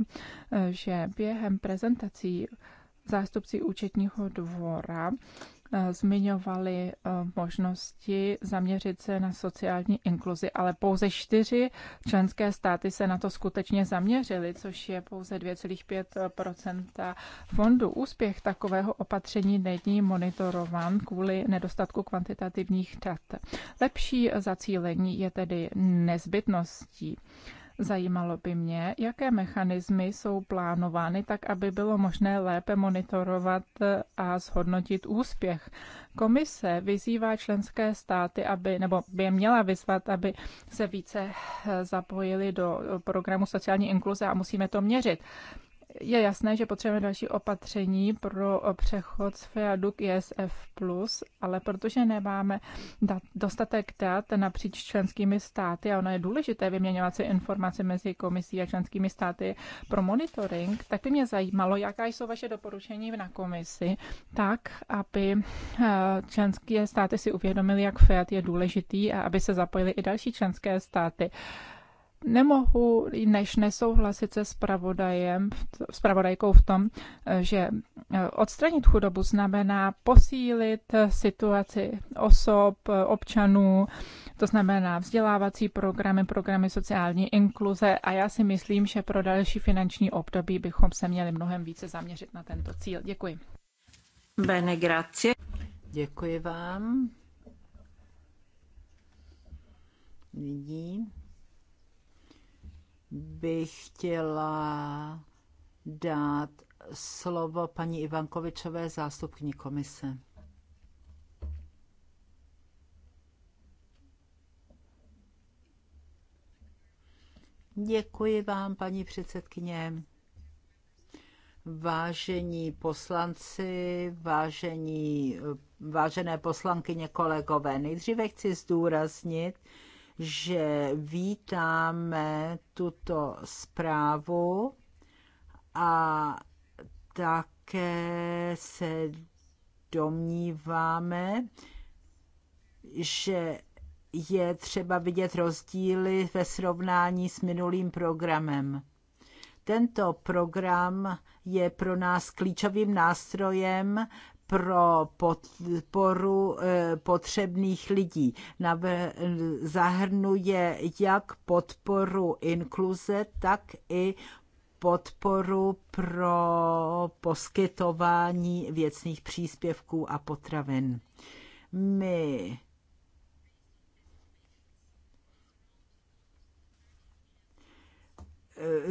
eh, že během prezentací zástupci účetního dvora Eh, zmiňovali eh, možnosti zaměřit se na sociální inkluzi, ale pouze čtyři členské státy se na to skutečně zaměřily, což je pouze 2,5 fondu. Úspěch takového opatření není monitorován kvůli nedostatku kvantitativních dat. Lepší zacílení je tedy nezbytností. Zajímalo by mě, jaké mechanismy jsou plánovány tak, aby bylo možné lépe monitorovat a zhodnotit úspěch. Komise vyzývá členské státy, aby, nebo by je měla vyzvat, aby se více zapojili do programu sociální inkluze a musíme to měřit je jasné, že potřebujeme další opatření pro přechod z FIADu k ISF+, ale protože nemáme dostatek dat napříč členskými státy, a ono je důležité vyměňovat si informace mezi komisí a členskými státy pro monitoring, tak by mě zajímalo, jaká jsou vaše doporučení na komisi, tak, aby eh, členské státy si uvědomili, jak FIAD je důležitý a aby se zapojili i další členské státy nemohu než nesouhlasit se spravodajem, spravodajkou v tom, že eh, odstranit chudobu znamená posílit eh, situaci osob, eh, občanů, to znamená vzdělávací programy, programy sociální inkluze a já si myslím, že pro další finanční období bychom se měli mnohem více zaměřit na tento cíl. Děkuji. Bene, grazie. Děkuji vám. Nyní bych chtěla dát slovo paní Ivankovičové, zástupkyni komise. Děkuji vám, paní předsedkyně. Vážení poslanci, vážení, vážené poslankyně, kolegové, nejdříve chci zdůraznit, že vítáme tuto zprávu a také se domníváme, že je třeba vidět rozdíly ve srovnání s minulým programem. Tento program je pro nás klíčovým nástrojem pro podporu eh, potřebných lidí. Zahrnuje jak podporu inkluze, tak i podporu pro poskytování věcných příspěvků a potravin. My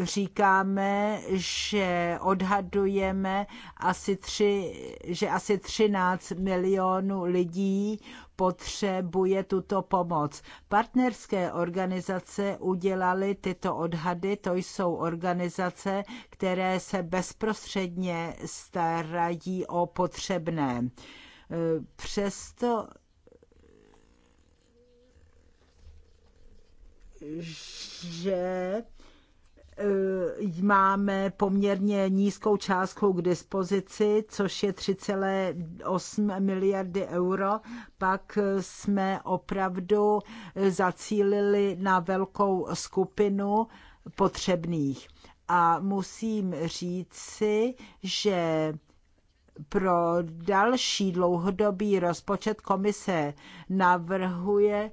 říkáme, že odhadujeme asi tři, že asi 13 milionů lidí potřebuje tuto pomoc. Partnerské organizace udělaly tyto odhady, to jsou organizace, které se bezprostředně starají o potřebné. Přesto že Eh, máme poměrně nízkou částku k dispozici, což je 3,8 miliardy euro. Pak jsme opravdu zacílili na velkou skupinu potřebných. A musím říci, že pro další dlouhodobý rozpočet komise navrhuje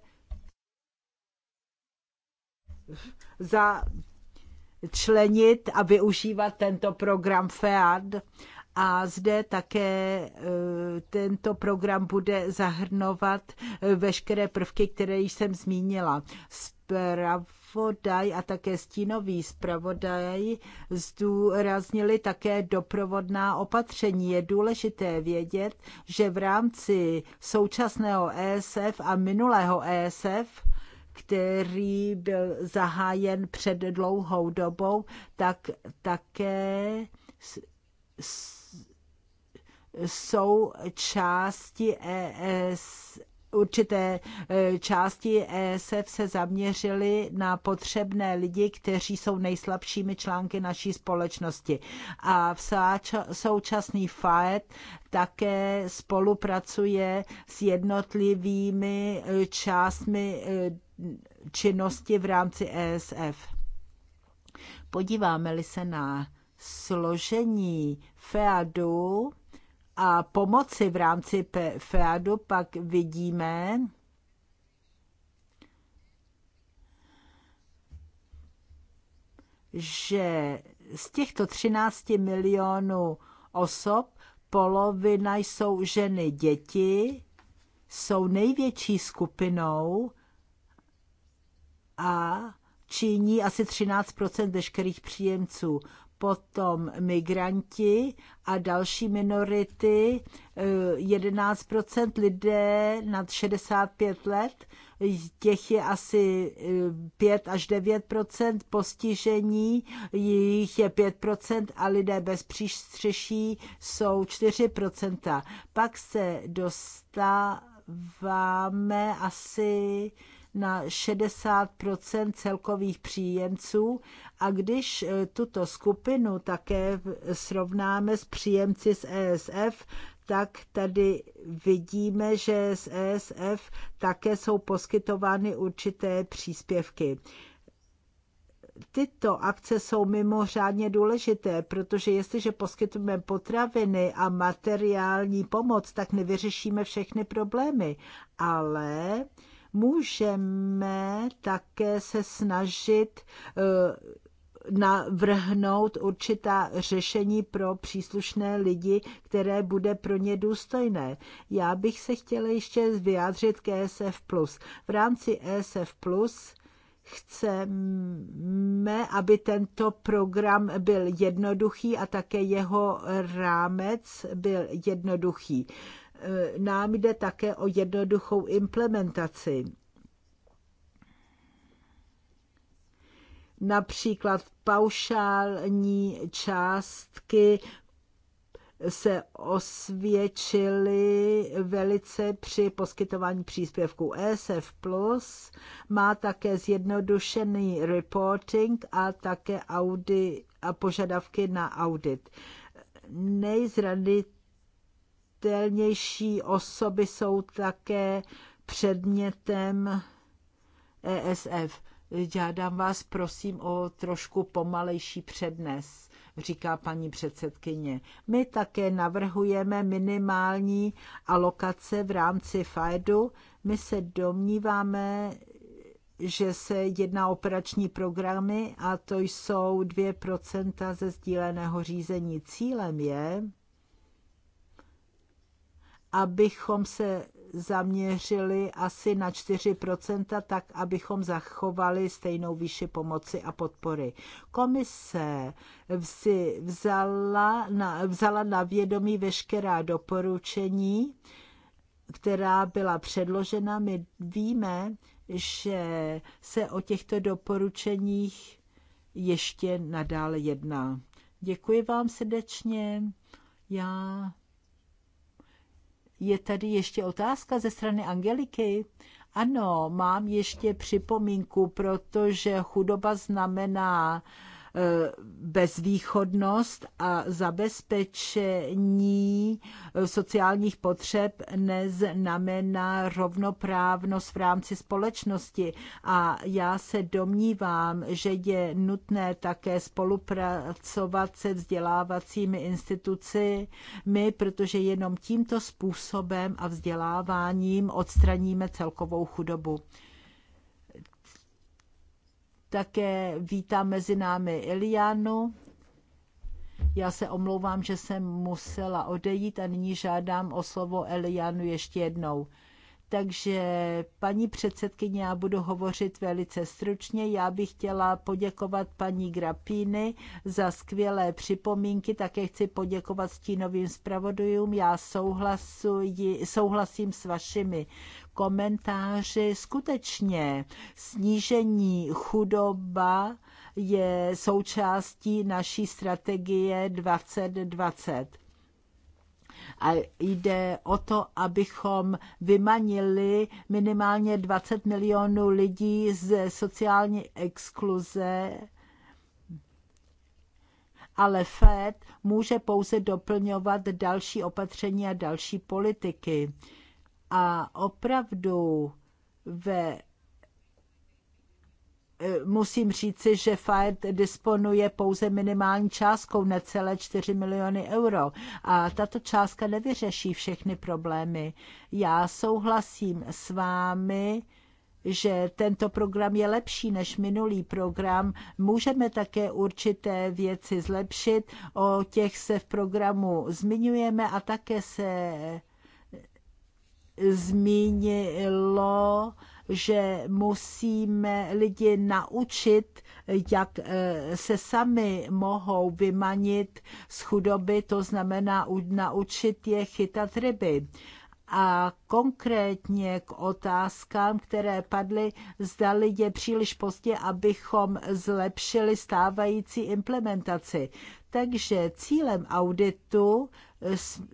za členit a využívat tento program FEAD. A zde také eh, tento program bude zahrnovat eh, veškeré prvky, které jsem zmínila. Spravodaj a také stínový spravodaj zdůraznili také doprovodná opatření. Je důležité vědět, že v rámci současného ESF a minulého ESF který byl zahájen před dlouhou dobou, tak také jsou části ES, určité e, části ESF se zaměřily na potřebné lidi, kteří jsou nejslabšími články naší společnosti. A v současný FAET také spolupracuje s jednotlivými e, částmi e, činnosti v rámci ESF. Podíváme-li se na složení FEADu a pomoci v rámci FEADu, pak vidíme, že z těchto 13 milionů osob polovina jsou ženy děti, jsou největší skupinou a činí asi 13 veškerých příjemců. Potom migranti a další minority 11 eh, lidé nad 65 let, těch je asi 5 eh, až 9 postižení, jich je 5 a lidé bez přístřeší jsou 4 Pak se dostáváme asi na 60 celkových příjemců a když e, tuto skupinu také srovnáme s příjemci z ESF, tak tady vidíme, že z ESF také jsou poskytovány určité příspěvky tyto akce jsou mimořádně důležité, protože jestliže poskytujeme potraviny a materiální pomoc, tak nevyřešíme všechny problémy. Ale Můžeme také se snažit eh, navrhnout určitá řešení pro příslušné lidi, které bude pro ně důstojné. Já bych se chtěla ještě vyjádřit k ESF+. V rámci ESF+, chceme, aby tento program byl jednoduchý a také jeho rámec byl jednoduchý. Eh, nám jde také o jednoduchou implementaci. Například paušální částky se osvědčily velice při poskytování příspěvků ESF+, má také zjednodušený reporting a také audit a požadavky na audit. Nejzranitelnější nejzranitelnější osoby jsou také předmětem ESF. Žádám vás, prosím, o trošku pomalejší přednes, říká paní předsedkyně. My také navrhujeme minimální alokace v rámci FAEDu. My se domníváme, že se jedná o operační programy a to jsou 2% ze sdíleného řízení. Cílem je, abychom se zaměřili asi na 4%, tak abychom zachovali stejnou výši pomoci a podpory. Komise si vzala na, vzala na vědomí veškerá doporučení, která byla předložena. My víme, že se o těchto doporučeních ještě nadále jedná. Děkuji vám srdečně. Já je tady ještě otázka ze strany Angeliky? Ano, mám ještě připomínku, protože chudoba znamená uh, Eh, bezvýchodnost a zabezpečení eh, sociálních potřeb neznamená rovnoprávnost v rámci společnosti. A já se domnívám, že je nutné také spolupracovat se vzdělávacími institucemi, protože jenom tímto způsobem a vzděláváním odstraníme celkovou chudobu. Také vítám mezi námi Ilianu. Já se omlouvám, že jsem musela odejít a nyní žádám o slovo Elianu ještě jednou. Takže paní předsedkyně, já budu hovořit velice stručně. Já bych chtěla poděkovat paní Grapíny za skvělé připomínky. Také chci poděkovat stínovým zpravodajům. Já souhlasuji, souhlasím s vašimi komentáři. Skutečně snížení chudoba je součástí naší strategie 2020. A jde o to, abychom vymanili minimálně 20 milionů lidí z sociální exkluze, ale FED může pouze doplňovat další opatření a další politiky. A opravdu ve musím říci, že FAED disponuje pouze minimální částkou na celé 4 miliony euro a tato částka nevyřeší všechny problémy. Já souhlasím s vámi, že tento program je lepší než minulý program. Můžeme také určité věci zlepšit, o těch se v programu zmiňujeme a také se zmínilo že musíme lidi naučit, jak eh, se sami mohou vymanit z chudoby, to znamená naučit je chytat ryby a konkrétně k otázkám, které padly, zdali je příliš pozdě, abychom zlepšili stávající implementaci. Takže cílem auditu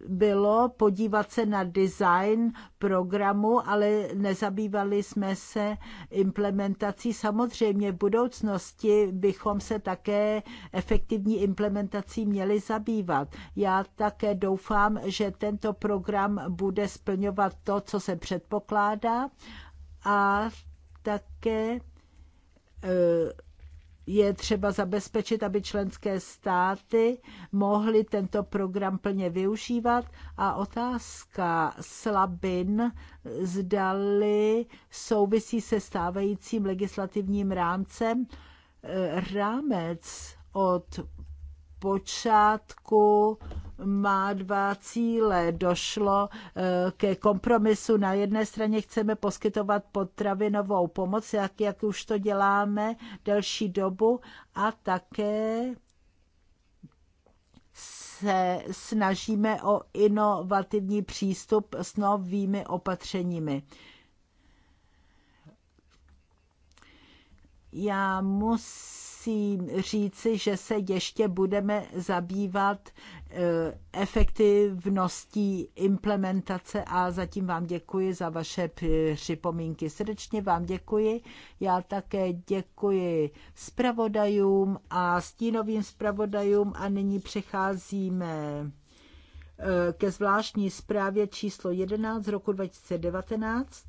bylo podívat se na design programu, ale nezabývali jsme se implementací. Samozřejmě v budoucnosti bychom se také efektivní implementací měli zabývat. Já také doufám, že tento program bude splňovat to, co se předpokládá a také eh, je třeba zabezpečit, aby členské státy mohly tento program plně využívat a otázka slabin zdali souvisí se stávajícím legislativním rámcem. Eh, rámec od počátku má dva cíle. Došlo eh, ke kompromisu. Na jedné straně chceme poskytovat potravinovou pomoc, jak, jak už to děláme delší dobu, a také se snažíme o inovativní přístup s novými opatřeními. Já musím musím říci, že se ještě budeme zabývat eh, efektivností implementace a zatím vám děkuji za vaše připomínky. Srdečně vám děkuji. Já také děkuji zpravodajům a stínovým zpravodajům a nyní přecházíme eh, ke zvláštní zprávě číslo 11 z roku 2019.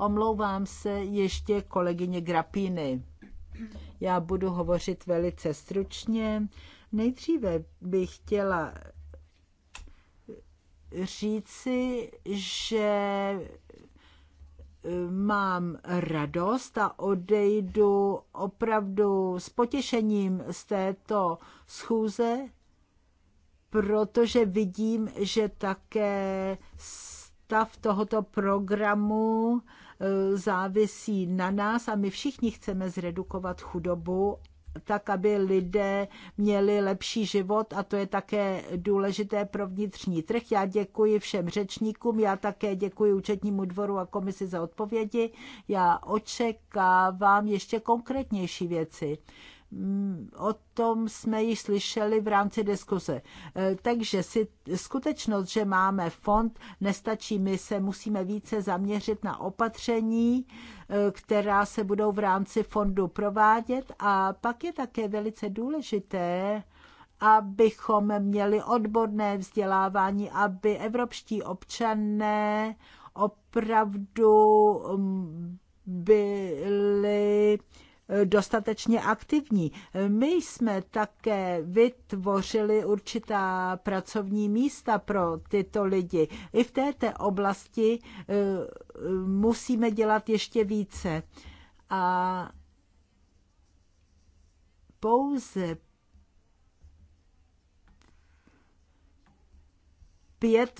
Omlouvám se ještě kolegyně Grapiny. Já budu hovořit velice stručně. Nejdříve bych chtěla říci, že e, mám radost a odejdu opravdu s potěšením z této schůze, protože vidím, že také stav tohoto programu Eh, závisí na nás a my všichni chceme zredukovat chudobu tak, aby lidé měli lepší život a to je také důležité pro vnitřní trh. Já děkuji všem řečníkům, já také děkuji účetnímu dvoru a komisi za odpovědi. Já očekávám ještě konkrétnější věci. Mm, o tom jsme již slyšeli v rámci diskuse. E, takže si, skutečnost, že máme fond, nestačí. My se musíme více zaměřit na opatření, e, která se budou v rámci fondu provádět a pak je také velice důležité, abychom měli odborné vzdělávání, aby evropští občané opravdu mm, byli dostatečně aktivní. My jsme také vytvořili určitá pracovní místa pro tyto lidi. I v této oblasti e, musíme dělat ještě více. A pouze 5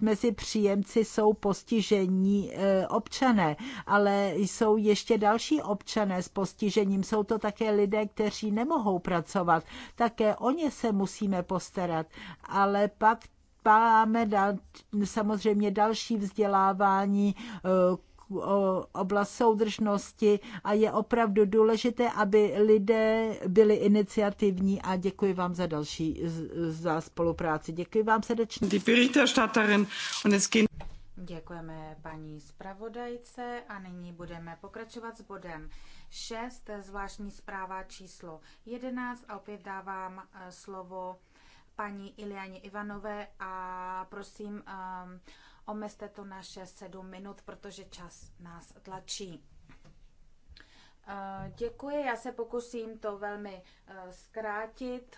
mezi příjemci jsou postižení e, občané, ale jsou ještě další občané s postižením. Jsou to také lidé, kteří nemohou pracovat. Také o ně se musíme postarat, ale pak máme samozřejmě další vzdělávání, e, oblast soudržnosti a je opravdu důležité, aby lidé byli iniciativní a děkuji vám za další za spolupráci. Děkuji vám srdečně. Děkujeme paní zpravodajce a nyní budeme pokračovat s bodem 6, zvláštní zpráva číslo 11 a opět dávám eh, slovo paní Iliane Ivanové a prosím um, omezte to naše sedm minut, protože čas nás tlačí. Eh, děkuji, já se pokusím to velmi eh, zkrátit.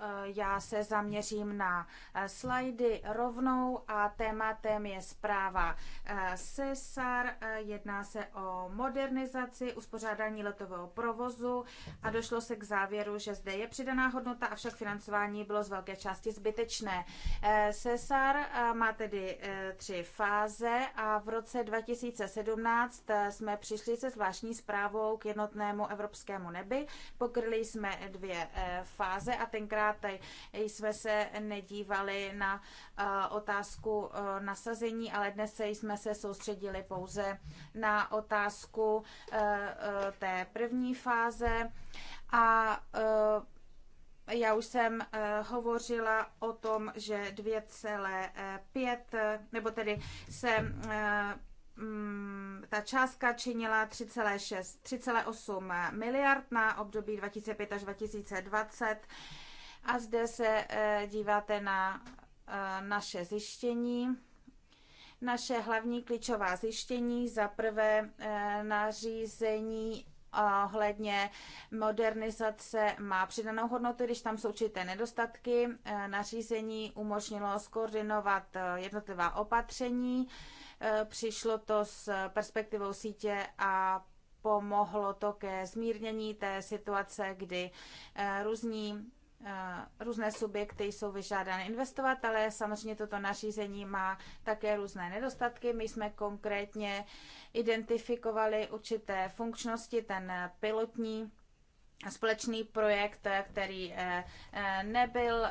Eh, já se zaměřím na eh, slajdy rovnou a tématem je zpráva eh, Cesar. Jedná se o modernizaci, uspořádání letového provozu a došlo se k závěru, že zde je přidaná hodnota, avšak financování bylo z velké části zbytečné. Cesar má tedy tři fáze a v roce 2017 jsme přišli se zvláštní zprávou k jednotnému evropskému nebi. Pokryli jsme dvě fáze a tenkrát tentokrát jsme se nedívali na eh, otázku eh, nasazení, ale dnes jsme se soustředili pouze na otázku eh, té první fáze a já už jsem hovořila o tom, že 2,5, nebo tedy se mm, ta částka činila 3,6, 3,8 miliard na období 2005 až 2020 a zde se eh, díváte na eh, naše zjištění. Naše hlavní klíčová zjištění za prvé eh, nařízení ohledně modernizace má přidanou hodnotu, když tam jsou určité nedostatky. Nařízení umožnilo skoordinovat jednotlivá opatření, přišlo to s perspektivou sítě a pomohlo to ke zmírnění té situace, kdy různí různé subjekty jsou vyžádány investovat, ale samozřejmě toto nařízení má také různé nedostatky. My jsme konkrétně identifikovali určité funkčnosti, ten pilotní společný projekt, eh, který eh, eh, nebyl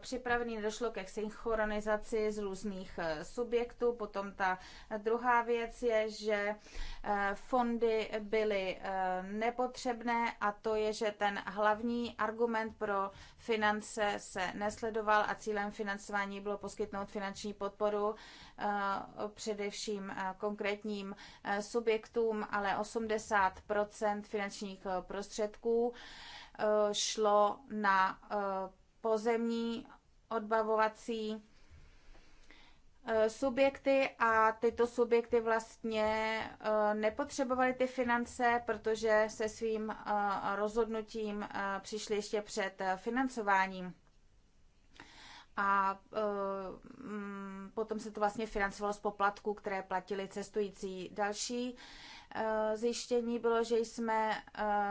připravený, došlo ke synchronizaci z různých subjektů. Potom ta druhá věc je, že fondy byly nepotřebné a to je, že ten hlavní argument pro finance se nesledoval a cílem financování bylo poskytnout finanční podporu Eh, především eh, konkrétním eh, subjektům, ale 80 finančních prostředků šlo na pozemní odbavovací subjekty a tyto subjekty vlastně nepotřebovaly ty finance, protože se svým rozhodnutím přišly ještě před financováním a e, mm, potom se to vlastně financovalo z poplatků, které platili cestující. Další e, zjištění bylo, že jsme e,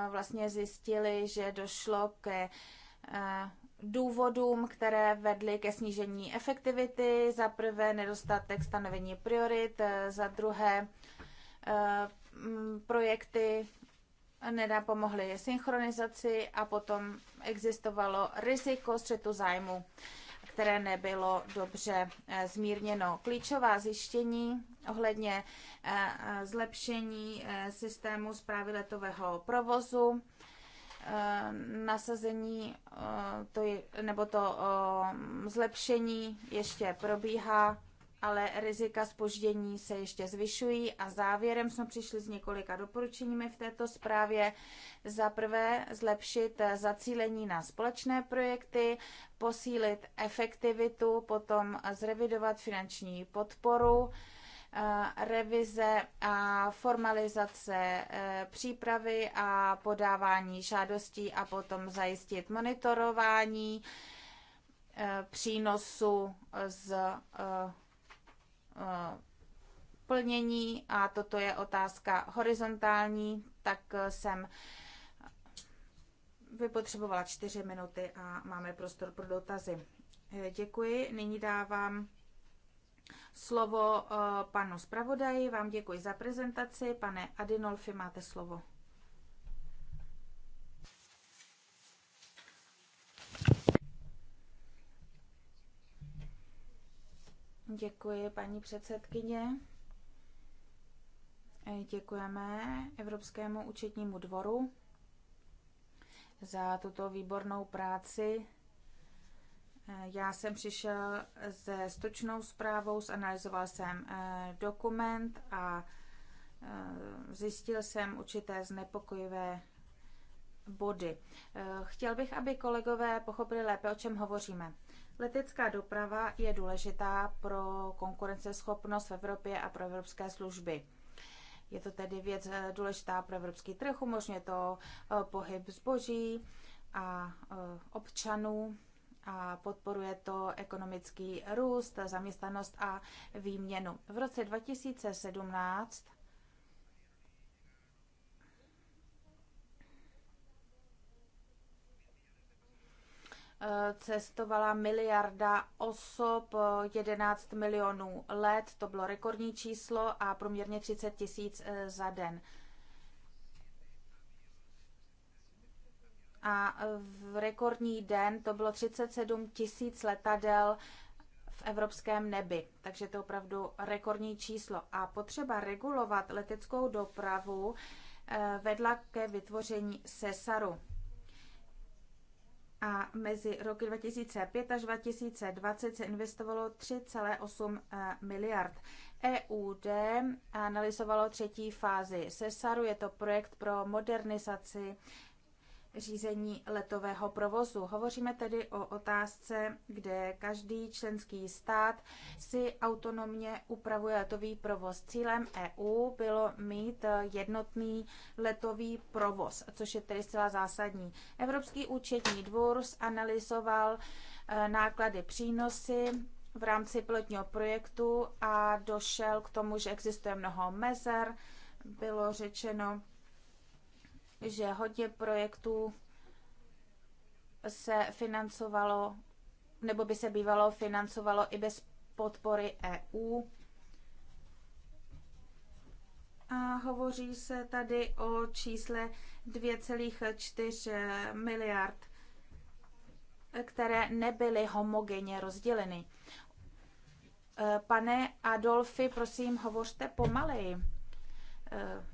vlastně zjistili, že došlo ke důvodům, které vedly ke snížení efektivity. Za prvé nedostatek stanovení priorit, za druhé mm, projekty pomohly synchronizaci a potom existovalo riziko střetu zájmu které nebylo dobře eh, zmírněno. Klíčová zjištění ohledně eh, eh, zlepšení systému zprávy letového provozu, nasazení to je, nebo to zlepšení ještě probíhá ale rizika spoždění se ještě zvyšují a závěrem jsme přišli s několika doporučeními v této zprávě. Za prvé zlepšit zacílení na společné projekty, posílit efektivitu, potom zrevidovat finanční podporu, eh, revize a formalizace eh, přípravy a podávání žádostí a potom zajistit monitorování eh, přínosu z Eh, plnění a toto je otázka horizontální, tak eh, jsem vypotřebovala čtyři minuty a máme prostor pro dotazy. Eh, děkuji. Nyní dávám slovo panu zpravodaji. Vám děkuji za prezentaci. Pane Adinolfi, máte slovo. Děkuji, paní předsedkyně. Eh, děkujeme Evropskému účetnímu dvoru za tuto výbornou práci. Eh, já jsem přišel se stočnou zprávou, zanalizoval jsem eh, dokument a zjistil jsem určité znepokojivé body. Chtěl bych, aby kolegové pochopili lépe, o čem hovoříme. Letecká doprava je důležitá pro konkurenceschopnost v Evropě a pro evropské služby. Je to tedy věc eh, důležitá pro evropský trh, umožňuje to eh, pohyb zboží a eh, občanů a podporuje to ekonomický růst, zaměstnanost a výměnu. V roce 2017 cestovala miliarda osob 11 milionů let, to bylo rekordní číslo a průměrně 30 tisíc eh, za den. A eh, v rekordní den to bylo 37 tisíc letadel v evropském nebi, takže to je opravdu rekordní číslo. A potřeba regulovat leteckou dopravu eh, vedla ke vytvoření SESARu a mezi roky 2005 až 2020 se investovalo 3,8 eh, miliard. EUD analyzovalo třetí fázi SESARu, je to projekt pro modernizaci řízení letového provozu. Hovoříme tedy o otázce, kde každý členský stát si autonomně upravuje letový provoz. Cílem EU bylo mít jednotný letový provoz, což je tedy zcela zásadní. Evropský účetní dvůr analyzoval eh, náklady přínosy v rámci pilotního projektu a došel k tomu, že existuje mnoho mezer. Bylo řečeno, že hodně projektů se financovalo, nebo by se bývalo financovalo i bez podpory EU. A hovoří se tady o čísle 2,4 miliard, které nebyly homogenně rozděleny. Pane Adolfi, prosím, hovořte pomaleji. Eh,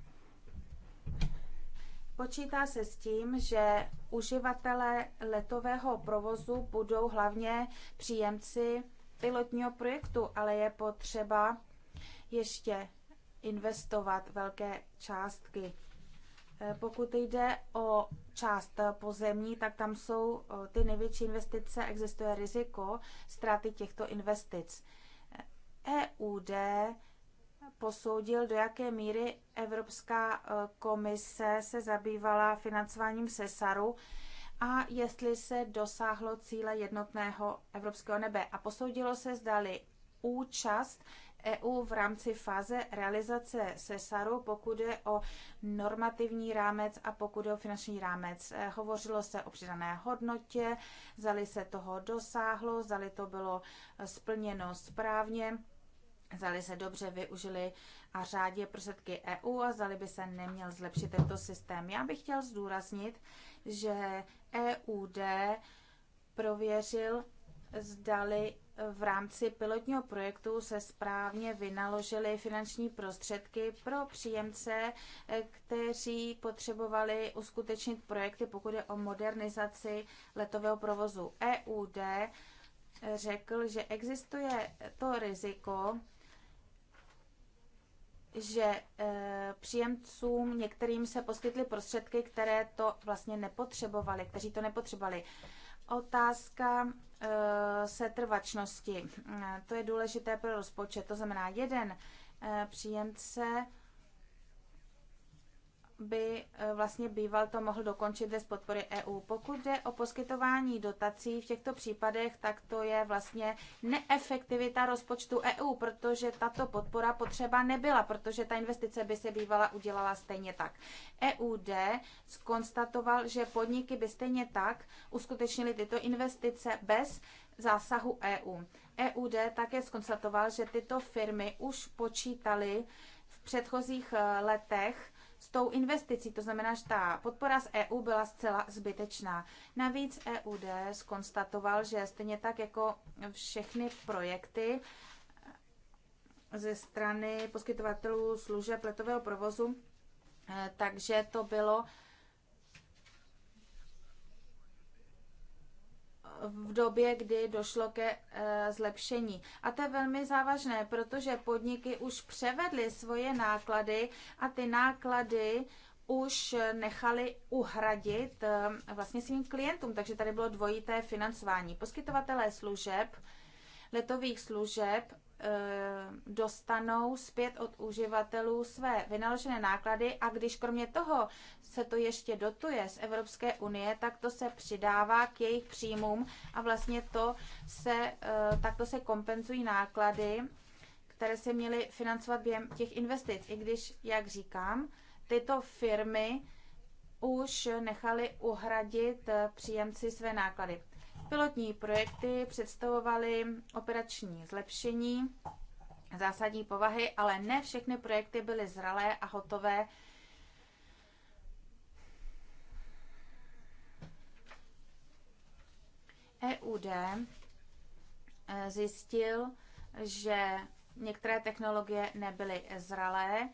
Počítá se s tím, že uživatelé letového provozu budou hlavně příjemci pilotního projektu, ale je potřeba ještě investovat velké částky. Eh, pokud jde o část pozemní, tak tam jsou eh, ty největší investice, existuje riziko ztráty těchto investic. EUD eh, e posoudil, do jaké míry Evropská eh, komise se zabývala financováním SESARu a jestli se dosáhlo cíle jednotného evropského nebe. A posoudilo se, zdali účast EU v rámci fáze realizace SESARu, pokud je o normativní rámec a pokud je o finanční rámec. Eh, hovořilo se o přidané hodnotě, zali se toho dosáhlo, zali to bylo eh, splněno správně Zdali se dobře využili a řádě prostředky EU a zdali by se neměl zlepšit tento systém. Já bych chtěl zdůraznit, že EUD prověřil, zdali v rámci pilotního projektu se správně vynaložily finanční prostředky pro příjemce, kteří potřebovali uskutečnit projekty, pokud je o modernizaci letového provozu. EUD řekl, že existuje to riziko, že eh, příjemcům některým se poskytly prostředky, které to vlastně nepotřebovali, kteří to nepotřebovali. Otázka eh, setrvačnosti. Eh, to je důležité pro rozpočet. To znamená, jeden příjemce by e, vlastně býval to mohl dokončit bez podpory EU. Pokud jde o poskytování dotací v těchto případech, tak to je vlastně neefektivita rozpočtu EU, protože tato podpora potřeba nebyla, protože ta investice by se bývala udělala stejně tak. EUD skonstatoval, že podniky by stejně tak uskutečnily tyto investice bez zásahu EU. EUD také skonstatoval, že tyto firmy už počítaly v předchozích e, letech s tou investicí. To znamená, že ta podpora z EU byla zcela zbytečná. Navíc EUD skonstatoval, že stejně tak jako všechny projekty ze strany poskytovatelů služeb letového provozu, eh, takže to bylo v době, kdy došlo ke eh, zlepšení. A to je velmi závažné, protože podniky už převedly svoje náklady a ty náklady už nechali uhradit eh, vlastně svým klientům, takže tady bylo dvojité financování. Poskytovatelé služeb, letových služeb Eh, dostanou zpět od uživatelů své vynaložené náklady a když kromě toho se to ještě dotuje z Evropské unie, tak to se přidává k jejich příjmům a vlastně to se, eh, takto se kompenzují náklady, které se měly financovat během těch investic. I když, jak říkám, tyto firmy už nechali uhradit eh, příjemci své náklady. Pilotní projekty představovaly operační zlepšení zásadní povahy, ale ne všechny projekty byly zralé a hotové. EUD eh, zjistil, že některé technologie nebyly zralé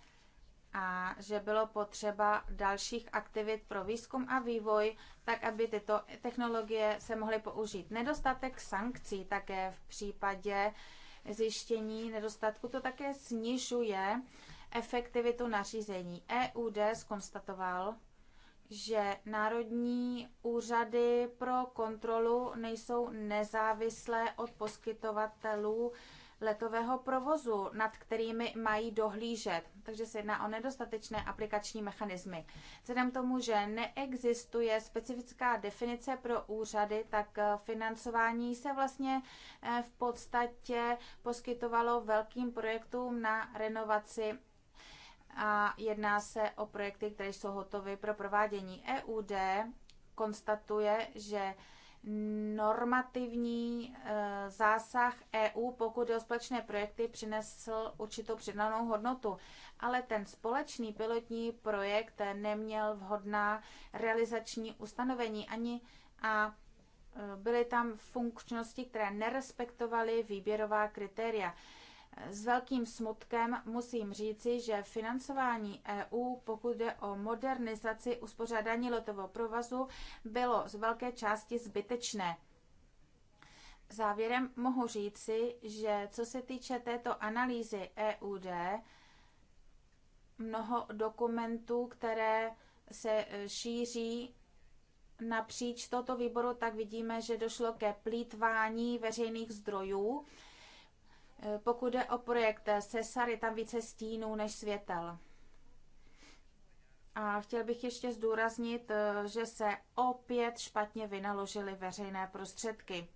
a že bylo potřeba dalších aktivit pro výzkum a vývoj, tak aby tyto technologie se mohly použít. Nedostatek sankcí také v případě zjištění nedostatku to také snižuje efektivitu nařízení. EUD skonstatoval, že národní úřady pro kontrolu nejsou nezávislé od poskytovatelů letového provozu, nad kterými mají dohlížet. Takže se jedná o nedostatečné aplikační mechanismy. Vzhledem tomu, že neexistuje specifická definice pro úřady, tak eh, financování se vlastně eh, v podstatě poskytovalo velkým projektům na renovaci a jedná se o projekty, které jsou hotové pro provádění. EUD konstatuje, že normativní eh, zásah EU, pokud je o společné projekty, přinesl určitou přidanou hodnotu, ale ten společný pilotní projekt neměl vhodná realizační ustanovení ani a eh, byly tam funkčnosti, které nerespektovaly výběrová kritéria. S velkým smutkem musím říci, že financování EU, pokud jde o modernizaci uspořádání letového provazu, bylo z velké části zbytečné. Závěrem mohu říci, že co se týče této analýzy EUD, mnoho dokumentů, které se e, šíří napříč toto výboru, tak vidíme, že došlo ke plítvání veřejných zdrojů Eh, pokud jde o projekt eh, Cesar, je tam více stínů než světel. A chtěl bych ještě zdůraznit, eh, že se opět špatně vynaložily veřejné prostředky.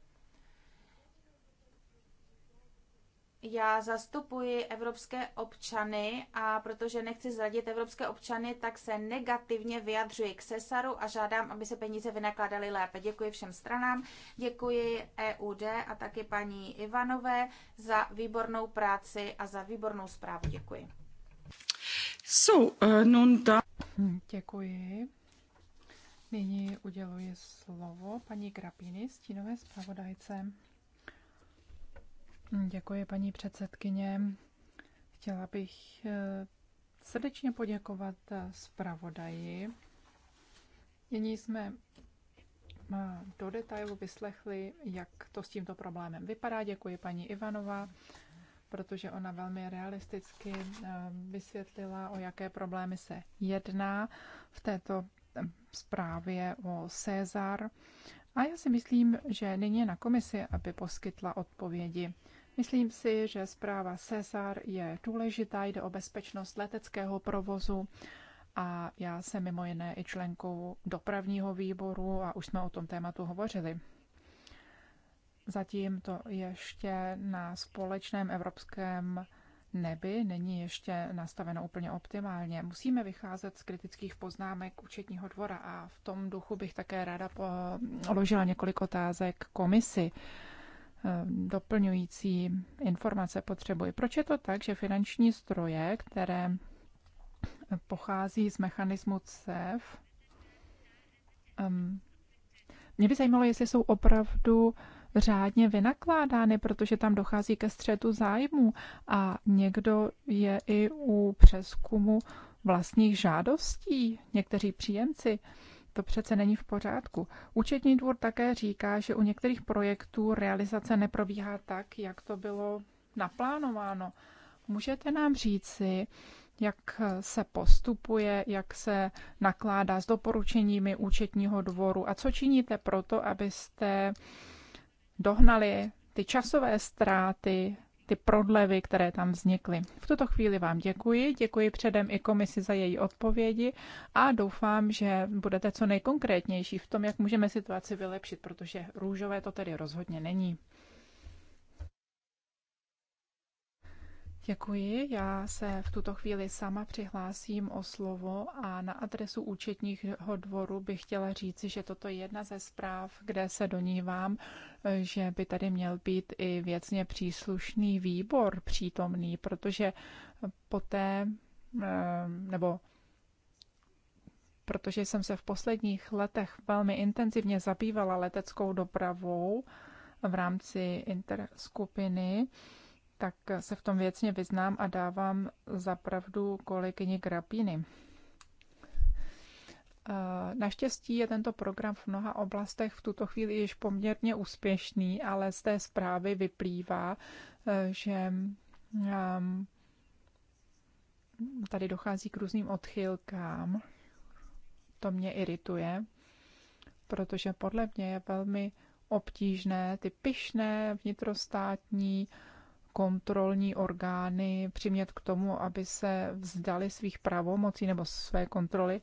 Já zastupuji evropské občany a protože nechci zradit evropské občany, tak se negativně vyjadřuji k Cesaru a žádám, aby se peníze vynakládaly lépe. Děkuji všem stranám, děkuji EUD a taky paní Ivanové za výbornou práci a za výbornou zprávu. Děkuji. So, uh, nun da... Hm, děkuji. Nyní uděluji slovo paní Grapini, stínové zpravodajce. Děkuji, paní předsedkyně. Chtěla bych eh, srdečně poděkovat eh, zpravodaji. Nyní jsme eh, do detailu vyslechli, jak to s tímto problémem vypadá. Děkuji paní Ivanová, protože ona velmi realisticky vysvětlila, o jaké problémy se jedná v této zprávě o Cezar. A já si myslím, že nyní je na komisi, aby poskytla odpovědi. Myslím si, že zpráva Cesar je důležitá, jde o bezpečnost leteckého provozu a já jsem mimo jiné i členkou dopravního výboru a už jsme o tom tématu hovořili. Zatím to ještě na společném evropském nebi není ještě nastaveno úplně optimálně. Musíme vycházet z kritických poznámek účetního dvora a v tom duchu bych také ráda položila několik otázek komisi. Eh, doplňující informace potřebuji. Proč je to tak, že finanční stroje, které eh, pochází z mechanismu CEF, ehm, mě by zajímalo, jestli jsou opravdu řádně vynakládány, protože tam dochází ke střetu zájmu a někdo je i u přeskumu vlastních žádostí, někteří příjemci. To přece není v pořádku. Účetní dvůr také říká, že u některých projektů realizace neprobíhá tak, jak to bylo naplánováno. Můžete nám říci, jak se postupuje, jak se nakládá s doporučeními účetního dvoru a co činíte proto, abyste dohnali ty časové ztráty ty prodlevy, které tam vznikly. V tuto chvíli vám děkuji, děkuji předem i komisi za její odpovědi a doufám, že budete co nejkonkrétnější v tom, jak můžeme situaci vylepšit, protože růžové to tedy rozhodně není. Děkuji. Já se v tuto chvíli sama přihlásím o slovo a na adresu účetního dvoru bych chtěla říci, že toto je jedna ze zpráv, kde se donívám, že by tady měl být i věcně příslušný výbor přítomný, protože poté, eh, nebo protože jsem se v posledních letech velmi intenzivně zabývala leteckou dopravou v rámci interskupiny, skupiny tak se v tom věcně vyznám a dávám zapravdu kolegyni Grapiny. Eh, naštěstí je tento program v mnoha oblastech v tuto chvíli již poměrně úspěšný, ale z té zprávy vyplývá, eh, že ehm, tady dochází k různým odchylkám. To mě irituje, protože podle mě je velmi obtížné ty pyšné vnitrostátní uh, kontrolní orgány přimět k tomu, aby se vzdali svých pravomocí nebo své kontroly.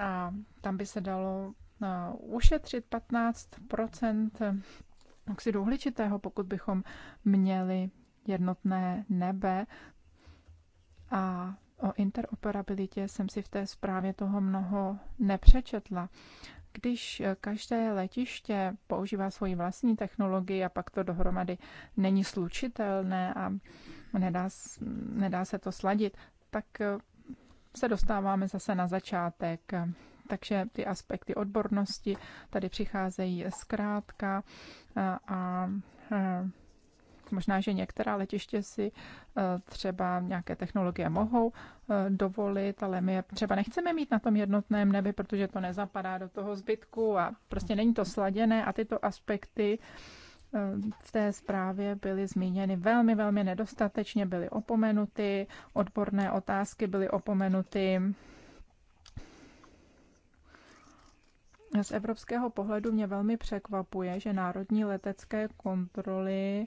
A tam by se dalo eh, ušetřit 15 oxidu uhličitého, pokud bychom měli jednotné nebe. A o interoperabilitě jsem si v té zprávě toho mnoho nepřečetla když eh, každé letiště používá svoji vlastní technologii a pak to dohromady není slučitelné a nedá, nedá se to sladit, tak eh, se dostáváme zase na začátek. Takže ty aspekty odbornosti tady přicházejí zkrátka eh, a, a Možná, že některá letiště si eh, třeba nějaké technologie mohou eh, dovolit, ale my třeba nechceme mít na tom jednotném nebi, protože to nezapadá do toho zbytku a prostě není to sladěné a tyto aspekty eh, v té zprávě byly zmíněny velmi, velmi nedostatečně, byly opomenuty, odborné otázky byly opomenuty. Z evropského pohledu mě velmi překvapuje, že národní letecké kontroly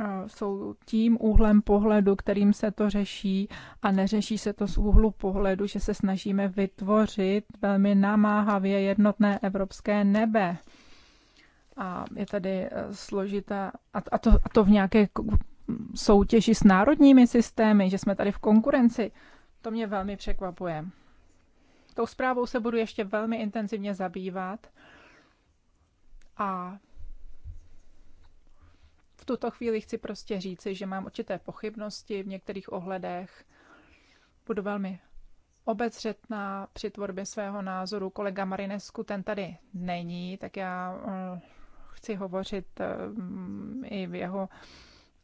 Eh, jsou tím úhlem pohledu, kterým se to řeší a neřeší se to z úhlu pohledu, že se snažíme vytvořit velmi namáhavě jednotné evropské nebe. A je tady eh, složitá, a to, a to v nějaké soutěži s národními systémy, že jsme tady v konkurenci, to mě velmi překvapuje. Tou zprávou se budu ještě velmi intenzivně zabývat a tuto chvíli chci prostě říci, že mám určité pochybnosti v některých ohledech. Budu velmi obezřetná při tvorbě svého názoru. Kolega Marinesku, ten tady není, tak já eh, chci hovořit eh, i v jeho,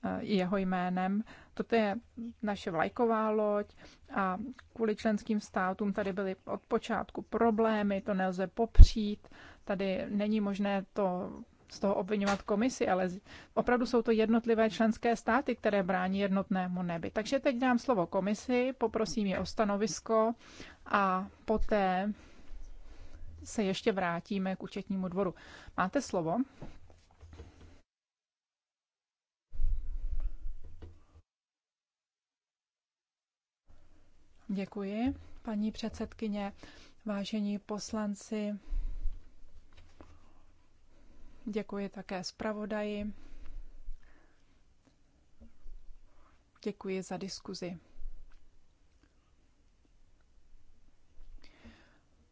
eh, jeho jménem. Toto je naše vlajková loď a kvůli členským státům tady byly od počátku problémy, to nelze popřít, tady není možné to z toho obvinovat komisi, ale opravdu jsou to jednotlivé členské státy, které brání jednotnému nebi. Takže teď dám slovo komisi, poprosím je o stanovisko a poté se ještě vrátíme k účetnímu dvoru. Máte slovo? Děkuji, paní předsedkyně, vážení poslanci, Děkuji také zpravodaji. Děkuji za diskuzi.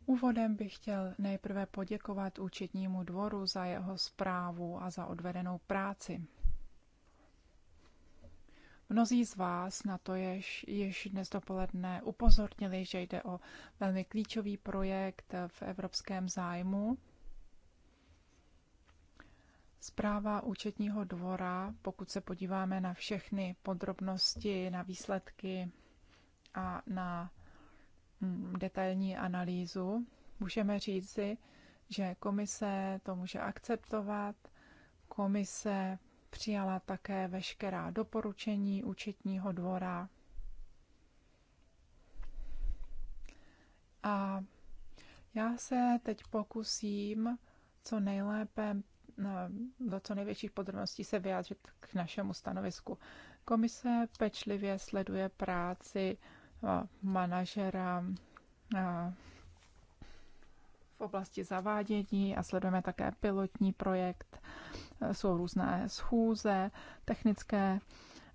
Úvodem bych chtěl nejprve poděkovat účetnímu dvoru za jeho zprávu a za odvedenou práci. Mnozí z vás na to jež, jež dnes dopoledne upozornili, že jde o velmi klíčový projekt v evropském zájmu Zpráva účetního dvora, pokud se podíváme na všechny podrobnosti, na výsledky a na mm, detailní analýzu, můžeme říci, že komise to může akceptovat. Komise přijala také veškerá doporučení účetního dvora. A já se teď pokusím co nejlépe do co největších podrobností se vyjádřit k našemu stanovisku. Komise pečlivě sleduje práci manažera v oblasti zavádění a sledujeme také pilotní projekt. Jsou různé schůze, technické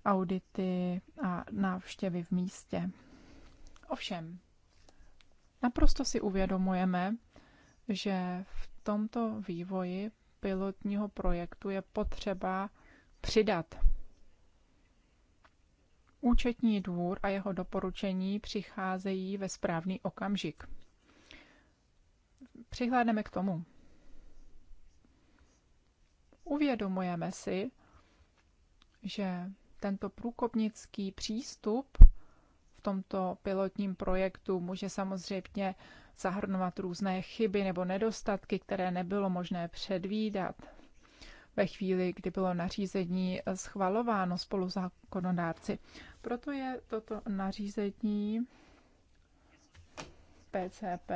audity a návštěvy v místě. Ovšem, naprosto si uvědomujeme, že v tomto vývoji pilotního projektu je potřeba přidat. Účetní dvůr a jeho doporučení přicházejí ve správný okamžik. Přihlédneme k tomu. Uvědomujeme si, že tento průkopnický přístup v tomto pilotním projektu může samozřejmě zahrnovat různé chyby nebo nedostatky, které nebylo možné předvídat. Ve chvíli, kdy bylo nařízení schvalováno spolu zákonodárci. Proto je toto nařízení PCP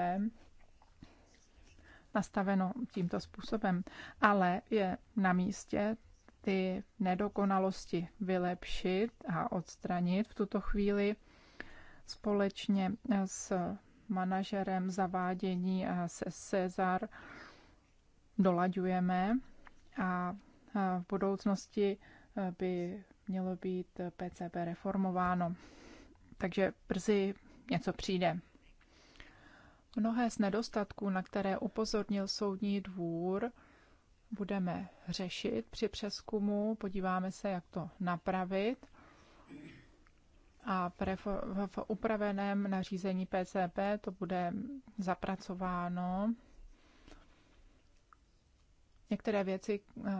nastaveno tímto způsobem, ale je na místě ty nedokonalosti vylepšit a odstranit v tuto chvíli společně s manažerem zavádění se Cezar dolaďujeme a v budoucnosti e, by mělo být PCP reformováno. Takže brzy něco přijde. Mnohé z nedostatků, na které upozornil soudní dvůr, budeme řešit při přeskumu. Podíváme se, jak to napravit a v upraveném nařízení PCP to bude zapracováno. Některé věci eh,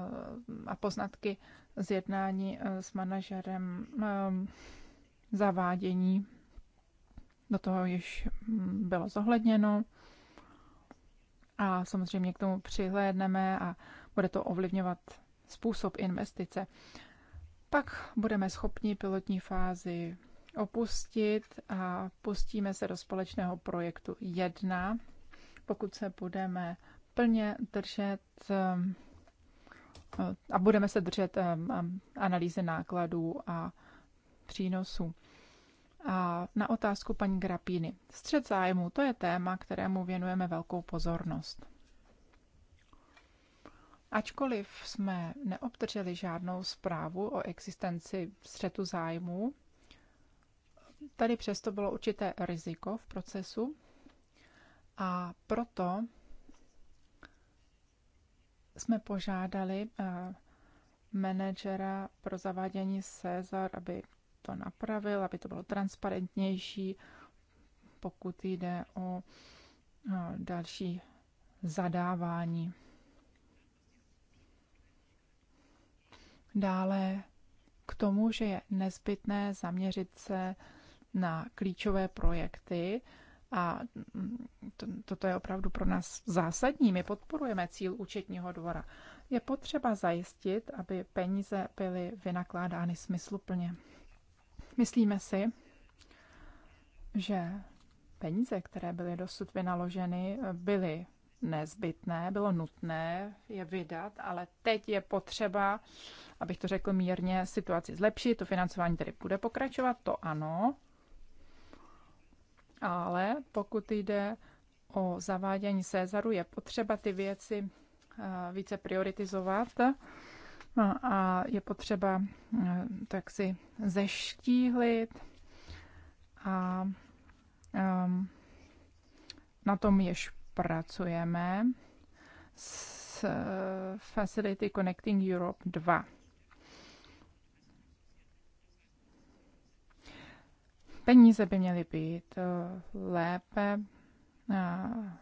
a poznatky z jednání eh, s manažerem eh, zavádění do toho již bylo zohledněno a samozřejmě k tomu přihlédneme a bude to ovlivňovat způsob investice. Pak budeme schopni pilotní fázi opustit a pustíme se do společného projektu 1, pokud se budeme plně držet um, a budeme se držet um, um, analýzy nákladů a přínosů. A na otázku paní Grapíny. Střed zájmu, to je téma, kterému věnujeme velkou pozornost. Ačkoliv jsme neobdrželi žádnou zprávu o existenci střetu zájmů, tady přesto bylo určité riziko v procesu a proto jsme požádali eh, manažera pro zavádění Cezar, aby to napravil, aby to bylo transparentnější, pokud jde o eh, další zadávání. Dále k tomu, že je nezbytné zaměřit se na klíčové projekty a mm, to, toto je opravdu pro nás zásadní. My podporujeme cíl účetního dvora. Je potřeba zajistit, aby peníze byly vynakládány smysluplně. Myslíme si, že peníze, které byly dosud vynaloženy, byly nezbytné, bylo nutné je vydat, ale teď je potřeba, abych to řekl mírně, situaci zlepšit. To financování tedy bude pokračovat, to ano, ale pokud jde o zavádění Césaru, je potřeba ty věci eh, více prioritizovat no a je potřeba eh, tak si zeštíhlit a ehm, na tom již pracujeme s eh, Facility Connecting Europe 2. peníze by měly být eh, lépe eh,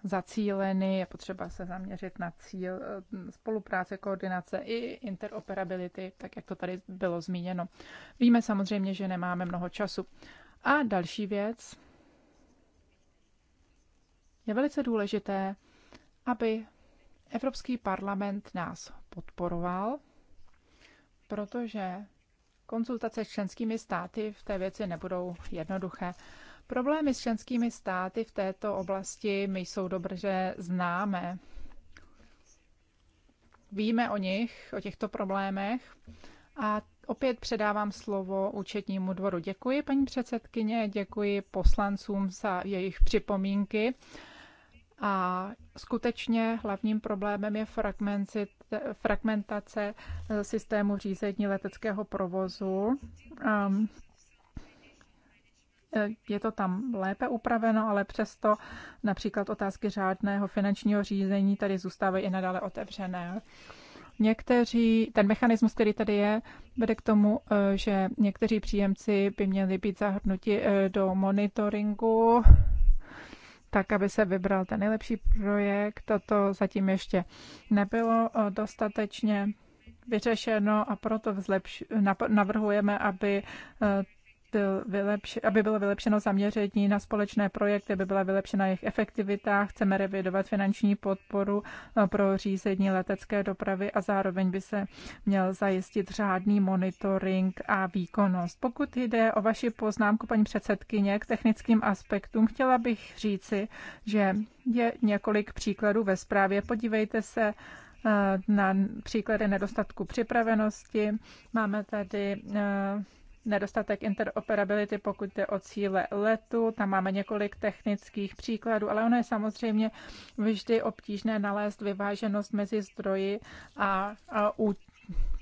zacíleny, je potřeba se zaměřit na cíl eh, spolupráce, koordinace i interoperability, tak jak to tady bylo zmíněno. Víme samozřejmě, že nemáme mnoho času. A další věc, je velice důležité, aby Evropský parlament nás podporoval, protože Konzultace s členskými státy v té věci nebudou jednoduché. Problémy s členskými státy v této oblasti my jsou dobře známé. Víme o nich, o těchto problémech a opět předávám slovo účetnímu dvoru. Děkuji, paní předsedkyně, děkuji poslancům za jejich připomínky a skutečně hlavním problémem je fragmentace eh, systému řízení leteckého provozu. Ehm, eh, je to tam lépe upraveno, ale přesto například otázky řádného finančního řízení tady zůstávají i nadále otevřené. Někteří, ten mechanismus, který tady je, vede k tomu, eh, že někteří příjemci by měli být zahrnuti do monitoringu tak, aby se vybral ten nejlepší projekt. Toto zatím ještě nebylo eh, dostatečně vyřešeno a proto zlepš- navrhujeme, aby eh, byl vylepš- aby bylo vylepšeno zaměření na společné projekty, aby byla vylepšena jejich efektivita. Chceme revidovat finanční podporu eh, pro řízení letecké dopravy a zároveň by se měl zajistit řádný monitoring a výkonnost. Pokud jde o vaši poznámku, paní předsedkyně, k technickým aspektům, chtěla bych říci, že je několik příkladů ve zprávě. Podívejte se eh, na příklady nedostatku připravenosti. Máme tady eh, nedostatek interoperability, pokud jde o cíle letu. Tam máme několik technických příkladů, ale ono je samozřejmě vždy obtížné nalézt vyváženost mezi zdroji a, a u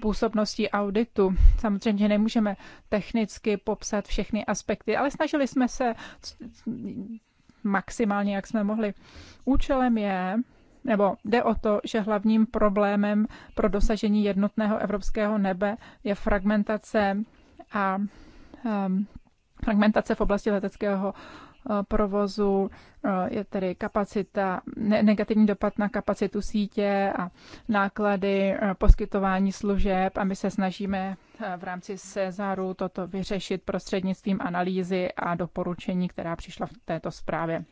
působností auditu. Samozřejmě nemůžeme technicky popsat všechny aspekty, ale snažili jsme se maximálně, jak jsme mohli. Účelem je, nebo jde o to, že hlavním problémem pro dosažení jednotného evropského nebe je fragmentace a fragmentace v oblasti leteckého eh, provozu, eh, je tedy kapacita, negativní dopad na kapacitu sítě a náklady eh, poskytování služeb a my se snažíme v rámci Cezaru toto vyřešit prostřednictvím analýzy a doporučení, která přišla v této zprávě.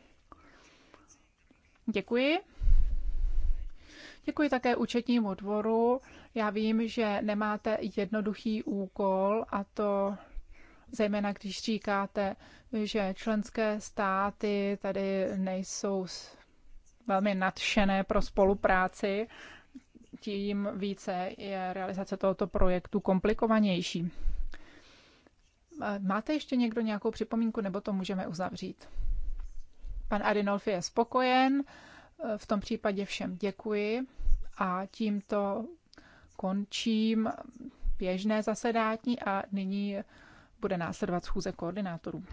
Děkuji. Děkuji také účetnímu dvoru. Já vím, že nemáte jednoduchý úkol a to zejména když říkáte, že členské státy tady nejsou velmi nadšené pro spolupráci, tím více je realizace tohoto projektu komplikovanější. Máte ještě někdo nějakou připomínku, nebo to můžeme uzavřít? Pan Adinolfi je spokojen. V tom případě všem děkuji a tímto končím běžné zasedání a nyní bude následovat schůze koordinátorů.